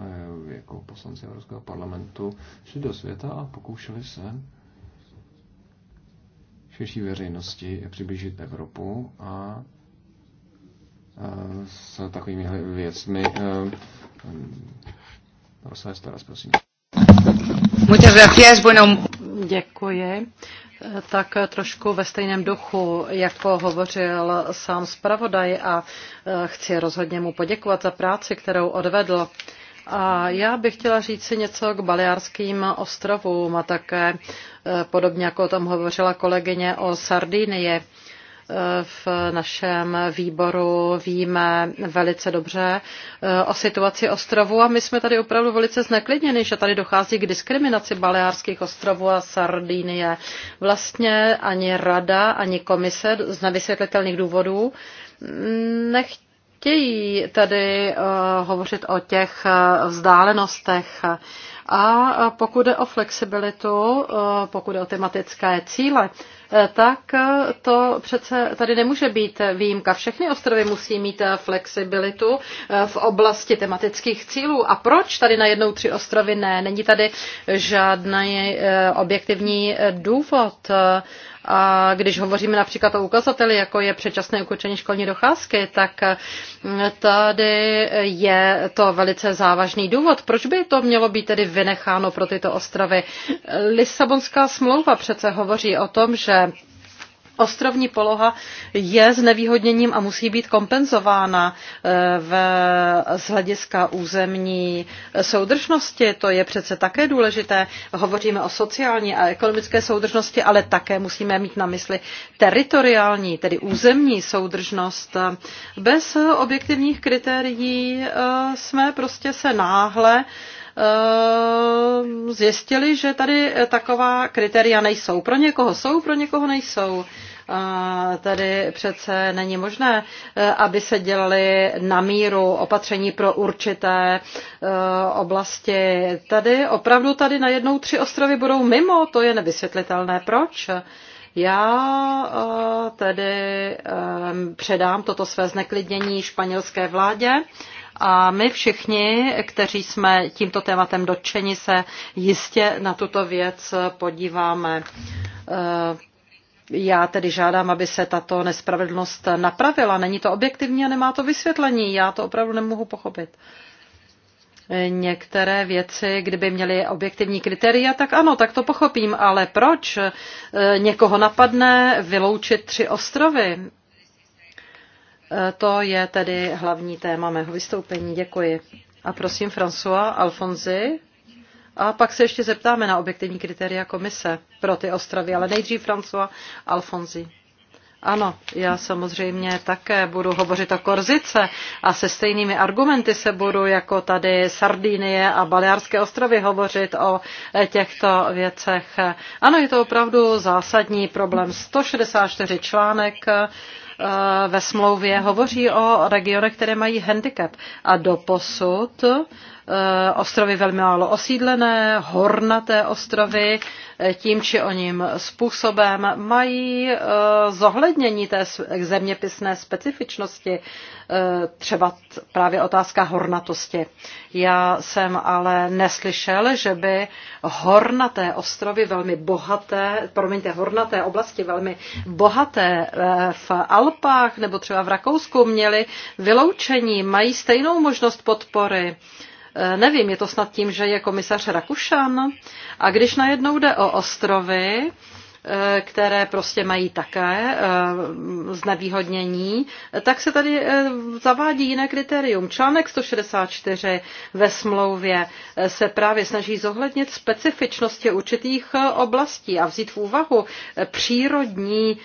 eh, jako poslanci Evropského parlamentu šli do světa a pokoušeli se širší veřejnosti přiblížit Evropu a s takovými věcmi e, e, rozsvést teraz, prosím. Muchas gracias. Bueno, děkuji. Tak trošku ve stejném duchu, jako hovořil sám zpravodaj a e, chci rozhodně mu poděkovat za práci, kterou odvedl a já bych chtěla říct si něco k Balearským ostrovům a také e, podobně, jako o tom hovořila kolegyně o Sardinii. E, v našem výboru víme velice dobře e, o situaci ostrovů a my jsme tady opravdu velice zneklidněni, že tady dochází k diskriminaci Baleárských ostrovů a Sardinie. Vlastně ani rada, ani komise z nevysvětlitelných důvodů nechtějí chtějí tady eh, hovořit o těch eh, vzdálenostech a pokud jde o flexibilitu, eh, pokud jde o tematické cíle, eh, tak eh, to přece tady nemůže být výjimka. Všechny ostrovy musí mít flexibilitu v oblasti tematických cílů. A proč tady najednou tři ostrovy ne? Není tady žádný objektivní důvod. A když hovoříme například o ukazateli, jako je předčasné ukončení školní docházky, tak tady je to velice závažný důvod. Proč by to mělo být tedy vynecháno pro tyto ostrovy. Lisabonská smlouva přece hovoří o tom, že Ostrovní poloha je znevýhodněním a musí být kompenzována eh, v, z hlediska územní soudržnosti. To je přece také důležité. Hovoříme o sociální a ekonomické soudržnosti, ale také musíme mít na mysli teritoriální, tedy územní soudržnost. Bez objektivních kritérií eh, jsme prostě se náhle Eh, zjistili, že tady eh, taková kritéria nejsou. Pro někoho jsou, pro někoho nejsou. A tady přece není možné, eh, aby se dělaly na míru opatření pro určité oblasti. Tady opravdu tady najednou tři ostrovy budou mimo, to je nevysvětlitelné. Proč? Já tedy předám toto své zneklidnění španělské vládě a my všichni, kteří jsme tímto tématem dotčeni, se jistě na tuto věc podíváme. Eh, já tedy žádám, aby se tato nespravedlnost napravila. Není to objektivní a nemá to vysvětlení. Já to opravdu nemohu pochopit. Některé věci, kdyby měly objektivní kritéria, tak ano, tak to pochopím, ale proč eh, někoho napadne vyloučit tři ostrovy? Eh, to je tedy hlavní téma mého vystoupení. Děkuji. A prosím François Alfonzi. A pak se ještě zeptáme na objektivní kritéria komise pro ty ostrovy, ale nejdřív François Alfonzi. Ano, já samozřejmě také budu hovořit o Korzice a se stejnými argumenty se budu jako tady Sardinie a Balearské ostrovy hovořit o eh, těchto věcech. Ano, je to opravdu zásadní problém. 164 článek ve smlouvě hovoří o regionech, které mají handicap. A doposud Eh, ostrovy velmi málo osídlené, hornaté ostrovy, eh, tím či oním způsobem mají eh, zohlednění té zeměpisné specifičnosti, třeba právě otázka hornatosti. Já jsem ale neslyšel, že by hornaté ostrovy velmi bohaté, promiňte, hornaté oblasti velmi bohaté v Alpách nebo třeba v Rakousku měly vyloučení, mají stejnou možnost podpory Eh, nevím, je to snad tím, že je komisař Rakušan. A když najednou jde o ostrovy, Eh, které prostě mají také eh, znevýhodnění, tak se tady eh, zavádí jiné kritérium. Článek 164 ve smlouvě se právě snaží zohlednit specifičnosti určitých oblastí a vzít v úvahu přírodní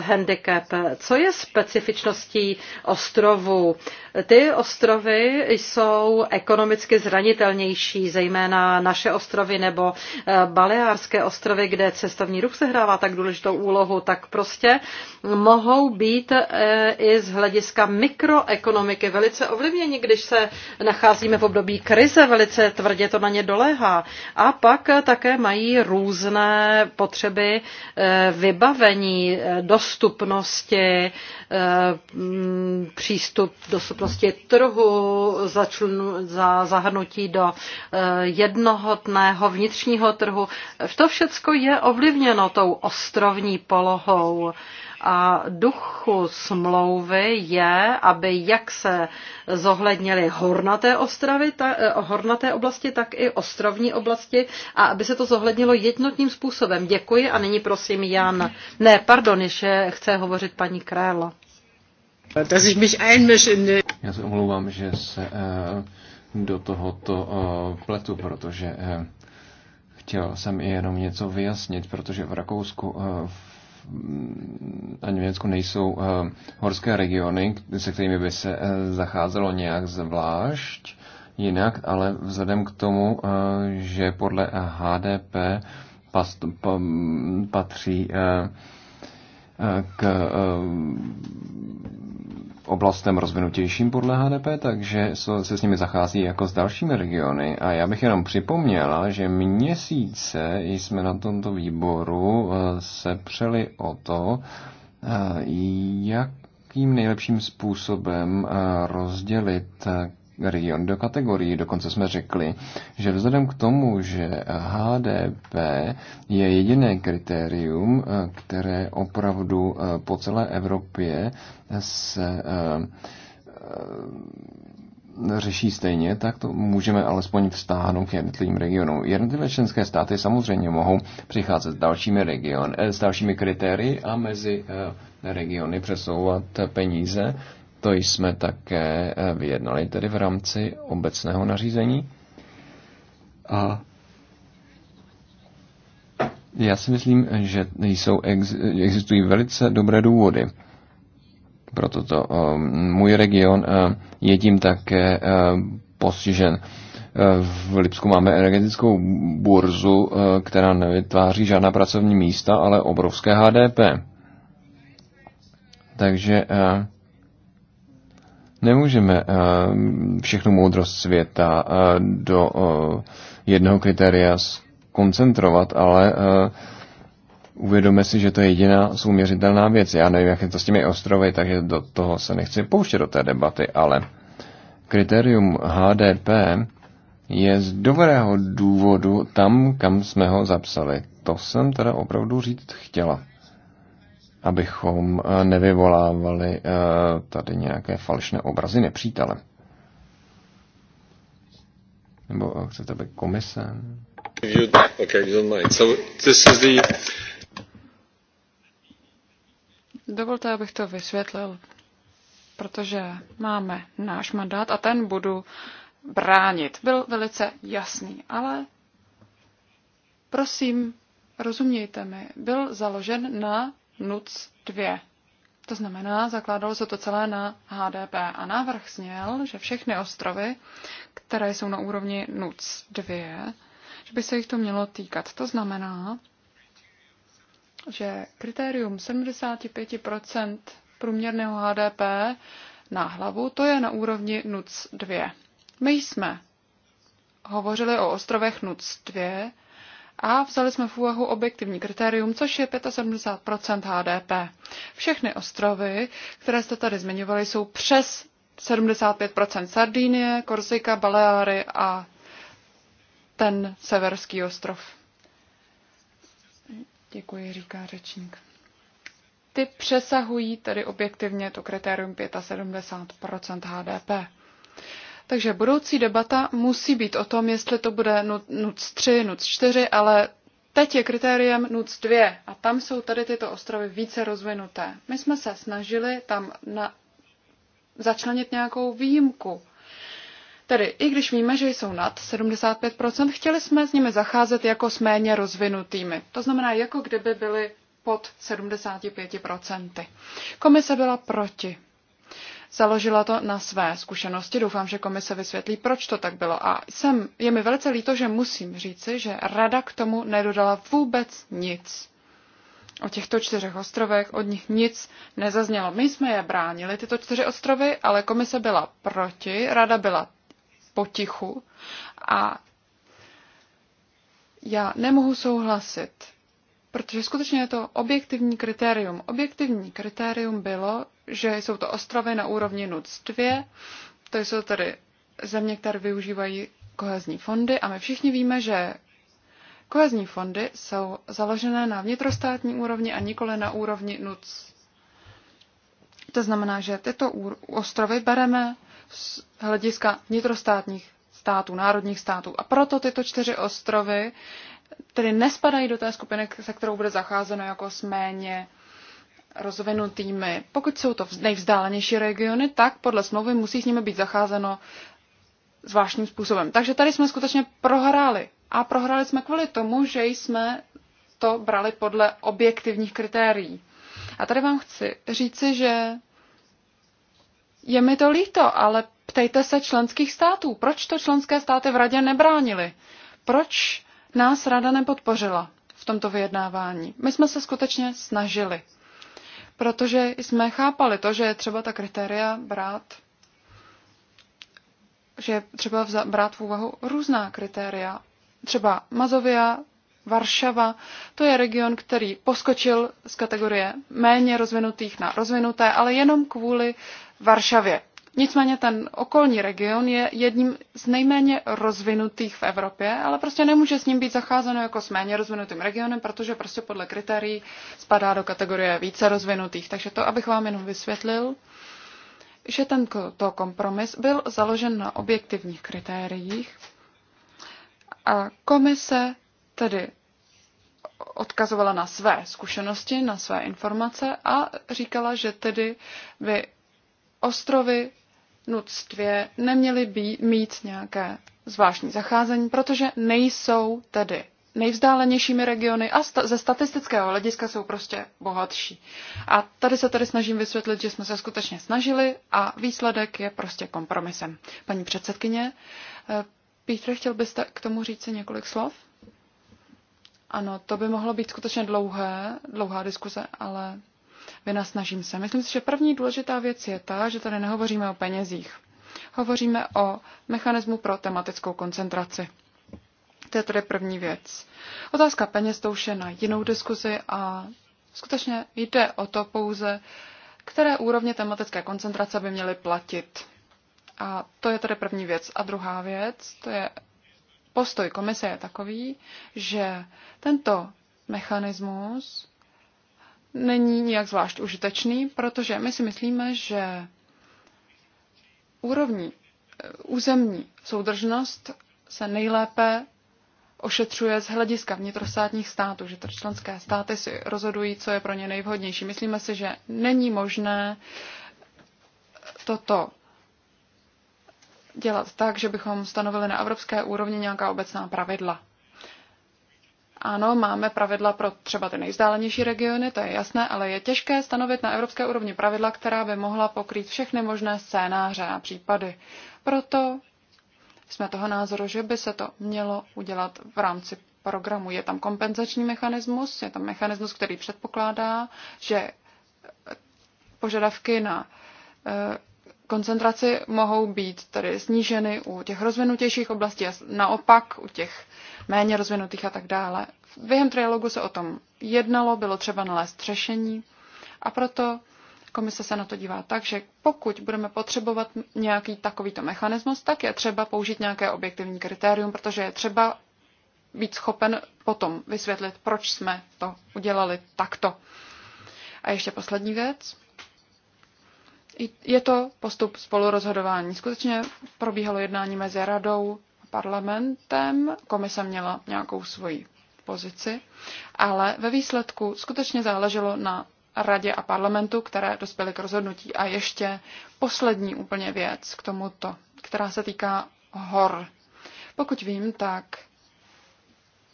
handicap. Co je specifičností ostrovů? Ty ostrovy jsou ekonomicky zranitelnější, zejména naše ostrovy nebo Baleárské ostrovy, kde cestovní ruch sehrává sehrává tak důležitou úlohu, tak prostě mohou být eh, i z hlediska mikroekonomiky velice ovlivněni, když se nacházíme v období krize, velice tvrdě to na ně doléhá. A pak eh, také mají různé potřeby eh, vybavení, dostupnosti, mm, přístup dostupnosti trhu, za zahrnutí do jednohotného vnitřního trhu. To všecko je ovlivněno tou určitou ostrovní polohou. A duchu smlouvy je, aby jak se zohlednily hornaté ostravy, ta, eh, hornaté oblasti, tak i ostrovní oblasti a aby se to zohlednilo jednotným způsobem. Děkuji a nyní prosím Jan. Ne, pardon, ještě chce hovořit paní Krél. Já se omlouvám, že se eh, do tohoto eh, pletu, protože Chtěl jsem jenom něco vyjasnit, protože v Rakousku eh, mm, a Německu nejsou eh, horské regiony, se kterými by se eh, zacházelo nějak zvlášť jinak, ale vzhledem k tomu, že podle HDP patří k eh, oblastem rozvinutějším podle HDP, takže se s nimi zachází jako s dalšími regiony. A já bych jenom připomněla, že měsíce jsme na tomto výboru eh, se přeli o to, eh, jakým nejlepším způsobem rozdělit region do kategorií. Dokonce jsme řekli, že vzhledem k tomu, že HDP je jediné kritérium, eh, které opravdu eh, po celé Evropě se eh, řeší stejně, tak to můžeme alespoň vztáhnout k jednotlivým regionům. Jednotlivé členské státy samozřejmě mohou přicházet s dalšími, region, s dalšími kritérii a mezi regiony přesouvat peníze to jsme také eh, vyjednali tedy v rámci obecného nařízení. A já si myslím, že jsou, existují velice dobré důvody pro toto. Ehm, můj region eh, je tím také eh, postižen. V Lipsku máme energetickou burzu, která nevytváří žádná pracovní místa, ale obrovské HDP. Takže Nemůžeme eh, všechnu moudrost světa eh, do eh, jednoho kritéria koncentrovat, ale uvědomme si, že to je jediná souměřitelná věc. Já nevím, jak je to s těmi ostrovy, takže do toho se nechci pouštět do té debaty, ale kritérium HDP je z dobrého důvodu tam, kam jsme ho zapsali. To jsem teda opravdu říct chtěla abychom eh, nevyvolávali eh, tady nějaké falešné obrazy nepřítele. Nebo eh, chcete být komise? Dovolte, abych to vysvětlil, protože máme náš mandát a ten budu bránit. Byl velice jasný, ale prosím, rozumějte mi, byl založen na NUC 2. To znamená, zakládalo se to celé na HDP a návrh zněl, že všechny ostrovy, které jsou na úrovni NUC 2, že by se jich to mělo týkat. To znamená, že kritérium 75% průměrného HDP na hlavu, to je na úrovni NUC 2. My jsme hovořili o ostrovech NUC 2, a vzali jsme v úvahu objektivní kritérium, což je 75 HDP. Všechny ostrovy, které jste tady zmiňovali, jsou přes 75 Sardinie, Korsika, Baleary a ten severský ostrov. Děkuji, říká řečník. Ty přesahují tedy objektivně to kritérium 75 HDP. Takže budoucí debata musí být o tom, jestli to bude NUC 3, NUC 4, ale teď je kritériem NUC 2 a tam jsou tady tyto ostrovy více rozvinuté. My jsme se snažili tam na, začlenit nějakou výjimku. Tedy i když víme, že jsou nad 75%, chtěli jsme s nimi zacházet jako s méně rozvinutými. To znamená, jako kdyby byly pod 75%. Komise byla proti. Založila to na své zkušenosti. Doufám, že komise vysvětlí, proč to tak bylo. A jsem, je mi velice líto, že musím říci, že rada k tomu nedodala vůbec nic. O těchto čtyřech ostrovech od nich nic nezaznělo. My jsme je bránili, tyto čtyři ostrovy, ale komise byla proti, rada byla potichu a já nemohu souhlasit Protože skutečně je to objektivní kritérium. Objektivní kritérium bylo, že jsou to ostrovy na úrovni NUC 2, to jsou tedy země, které využívají kohezní fondy a my všichni víme, že kohezní fondy jsou založené na vnitrostátní úrovni a nikoli na úrovni NUC. To znamená, že tyto ostrovy bereme z hlediska vnitrostátních států, národních států. A proto tyto čtyři ostrovy tedy nespadají do té skupiny, se kterou bude zacházeno jako s méně rozvinutými. Pokud jsou to nejvzdálenější regiony, tak podle smlouvy musí s nimi být zacházeno zvláštním způsobem. Takže tady jsme skutečně prohráli. A prohráli jsme kvůli tomu, že jsme to brali podle objektivních kritérií. A tady vám chci říci, že je mi to líto, ale ptejte se členských států. Proč to členské státy v radě nebránili? Proč nás rada nepodpořila v tomto vyjednávání. My jsme se skutečně snažili, protože jsme chápali to, že je třeba ta kritéria brát že je třeba brát v úvahu různá kritéria. Třeba Mazovia, Varšava, to je region, který poskočil z kategorie méně rozvinutých na rozvinuté, ale jenom kvůli Varšavě. Nicméně ten okolní region je jedním z nejméně rozvinutých v Evropě, ale prostě nemůže s ním být zacházeno jako s méně rozvinutým regionem, protože prostě podle kritérií spadá do kategorie více rozvinutých. Takže to, abych vám jenom vysvětlil, že tento kompromis byl založen na objektivních kritériích a komise tedy odkazovala na své zkušenosti, na své informace a říkala, že tedy by ostrovy nuctvě neměly být, mít nějaké zvláštní zacházení, protože nejsou tedy nejvzdálenějšími regiony a sta- ze statistického hlediska jsou prostě bohatší. A tady se tady snažím vysvětlit, že jsme se skutečně snažili a výsledek je prostě kompromisem. Paní předsedkyně, eh, Pítr, chtěl byste k tomu říct si několik slov? Ano, to by mohlo být skutečně dlouhé, dlouhá diskuze, ale vynasnažím se. Myslím si, že první důležitá věc je ta, že tady nehovoříme o penězích. Hovoříme o mechanismu pro tematickou koncentraci. To je tedy první věc. Otázka peněz to už je na jinou diskuzi a skutečně jde o to pouze, které úrovně tematické koncentrace by měly platit. A to je tedy první věc. A druhá věc, to je postoj komise je takový, že tento mechanismus není nijak zvlášť užitečný, protože my si myslíme, že úrovní eh, územní soudržnost se nejlépe ošetřuje z hlediska vnitrostátních států, že to členské státy si rozhodují, co je pro ně nejvhodnější. Myslíme si, že není možné toto dělat tak, že bychom stanovili na evropské úrovni nějaká obecná pravidla. Ano, máme pravidla pro třeba ty nejzdálenější regiony, to je jasné, ale je těžké stanovit na evropské úrovni pravidla, která by mohla pokrýt všechny možné scénáře a případy. Proto jsme toho názoru, že by se to mělo udělat v rámci programu. Je tam kompenzační mechanismus, je tam mechanismus, který předpokládá, že požadavky na eh, koncentraci mohou být tedy sníženy u těch rozvinutějších oblastí a naopak u těch méně rozvinutých a tak dále. Během trialogu se o tom jednalo, bylo třeba nalézt řešení a proto komise se na to dívá tak, že pokud budeme potřebovat nějaký takovýto mechanismus, tak je třeba použít nějaké objektivní kritérium, protože je třeba být schopen potom vysvětlit, proč jsme to udělali takto. A ještě poslední věc. Je to postup spolurozhodování. Skutečně probíhalo jednání mezi radou a parlamentem, komise měla nějakou svoji pozici, ale ve výsledku skutečně záleželo na radě a parlamentu, které dospěly k rozhodnutí. A ještě poslední úplně věc k tomuto, která se týká hor. Pokud vím, tak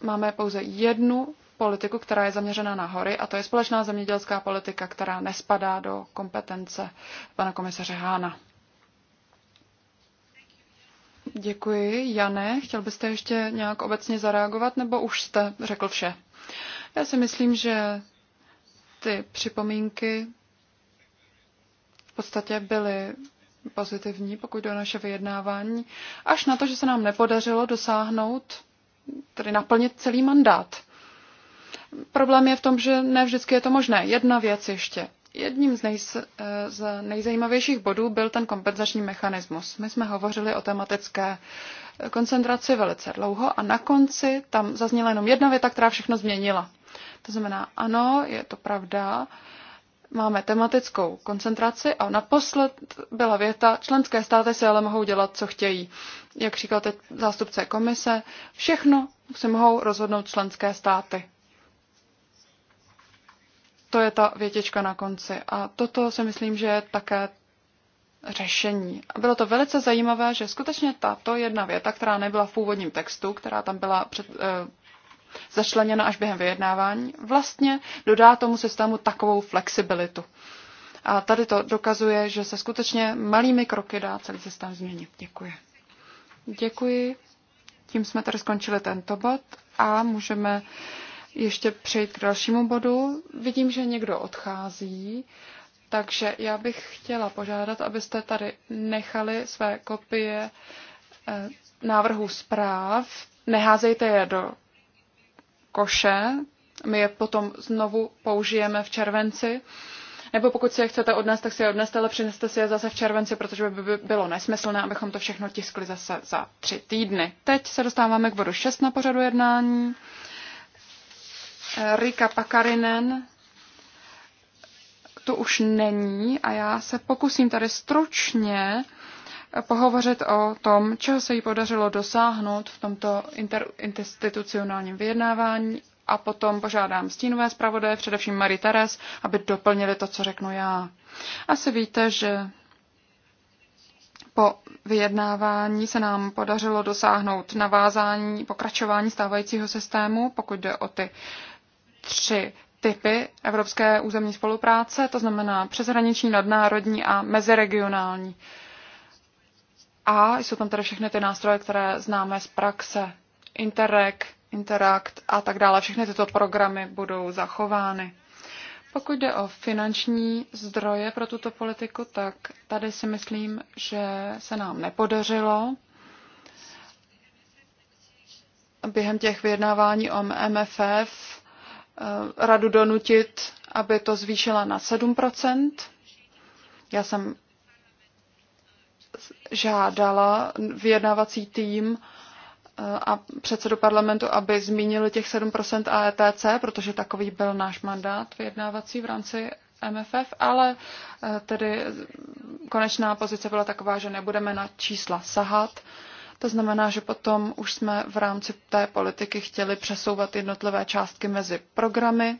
máme pouze jednu politiku, která je zaměřena na hory, a to je společná zemědělská politika, která nespadá do kompetence pana komisaře Hána. Děkuji. Jane, chtěl byste ještě nějak obecně zareagovat, nebo už jste řekl vše? Já si myslím, že ty připomínky v podstatě byly pozitivní, pokud do naše vyjednávání, až na to, že se nám nepodařilo dosáhnout, tedy naplnit celý mandát problém je v tom, že ne vždycky je to možné. Jedna věc ještě. Jedním z, nej, eh, z nejzajímavějších bodů byl ten kompenzační mechanismus. My jsme hovořili o tematické koncentraci velice dlouho a na konci tam zazněla jenom jedna věta, která všechno změnila. To znamená, ano, je to pravda, máme tematickou koncentraci a naposled byla věta, členské státy si ale mohou dělat, co chtějí. Jak říkal teď zástupce komise, všechno si mohou rozhodnout členské státy. To je ta větička na konci. A toto si myslím, že je také řešení. A bylo to velice zajímavé, že skutečně tato jedna věta, která nebyla v původním textu, která tam byla před, e, eh, začleněna až během vyjednávání, vlastně dodá tomu systému takovou flexibilitu. A tady to dokazuje, že se skutečně malými kroky dá celý systém změnit. Děkuji. Děkuji. Tím jsme tady skončili tento bod a můžeme ještě přejít k dalšímu bodu. Vidím, že někdo odchází, takže já bych chtěla požádat, abyste tady nechali své kopie eh, návrhů zpráv. Neházejte je do koše, my je potom znovu použijeme v červenci. Nebo pokud si je chcete odnést, tak si je odneste, ale přineste si je zase v červenci, protože by bylo nesmyslné, abychom to všechno tiskli zase za tři týdny. Teď se dostáváme k bodu 6 na pořadu jednání. Eh, Rika Pakarinen tu už není a já se pokusím tady stručně eh, pohovořit o tom, čeho se jí podařilo dosáhnout v tomto interinstitucionálním vyjednávání a potom požádám stínové zpravodaje, především Marie Teres, aby doplnili to, co řeknu já. Asi víte, že po vyjednávání se nám podařilo dosáhnout navázání, pokračování stávajícího systému, pokud jde o ty tři typy evropské územní spolupráce, to znamená přeshraniční, nadnárodní a meziregionální. A jsou tam tedy všechny ty nástroje, které známe z praxe. Interreg, Interact a tak dále. Všechny tyto programy budou zachovány. Pokud jde o finanční zdroje pro tuto politiku, tak tady si myslím, že se nám nepodařilo během těch vyjednávání o MFF Eh, radu donutit, aby to zvýšila na 7 Já jsem žádala vyjednávací tým eh, a předsedu parlamentu, aby zmínili těch 7 AETC, protože takový byl náš mandát vyjednávací v rámci MFF, ale eh, tedy konečná pozice byla taková, že nebudeme na čísla sahat to znamená, že potom už jsme v rámci té politiky chtěli přesouvat jednotlivé částky mezi programy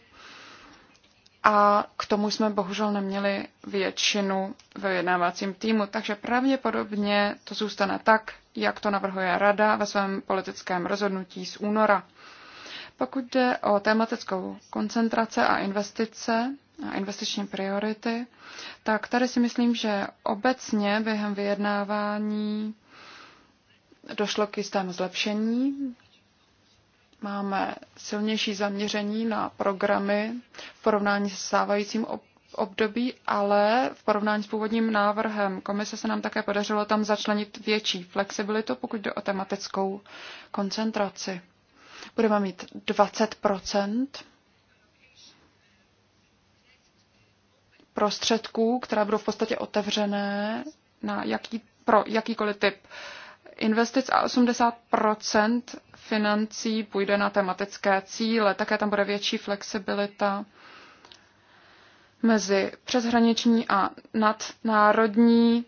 a k tomu jsme bohužel neměli většinu ve vyjednávacím týmu, takže pravděpodobně to zůstane tak, jak to navrhuje Rada ve svém politickém rozhodnutí z února. Pokud jde o tematickou koncentrace a investice a investiční priority, tak tady si myslím, že obecně během vyjednávání došlo k jistému zlepšení. Máme silnější zaměření na programy v porovnání se stávajícím období, ale v porovnání s původním návrhem komise se nám také podařilo tam začlenit větší flexibilitu, pokud jde o tematickou koncentraci. Budeme mít 20 prostředků, která budou v podstatě otevřené na jaký, pro jakýkoliv typ uh, investic a 80 financí půjde na tematické cíle. Také tam bude větší flexibilita mezi přeshraniční a nadnárodní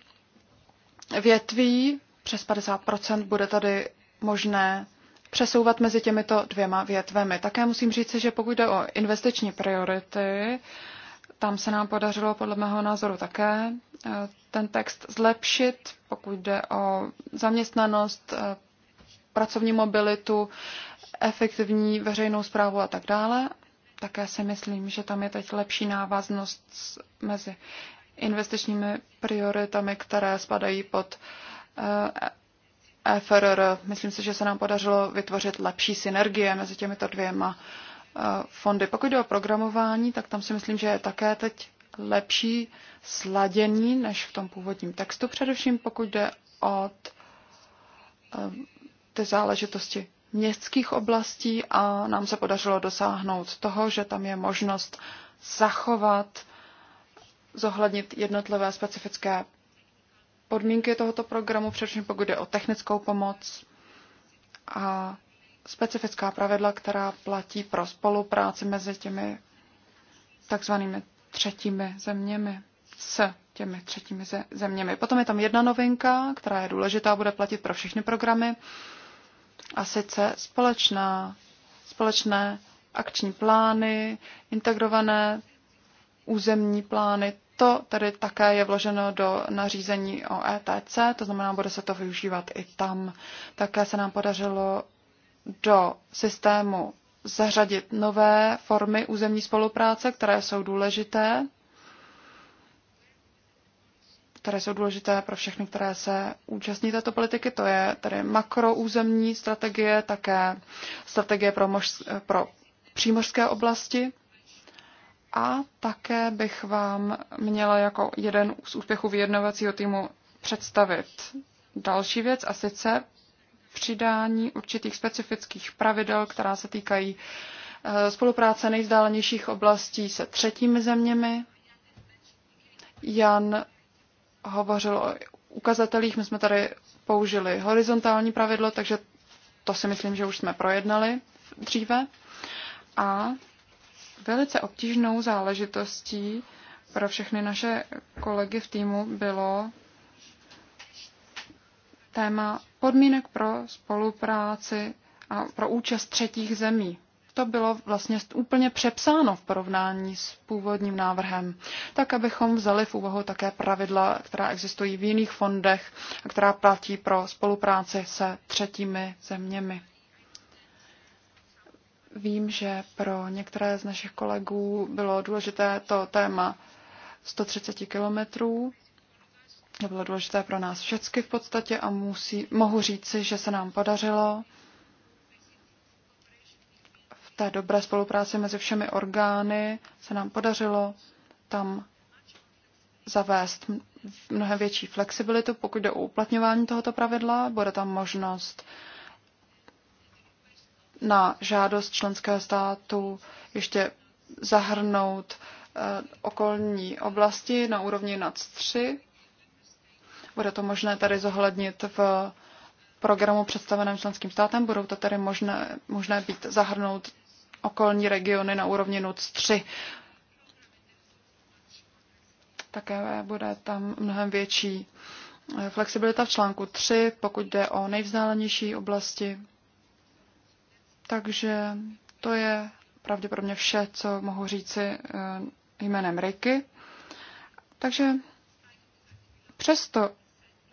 větví. Přes 50 bude tady možné přesouvat mezi těmito dvěma větvemi. Také musím říct, že pokud jde o investiční priority, tam se nám podařilo podle mého názoru také eh, ten text zlepšit, pokud jde o zaměstnanost, eh, pracovní mobilitu, efektivní veřejnou zprávu a tak dále. Také si myslím, že tam je teď lepší návaznost mezi investičními prioritami, které spadají pod EFRR. Eh, e myslím si, že se nám podařilo vytvořit lepší synergie mezi těmito dvěma fondy. Pokud jde o programování, tak tam si myslím, že je také teď lepší sladění než v tom původním textu, především pokud jde o ty záležitosti městských oblastí a nám se podařilo dosáhnout toho, že tam je možnost zachovat, zohlednit jednotlivé specifické podmínky tohoto programu, především pokud jde o technickou pomoc a specifická pravidla, která platí pro spolupráci mezi těmi takzvanými třetími zeměmi s těmi třetími zeměmi. Potom je tam jedna novinka, která je důležitá, bude platit pro všechny programy, a sice společná, společné akční plány, integrované územní plány. To tady také je vloženo do nařízení o ETC, to znamená, bude se to využívat i tam. Také se nám podařilo do systému zařadit nové formy územní spolupráce, které jsou důležité, které jsou důležité pro všechny, které se účastní této politiky. To je tedy makroúzemní strategie, také strategie pro, mož, pro přímořské oblasti. A také bych vám měla jako jeden z úspěchů vyjednovacího týmu představit další věc, a sice přidání určitých specifických pravidel, která se týkají eh, spolupráce nejzdálenějších oblastí se třetími zeměmi. Jan hovořil o ukazatelích, my jsme tady použili horizontální pravidlo, takže to si myslím, že už jsme projednali dříve. A velice obtížnou záležitostí pro všechny naše kolegy v týmu bylo téma podmínek pro spolupráci a pro účast třetích zemí. To bylo vlastně úplně přepsáno v porovnání s původním návrhem, tak abychom vzali v úvahu také pravidla, která existují v jiných fondech a která platí pro spolupráci se třetími zeměmi. Vím, že pro některé z našich kolegů bylo důležité to téma 130 kilometrů to bylo důležité pro nás všechny v podstatě a musí, mohu říci, že se nám podařilo v té dobré spolupráci mezi všemi orgány se nám podařilo tam zavést mnohem větší flexibilitu, pokud jde o uplatňování tohoto pravidla. Bude tam možnost na žádost členského státu ještě zahrnout eh, okolní oblasti na úrovni nad 3 bude to možné tady zohlednit v programu představeném členským státem. Budou to tady možné, možné být zahrnout okolní regiony na úrovni NUC 3. Také bude tam mnohem větší eh, flexibilita v článku 3, pokud jde o nejvzdálenější oblasti. Takže to je pravděpodobně vše, co mohu říci eh, jménem Riky. Takže přesto,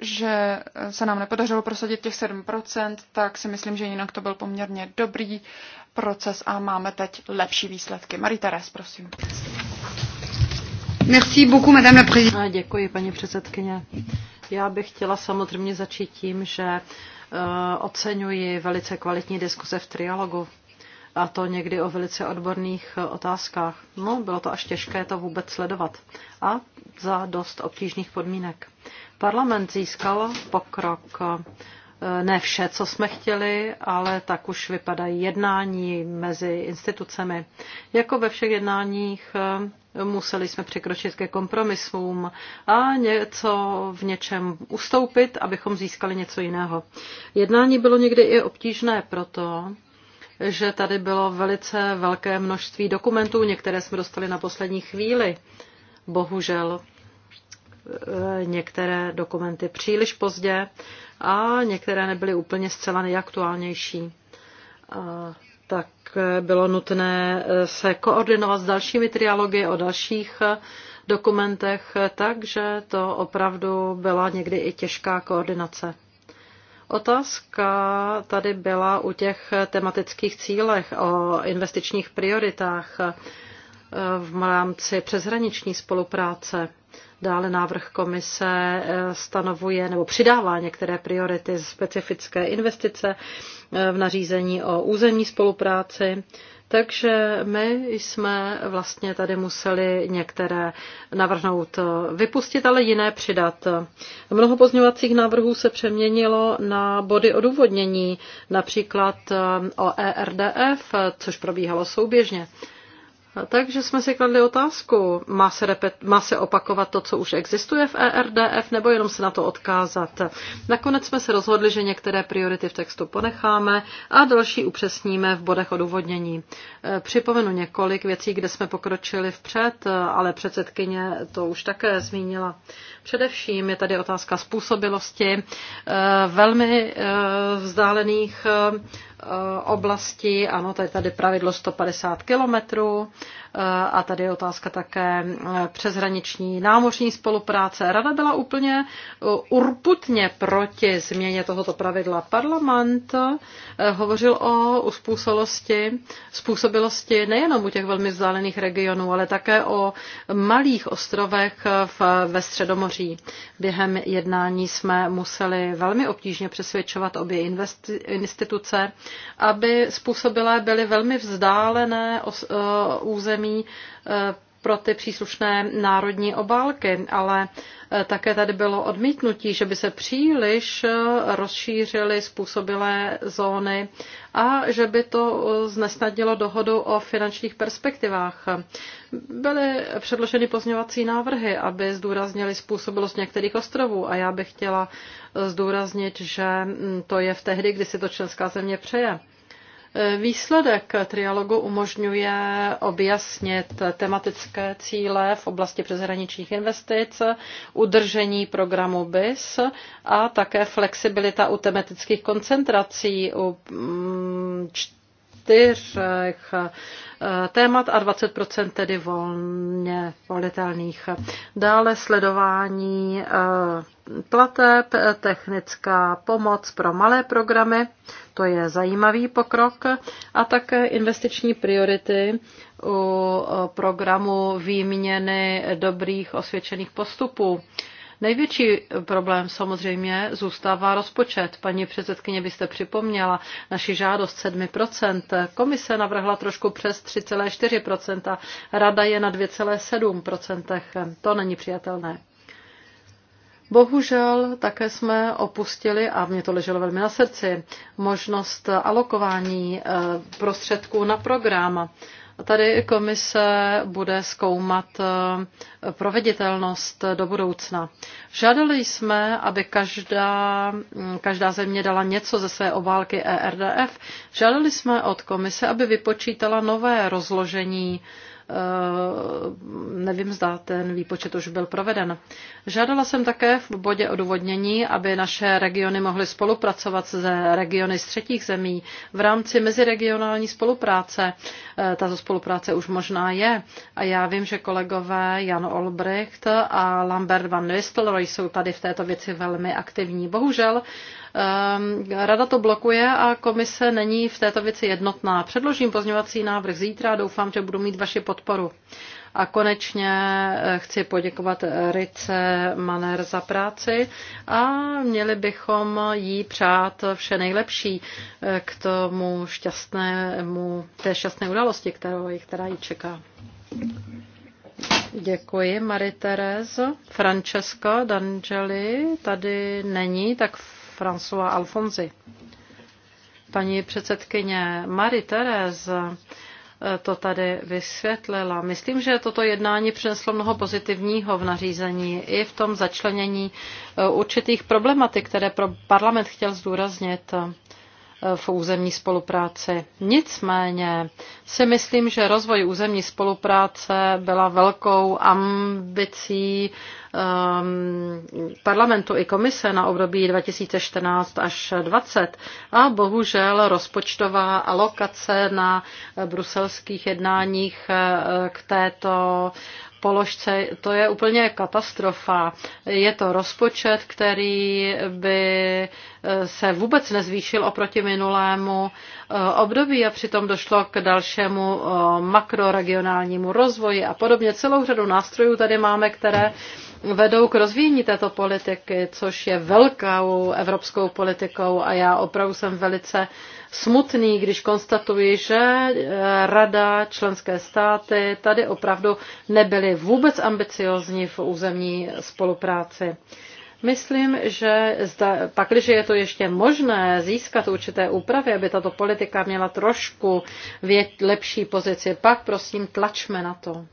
že se nám nepodařilo prosadit těch 7%, tak si myslím, že jinak to byl poměrně dobrý proces a máme teď lepší výsledky. marie Teres, prosím. Merci beaucoup, madame la présidente. Děkuji, paní předsedkyně. Já bych chtěla samozřejmě začít tím, že eh, oceňuji velice kvalitní diskuse v trialogu a to někdy o velice odborných eh, otázkách. No, bylo to až těžké to vůbec sledovat a za dost obtížných podmínek. Parlament získal pokrok eh, ne vše, co jsme chtěli, ale tak už vypadají jednání mezi institucemi. Jako ve všech jednáních eh, museli jsme překročit ke kompromisům a něco v něčem ustoupit, abychom získali něco jiného. Jednání bylo někdy i obtížné proto, že tady bylo velice velké množství dokumentů, některé jsme dostali na poslední chvíli. Bohužel e, některé dokumenty příliš pozdě a některé nebyly úplně zcela nejaktuálnější. A e, tak bylo nutné e, se koordinovat s dalšími trialogy o dalších dokumentech, takže to opravdu byla někdy i těžká koordinace. Otázka tady byla u těch tematických cílech o investičních prioritách eh, v rámci přeshraniční spolupráce. Dále návrh komise eh, stanovuje nebo přidává některé priority specifické investice eh, v nařízení o územní spolupráci takže my jsme vlastně tady museli některé navrhnout vypustit, ale jiné přidat. Mnoho pozňovacích návrhů se přeměnilo na body odůvodnění, například o ERDF, což probíhalo souběžně. Takže jsme si kladli otázku, má se, repet, má se opakovat to, co už existuje v ERDF, nebo jenom se na to odkázat. Nakonec jsme se rozhodli, že některé priority v textu ponecháme a další upřesníme v bodech odůvodnění. E, připomenu několik věcí, kde jsme pokročili vpřed, e, ale předsedkyně to už také zmínila. Především je tady otázka způsobilosti e, velmi vzdálených oblasti, ano, to je tady pravidlo 150 kilometrů a tady je otázka také eh, přeshraniční námořní spolupráce. Rada byla úplně eh, urputně proti změně tohoto pravidla. Parlament eh, hovořil o uspůsobilosti, způsobilosti nejenom u těch velmi vzdálených regionů, ale také o malých ostrovech v, ve Středomoří. Během jednání jsme museli velmi obtížně přesvědčovat obě investi, instituce, aby způsobilé byly velmi vzdálené os, uh, území zemí eh, pro ty příslušné národní obálky, ale eh, také tady bylo odmítnutí, že by se příliš eh, rozšířily způsobilé zóny a že by to znesnadnilo dohodu o finančních perspektivách. Byly předloženy pozňovací návrhy, aby zdůraznili způsobilost některých ostrovů a já bych chtěla zdůraznit, že mm, to je v tehdy, kdy si to členská země přeje. Výsledek trialogu umožňuje objasnit tematické cíle v oblasti přeshraničních investic, udržení programu BIS a také flexibilita u tematických koncentrací u mm, čtyřech témat a 20% tedy volně volitelných. Dále sledování eh, plateb, technická pomoc pro malé programy, to je zajímavý pokrok, a také investiční priority u eh, programu výměny dobrých osvědčených postupů. Největší problém samozřejmě zůstává rozpočet. Paní předsedkyně, byste připomněla naši žádost 7%. Komise navrhla trošku přes 3,4%. Rada je na 2,7%. To není přijatelné. Bohužel také jsme opustili, a mě to leželo velmi na srdci, možnost alokování eh, prostředků na program. Tady komise bude zkoumat eh, proveditelnost do budoucna. Žádali jsme, aby každá, mm, každá země dala něco ze své obálky ERDF. Žádali jsme od komise, aby vypočítala nové rozložení Eh, nevím, zda ten výpočet už byl proveden. Žádala jsem také v bodě odůvodnění, aby naše regiony mohly spolupracovat se regiony z třetích zemí v rámci meziregionální spolupráce. Eh, tato spolupráce už možná je. A já vím, že kolegové Jan Olbricht a Lambert van Nistelrooy jsou tady v této věci velmi aktivní. Bohužel Ehm, rada to blokuje a komise není v této věci jednotná. Předložím pozměňovací návrh zítra, doufám, že budu mít vaši podporu. A konečně eh, chci poděkovat Rice Maner za práci a měli bychom jí přát vše nejlepší eh, k tomu šťastnému, té šťastné události, kterou, která ji čeká. Děkuji, Marie Terez. Francesco D'Angeli tady není, tak François Alfonzi. Paní předsedkyně Marie-Thérèse eh, to tady vysvětlila. Myslím, že toto jednání přineslo mnoho pozitivního v nařízení i v tom začlenění eh, určitých problematik, které pro parlament chtěl zdůraznit v územní spolupráci. Nicméně si myslím, že rozvoj územní spolupráce byla velkou ambicí um, parlamentu i komise na období 2014 až 2020 a bohužel rozpočtová alokace na bruselských jednáních eh, k této položce, to je úplně katastrofa. Je to rozpočet, který by eh, se vůbec nezvýšil oproti minulému eh, období a přitom došlo k dalšímu eh, makroregionálnímu rozvoji a podobně. Celou řadu nástrojů tady máme, které vedou k rozvíjení této politiky, což je velkou evropskou politikou a já opravdu jsem velice smutný, když konstatuji, že eh, rada, členské státy tady opravdu nebyly vůbec ambiciozní v územní spolupráci. Myslím, že zda, pakliže je to ještě možné získat určité úpravy, aby tato politika měla trošku vět, lepší pozici, pak prosím tlačme na to.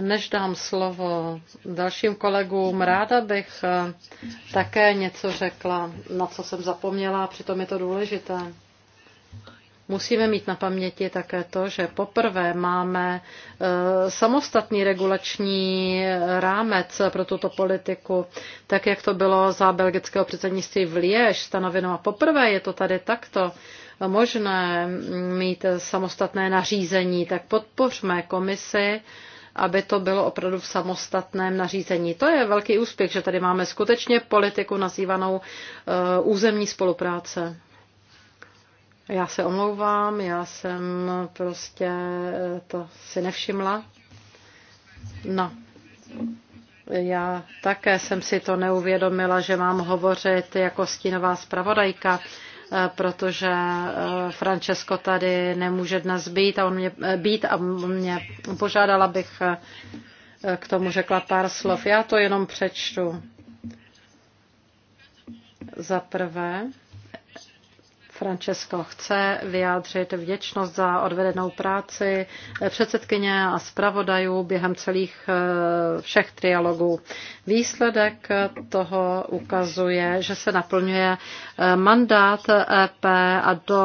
Než dám slovo dalším kolegům, ráda bych eh, také něco řekla, na co jsem zapomněla, přitom je to důležité. Musíme mít na paměti také to, že poprvé máme eh, samostatný regulační rámec pro tuto politiku, tak jak to bylo za belgického předsednictví v Liež stanoveno. A poprvé je to tady takto možné mít samostatné nařízení, tak podpořme komisi aby to bylo opravdu v samostatném nařízení. To je velký úspěch, že tady máme skutečně politiku nazývanou eh, územní spolupráce. Já se omlouvám, já jsem prostě eh, to si nevšimla. No, já také jsem si to neuvědomila, že mám hovořit jako stínová zpravodajka. Eh, protože eh, Francesco tady nemůže dnes být a on mě, eh, být a mě požádala, bych k tomu řekla pár slov. Já to jenom přečtu. Za prvé, Francesco chce vyjádřit vděčnost za odvedenou práci předsedkyně a zpravodajů během celých eh, všech trialogů. Výsledek toho ukazuje, že se naplňuje eh, mandát EP a do,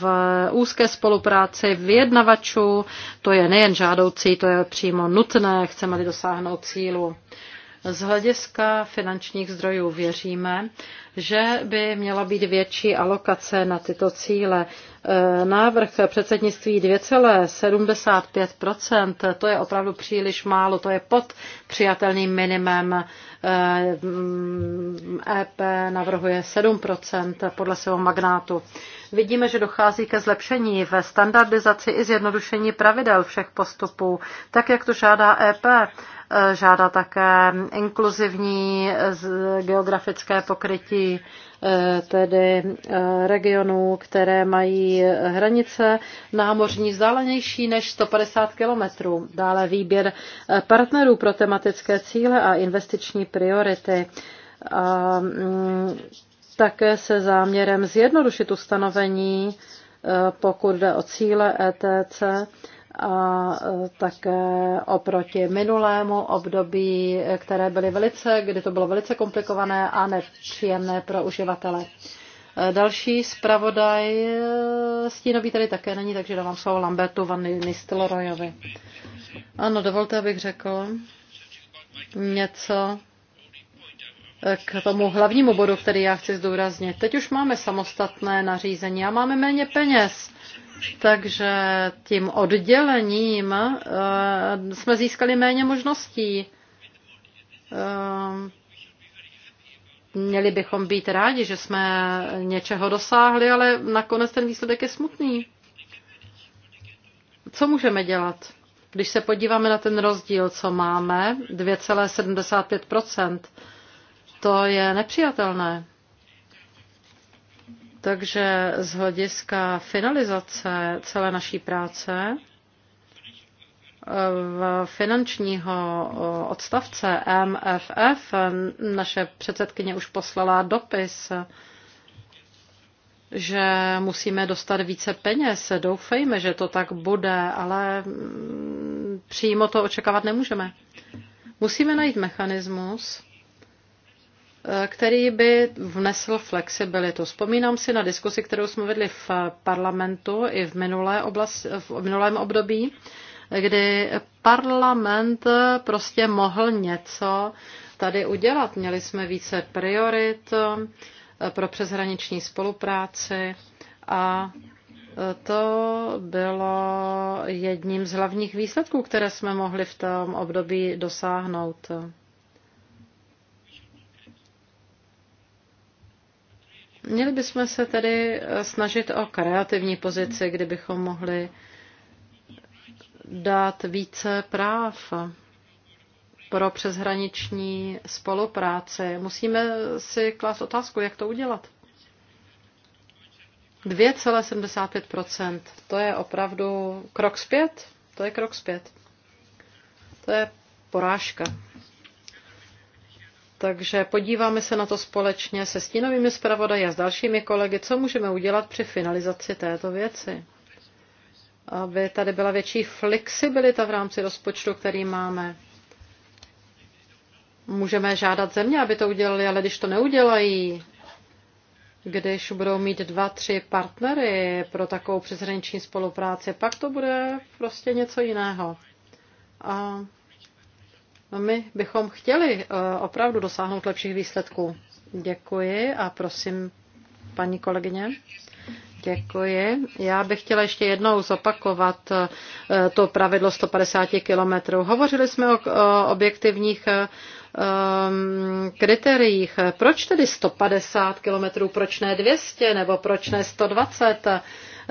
v úzké spolupráci vyjednavačů. To je nejen žádoucí, to je přímo nutné, chceme-li dosáhnout cílu. Z hlediska finančních zdrojů věříme, že by měla být větší alokace na tyto cíle. E, návrh předsednictví 2,75 to je opravdu příliš málo, to je pod přijatelným minimem. EP e navrhuje 7 podle svého magnátu. Vidíme, že dochází ke zlepšení ve standardizaci i zjednodušení pravidel všech postupů, tak jak to žádá EP. E, žádá také inkluzivní geografické pokrytí Eh, tedy eh, regionů, které mají hranice námořní vzdálenější než 150 kilometrů. Dále výběr eh, partnerů pro tematické cíle a investiční priority. A mm, také se záměrem zjednodušit ustanovení, pokud jde o cíle ETC a e, také oproti minulému období, které byly velice, kdy to bylo velice komplikované a nepříjemné pro uživatele. E, další zpravodaj e, stínový tady také není, takže dávám slovo Lambertu van Nistelrojovi. Ano, dovolte, abych řekl něco k tomu hlavnímu bodu, který já chci zdůraznit. Teď už máme samostatné nařízení a máme méně peněz takže tím oddělením eh, jsme získali méně možností. Eh, měli bychom být rádi, že jsme něčeho dosáhli, ale nakonec ten výsledek je smutný. Co můžeme dělat? Když se podíváme na ten rozdíl, co máme, 2,75%, to je nepřijatelné. Takže z hlediska finalizace celé naší práce v finančního odstavce MFF naše předsedkyně už poslala dopis, že musíme dostat více peněz. Doufejme, že to tak bude, ale mm, přímo to očekávat nemůžeme. Musíme najít mechanismus, Eh, který by vnesl flexibilitu. Vzpomínám si na diskusi, kterou jsme vedli v parlamentu i v, minulé oblasti, v minulém období, kdy parlament prostě mohl něco tady udělat. Měli jsme více priorit eh, pro přeshraniční spolupráci a eh, to bylo jedním z hlavních výsledků, které jsme mohli v tom období dosáhnout. Měli bychom se tedy eh, snažit o kreativní pozici, kdybychom mohli dát více práv pro přeshraniční spolupráci. Musíme si klást otázku, jak to udělat. 2,75%. To je opravdu krok zpět. To je krok zpět. To je porážka. Takže podíváme se na to společně se stínovými zpravodaji a s dalšími kolegy, co můžeme udělat při finalizaci této věci. Aby tady byla větší flexibilita v rámci rozpočtu, který máme. Můžeme žádat země, aby to udělali, ale když to neudělají, když budou mít dva, tři partnery pro takovou přeshraniční spolupráci, pak to bude prostě něco jiného. A No, my bychom chtěli eh, opravdu dosáhnout lepších výsledků. Děkuji a prosím paní kolegyně. Děkuji. Já bych chtěla ještě jednou zopakovat eh, to pravidlo 150 kilometrů. Hovořili jsme o objektivních eh, kritériích. Proč tedy 150 kilometrů, proč ne 200 nebo proč ne 120?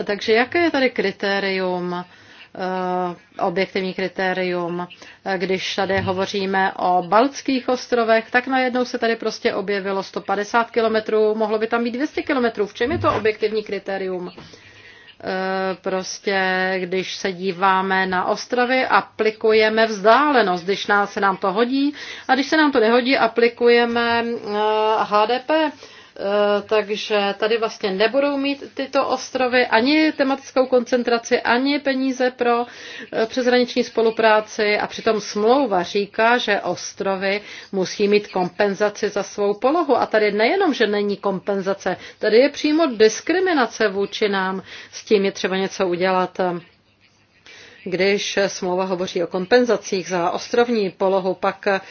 Takže jaké je tady kritérium? Eh, objektivní kritérium. Když tady hovoříme o Baltských ostrovech, tak najednou se tady prostě objevilo 150 kilometrů, mohlo by tam být 200 kilometrů. V čem je to objektivní kritérium? Eh, prostě, když se díváme na ostrovy, aplikujeme vzdálenost, když nám se nám to hodí a když se nám to nehodí, aplikujeme HDP eh, Eh, takže tady vlastně nebudou mít tyto ostrovy ani tematickou koncentraci, ani peníze pro eh, přeshraniční spolupráci a přitom smlouva říká, že ostrovy musí mít kompenzaci za svou polohu a tady nejenom, že není kompenzace, tady je přímo diskriminace vůči nám, s tím je třeba něco udělat. Když smlouva hovoří o kompenzacích za ostrovní polohu, pak eh,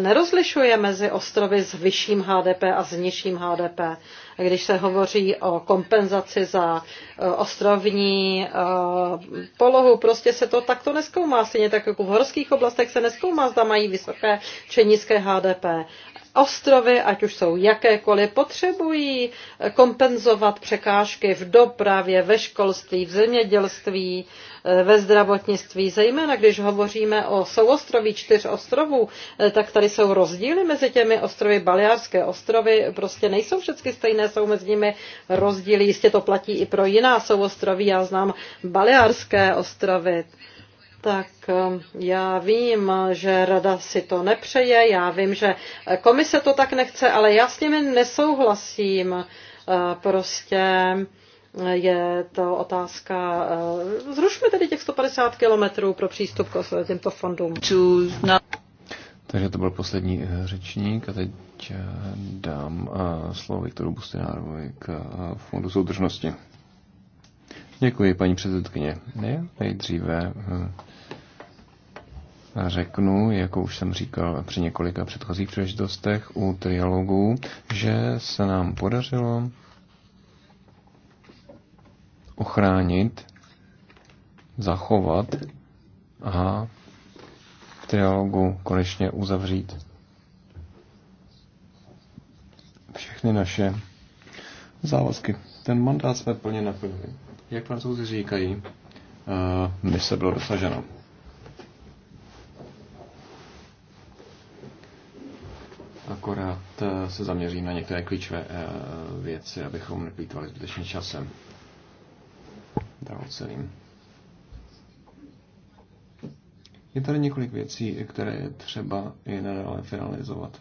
nerozlišuje mezi ostrovy s vyšším HDP a s nižším HDP. Když se hovoří o kompenzaci za eh, ostrovní eh, polohu, prostě se to takto neskoumá. Stejně tak jako v horských oblastech se neskoumá, zda mají vysoké či nízké HDP ostrovy, ať už jsou jakékoliv, potřebují kompenzovat překážky v dopravě, ve školství, v zemědělství, Eh, ve zdravotnictví. Zejména když hovoříme o souostroví čtyř ostrovů, eh, tak tady jsou rozdíly mezi těmi ostrovy. Baleárské ostrovy prostě nejsou všechny stejné, jsou mezi nimi rozdíly. Jistě to platí i pro jiná souostroví. Já znám Baleárské ostrovy. Tak eh, já vím, že rada si to nepřeje, já vím, že komise to tak nechce, ale já s nimi nesouhlasím. Prostě je to otázka, eh, zrušme tedy těch 150 kilometrů pro přístup k těmto fondům. Takže to byl poslední eh, řečník a teď eh, dám slovo Viktoru Bustinárovi k Fondu soudržnosti. Děkuji, paní předsedkyně. nejdříve řeknu, jako už jsem říkal při několika předchozích příležitostech u trialogů, že se nám podařilo ochránit, zachovat a v trialogu konečně uzavřít všechny naše závazky. Ten mandát jsme plně naplnili. Jak francouzi říkají, uh, se bylo dosaženo. Akorát eh, se zaměřím na některé klíčové eh, věci, abychom neplýtvali zbytečně časem dál celým. Je tady několik věcí, které je třeba i nadále finalizovat.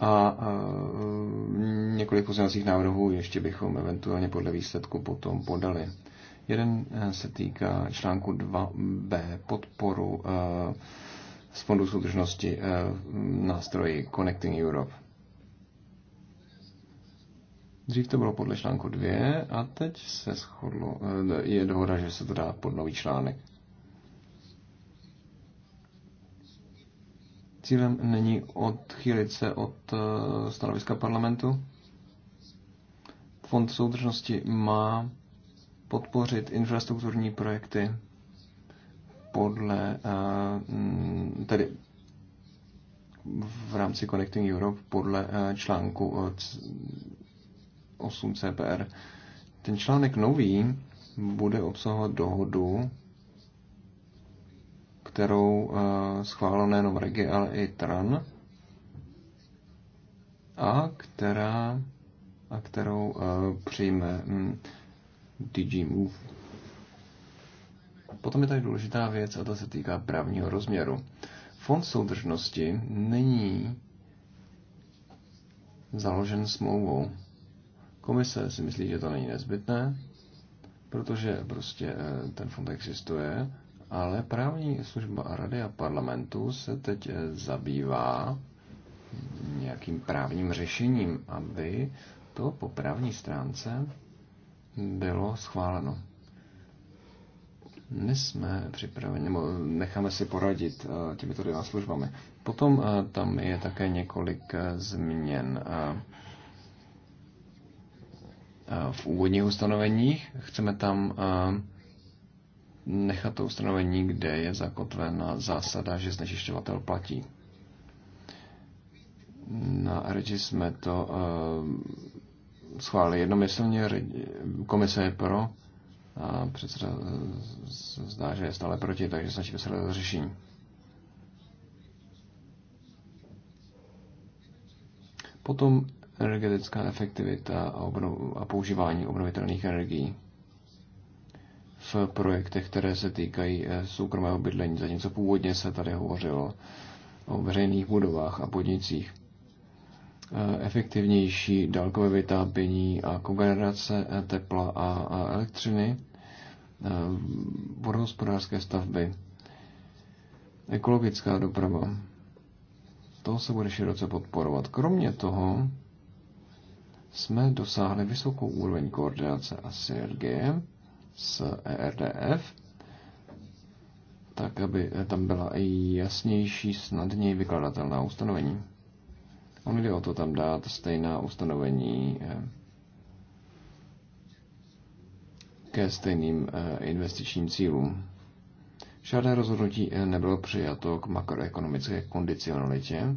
A, a několik pozměňovacích návrhů ještě bychom eventuálně podle výsledku potom podali. Jeden eh, se týká článku 2b podporu eh, z Fondu soudržnosti eh, nástroji Connecting Europe. Dřív to bylo podle článku 2 a teď se shodlo, eh, je dohoda, že se to dá pod nový článek. Cílem není odchýlit se od eh, stanoviska parlamentu. Fond soudržnosti má podpořit infrastrukturní projekty podle, eh, mm, tedy v rámci Connecting Europe podle článku 8 CPR. Ten článek nový bude obsahovat dohodu, kterou eh, schválil nejenom Regi, ale i TRAN, a, která, a kterou eh, přijme hm, DG Move. Potom je tady důležitá věc a to se týká právního rozměru. Fond soudržnosti není založen smlouvou. Komise si myslí, že to není nezbytné, protože prostě eh, ten fond existuje, ale právní služba Rady a parlamentu se teď eh, zabývá nějakým právním řešením, aby to po právní stránce bylo schváleno. My jsme připraveni, nebo eh, necháme si poradit těmito dvěma službami. Potom tam je také několik změn Eh, v úvodních ustanoveních. Chceme tam eh, nechat to ustanovení, kde je zakotvena zásada, že znečišťovatel platí. Na Regi jsme to eh, schválili jednomyslně, komise je pro, a předseda zdá, že je stále proti, takže snažíme se hledat řešení. Potom energetická efektivita a, obnov, a používání obnovitelných energií v projektech, které se týkají eh, soukromého bydlení, zatímco původně se tady hovořilo o veřejných budovách a podnicích. Eh, efektivnější dálkové vytápění a kogenerace eh, tepla a elektřiny, vodohospodářské stavby, ekologická doprava. To se bude široce podporovat. Kromě toho jsme dosáhli vysokou úroveň koordinace a synergie s ERDF, tak aby tam byla i jasnější, snadněji vykladatelná ustanovení. On jde o to tam dát stejná ustanovení eh, ke stejným eh, investičním cílům. Žádné rozhodnutí eh, nebylo přijato k makroekonomické kondicionalitě,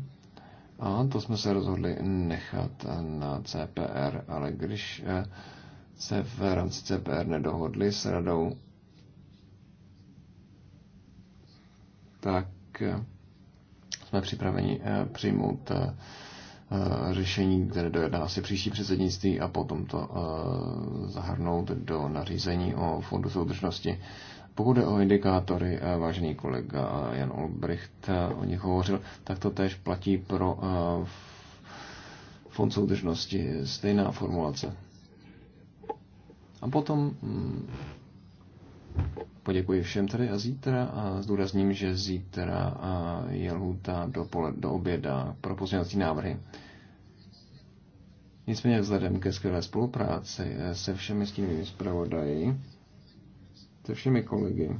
a to jsme se rozhodli nechat na CPR, ale když eh, se v rámci CPR nedohodli s radou, tak eh, jsme připraveni eh, přijmout řešení, které dojedná asi příští předsednictví a potom to zahrnout do nařízení o fondu soudržnosti. Pokud jde o indikátory, eh, vážený kolega Jan Olbricht eh, o nich hovořil, tak to též platí pro eh, fond soudržnosti, stejná formulace. A potom mm, poděkuji všem tady a zítra a zdůrazním, že zítra je lhůta do, pole, do oběda pro pozměňovací návrhy. Nicméně vzhledem ke skvělé spolupráci se všemi tím zpravodají, se všemi kolegy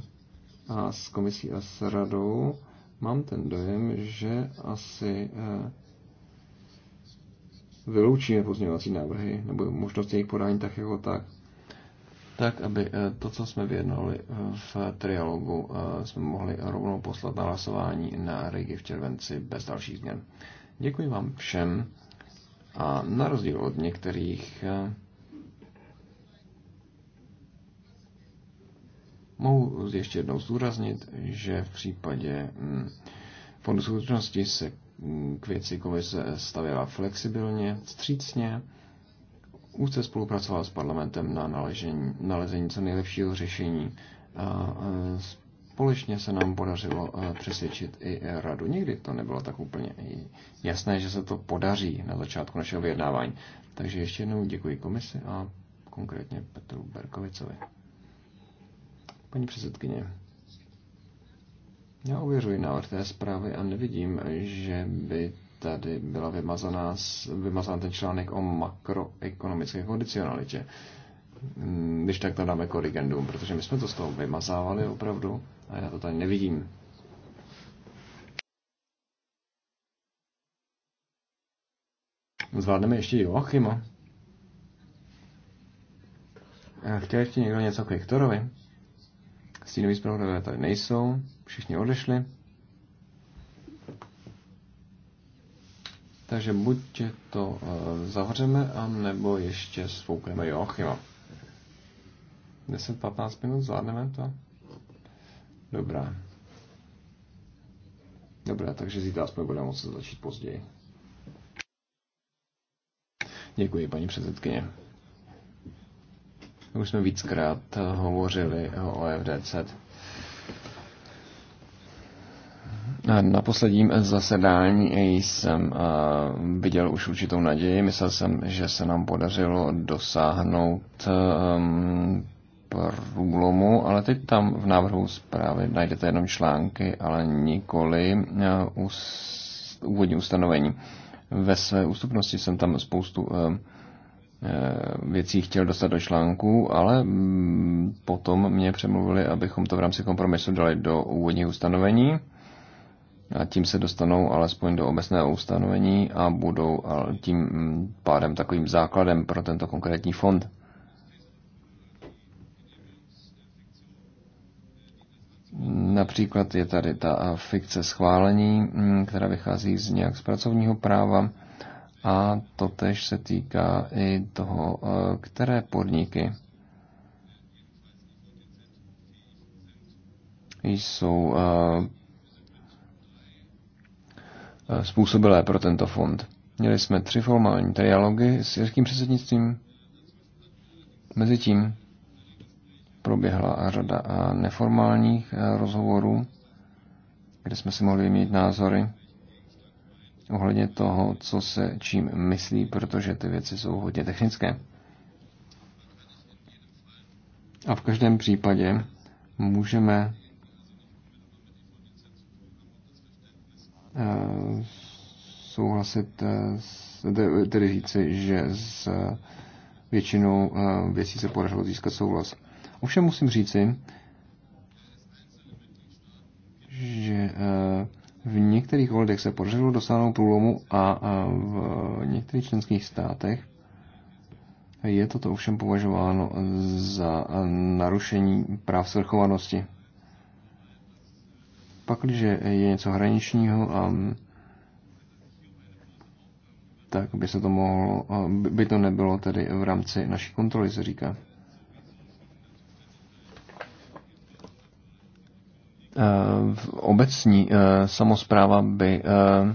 a s komisí a s radou mám ten dojem, že asi eh, vyloučíme pozměňovací návrhy nebo možnost jejich podání tak jako tak, tak, aby eh, to, co jsme vyjednali eh, v trialogu, jsme mohli rovnou poslat na hlasování na Rigi v červenci bez dalších změn. Děkuji vám všem a na rozdíl od některých Mohu ještě jednou zdůraznit, že v případě mm, fondu skutečnosti se mm, k věci komise stavěla flexibilně, střícně, úzce spolupracovala s parlamentem na naležení, nalezení co nejlepšího řešení a společně se nám podařilo přesvědčit i radu. Nikdy to nebylo tak úplně jasné, že se to podaří na začátku našeho vyjednávání. Takže ještě jednou děkuji komisi a konkrétně Petru Berkovicovi. Paní předsedkyně, já ověřuji návrh té zprávy a nevidím, že by tady byla vymazaná, vymazán ten článek o makroekonomické kondicionalitě. Když tak to dáme korrigendum, protože my jsme to z toho vymazávali opravdu a já to tady nevidím. Zvládneme ještě Joachima. Eh, chtěl ještě někdo něco k Viktorovi? Stínoví zpravodajové tady nejsou, všichni odešli. Takže buď to eh, zavřeme, a nebo ještě svoukneme Joachima. 10-15 minut, zvládneme to? Dobrá. Dobrá, takže zítra aspoň budeme moci začít později. Děkuji, paní předsedkyně. Už jsme víckrát hovořili o FDC. Na posledním zasedání jsem viděl už určitou naději. Myslel jsem, že se nám podařilo dosáhnout um, průlomu, ale teď tam v návrhu zprávy najdete jenom články, ale nikoli úvodní ustanovení. Ve své ústupnosti jsem tam spoustu um, Eh, věcí chtěl dostat do článků, ale mm, potom mě přemluvili, abychom to v rámci kompromisu dali do úvodních ustanovení a tím se dostanou alespoň do obecného ustanovení a budou tím mm, pádem takovým základem pro tento konkrétní fond. Například je tady ta eh, fikce schválení, mm, která vychází z nějak z pracovního práva a to tež se týká i toho, eh, které podniky jsou eh, eh, způsobilé pro tento fond. Měli jsme tři formální trialogy s jirským předsednictvím. Mezitím proběhla řada neformálních rozhovorů, kde jsme si mohli mít názory ohledně toho, co se čím myslí, protože ty věci jsou hodně technické. A v každém případě můžeme eh, souhlasit, eh, tedy říci, že s eh, většinou věcí se podařilo získat souhlas. Ovšem musím říci, že v některých ohledech se podařilo dosáhnout průlomu a v některých členských státech je toto ovšem považováno za narušení práv svrchovanosti. Pakliže je něco hraničního a um, tak by se to mohlo, um, by to nebylo tedy v rámci naší kontroly, se říká. Eh, obecní eh, samozpráva by eh,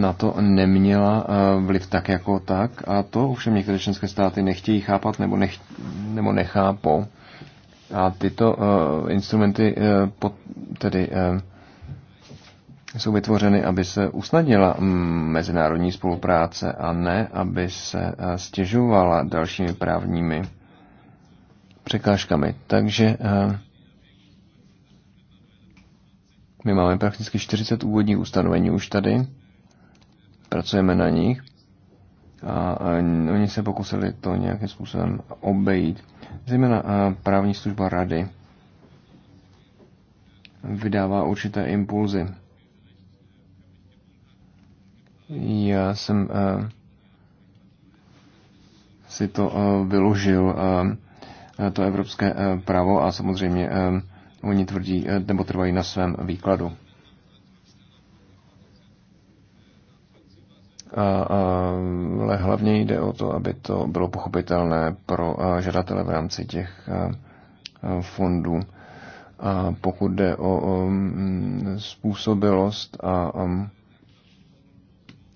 na to neměla vliv tak jako tak a to ovšem některé členské státy nechtějí chápat nebo, nech, nebo nechápou. A tyto uh, instrumenty uh, pod, tedy uh, jsou vytvořeny, aby se usnadnila mm, mezinárodní spolupráce a ne, aby se uh, stěžovala dalšími právními překážkami. Takže uh, my máme prakticky 40 úvodních ustanovení už tady, pracujeme na nich a, a oni se pokusili to nějakým způsobem obejít. Zejména právní služba rady vydává určité impulzy. Já jsem a, si to a, vyložil, a to evropské a, právo a samozřejmě A, Oni tvrdí, eh, nebo trvají na svém výkladu. ale hlavně jde o to, aby to bylo pochopitelné pro eh, žadatele v rámci těch eh, fondů. A pokud jde o mm, způsobilost a mm,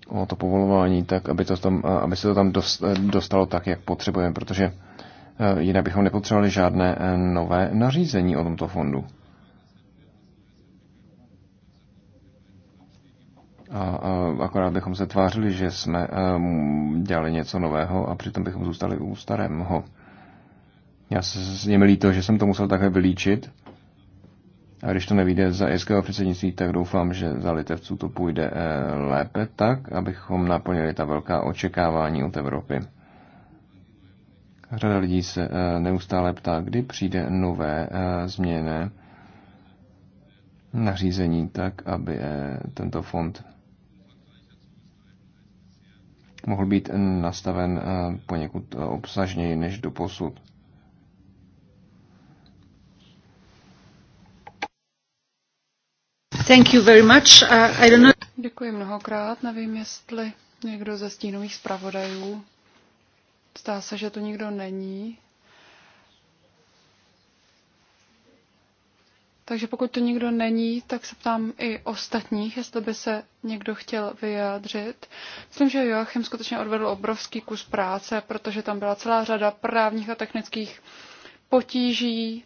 o to povolování, tak aby, to tam, aby se to tam dostalo tak, jak potřebujeme, protože Eh, jinak bychom nepotřebovali žádné eh, nové nařízení o tomto fondu. A eh, akorát bychom se tvářili, že jsme dělali něco nového a přitom bychom zůstali u starého. Já se, s nimi líto, že jsem to musel takhle vylíčit. A když to nevíde za irského předsednictví, tak doufám, že za litevců to půjde lépe tak, abychom naplnili ta velká očekávání od Evropy. Řada lidí se eh, neustále ptá, kdy přijde nové eh, změny nařízení tak, aby eh, tento fond mohl být nastaven poněkud obsažněji než do posud. Thank you very much. Uh, I don't know... Děkuji mnohokrát. Nevím, jestli někdo ze stínových zpravodajů Zdá se, že tu nikdo není. Takže pokud to nikdo není, tak se ptám i ostatních, jestli by se někdo chtěl vyjádřit. Myslím, že Joachim skutečně odvedl obrovský kus práce, protože tam byla celá řada právních a technických potíží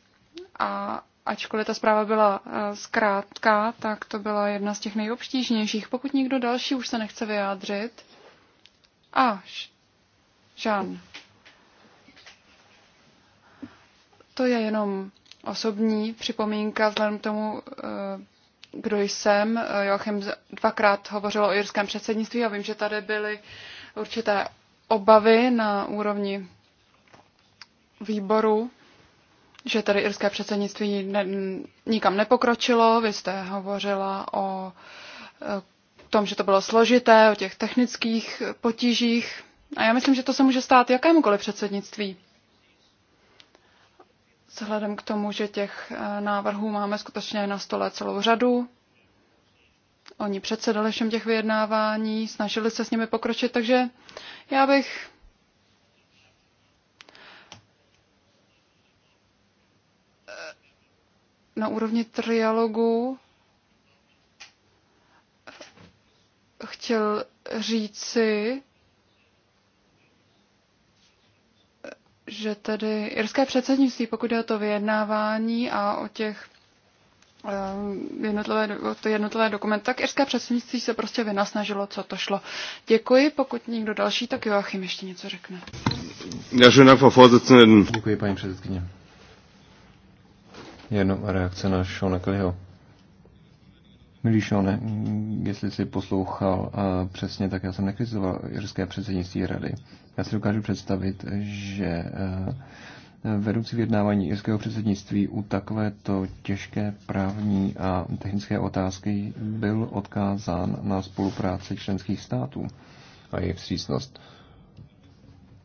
a ačkoliv ta zpráva byla eh, zkrátká, tak to byla jedna z těch nejobtížnějších. Pokud nikdo další už se nechce vyjádřit, až Žán. To je jenom osobní připomínka vzhledem k tomu, eh, kdo jsem. Eh, Joachim dvakrát hovořil o jirském předsednictví a vím, že tady byly určité obavy na úrovni výboru, že tady irské předsednictví ne, nikam nepokročilo. Vy jste hovořila o eh, tom, že to bylo složité, o těch technických potížích. A já myslím, že to se může stát jakémukoliv předsednictví. Vzhledem k tomu, že těch eh, návrhů máme skutečně na stole celou řadu, oni předsedali všem těch vyjednávání, snažili se s nimi pokročit, takže já bych eh, na úrovni trialogu chtěl říci, že tedy irské předsednictví, pokud je o to vyjednávání a o těch eh, jednotlivé, to jednotlivé dokumenty, tak irské předsednictví se prostě vynasnažilo, co to šlo. Děkuji, pokud někdo další, tak Joachim ještě něco řekne. Děkuji, paní předsedkyně. Jenom reakce na Šona Kliho. Milý Šone, no, jestli si poslouchal eh, přesně, tak já jsem nekritizoval jirské předsednictví rady. Já si dokážu představit, že eh, vedoucí vyjednávání jirského předsednictví u takovéto těžké právní a technické otázky byl odkázán na spolupráci členských států a jejich vstřícnost.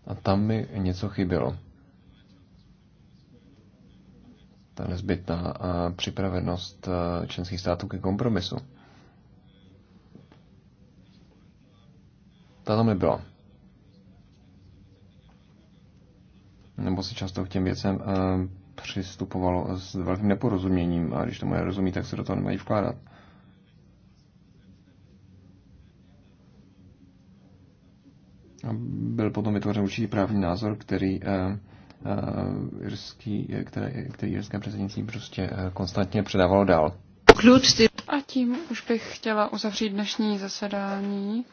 A tam mi něco chybělo. ta nezbytná připravenost e, členských států ke kompromisu. Ta tam nebyla. Nebo se často k těm věcem e, přistupovalo s velkým neporozuměním a když tomu nerozumí, tak se do toho nemají vkládat. byl potom vytvořen určitý právní názor, který e, jirský, eh, které, který jirské předsednictví prostě eh, konstantně předávalo dál. A tím už bych chtěla uzavřít dnešní zasedání,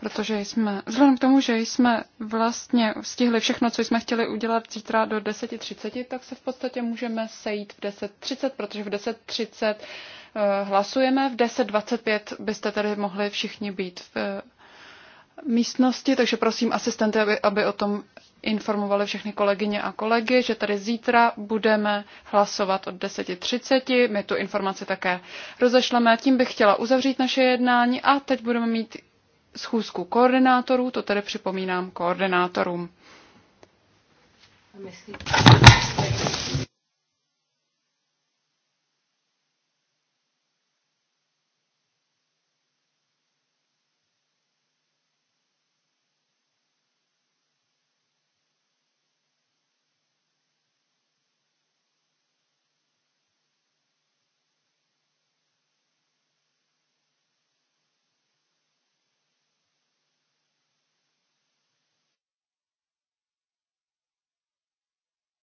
protože jsme, vzhledem k tomu, že jsme vlastně stihli všechno, co jsme chtěli udělat zítra do 10.30, tak se v podstatě můžeme sejít v 10.30, protože v 10.30 eh, hlasujeme, v 10.25 byste tedy mohli všichni být v místnosti, takže prosím asistenty, aby, aby o tom informovali všechny kolegyně a kolegy, že tady zítra budeme hlasovat od 10.30. My tu informaci také rozešleme. Tím bych chtěla uzavřít naše jednání a teď budeme mít schůzku koordinátorů, to tedy připomínám koordinátorům. Myslím.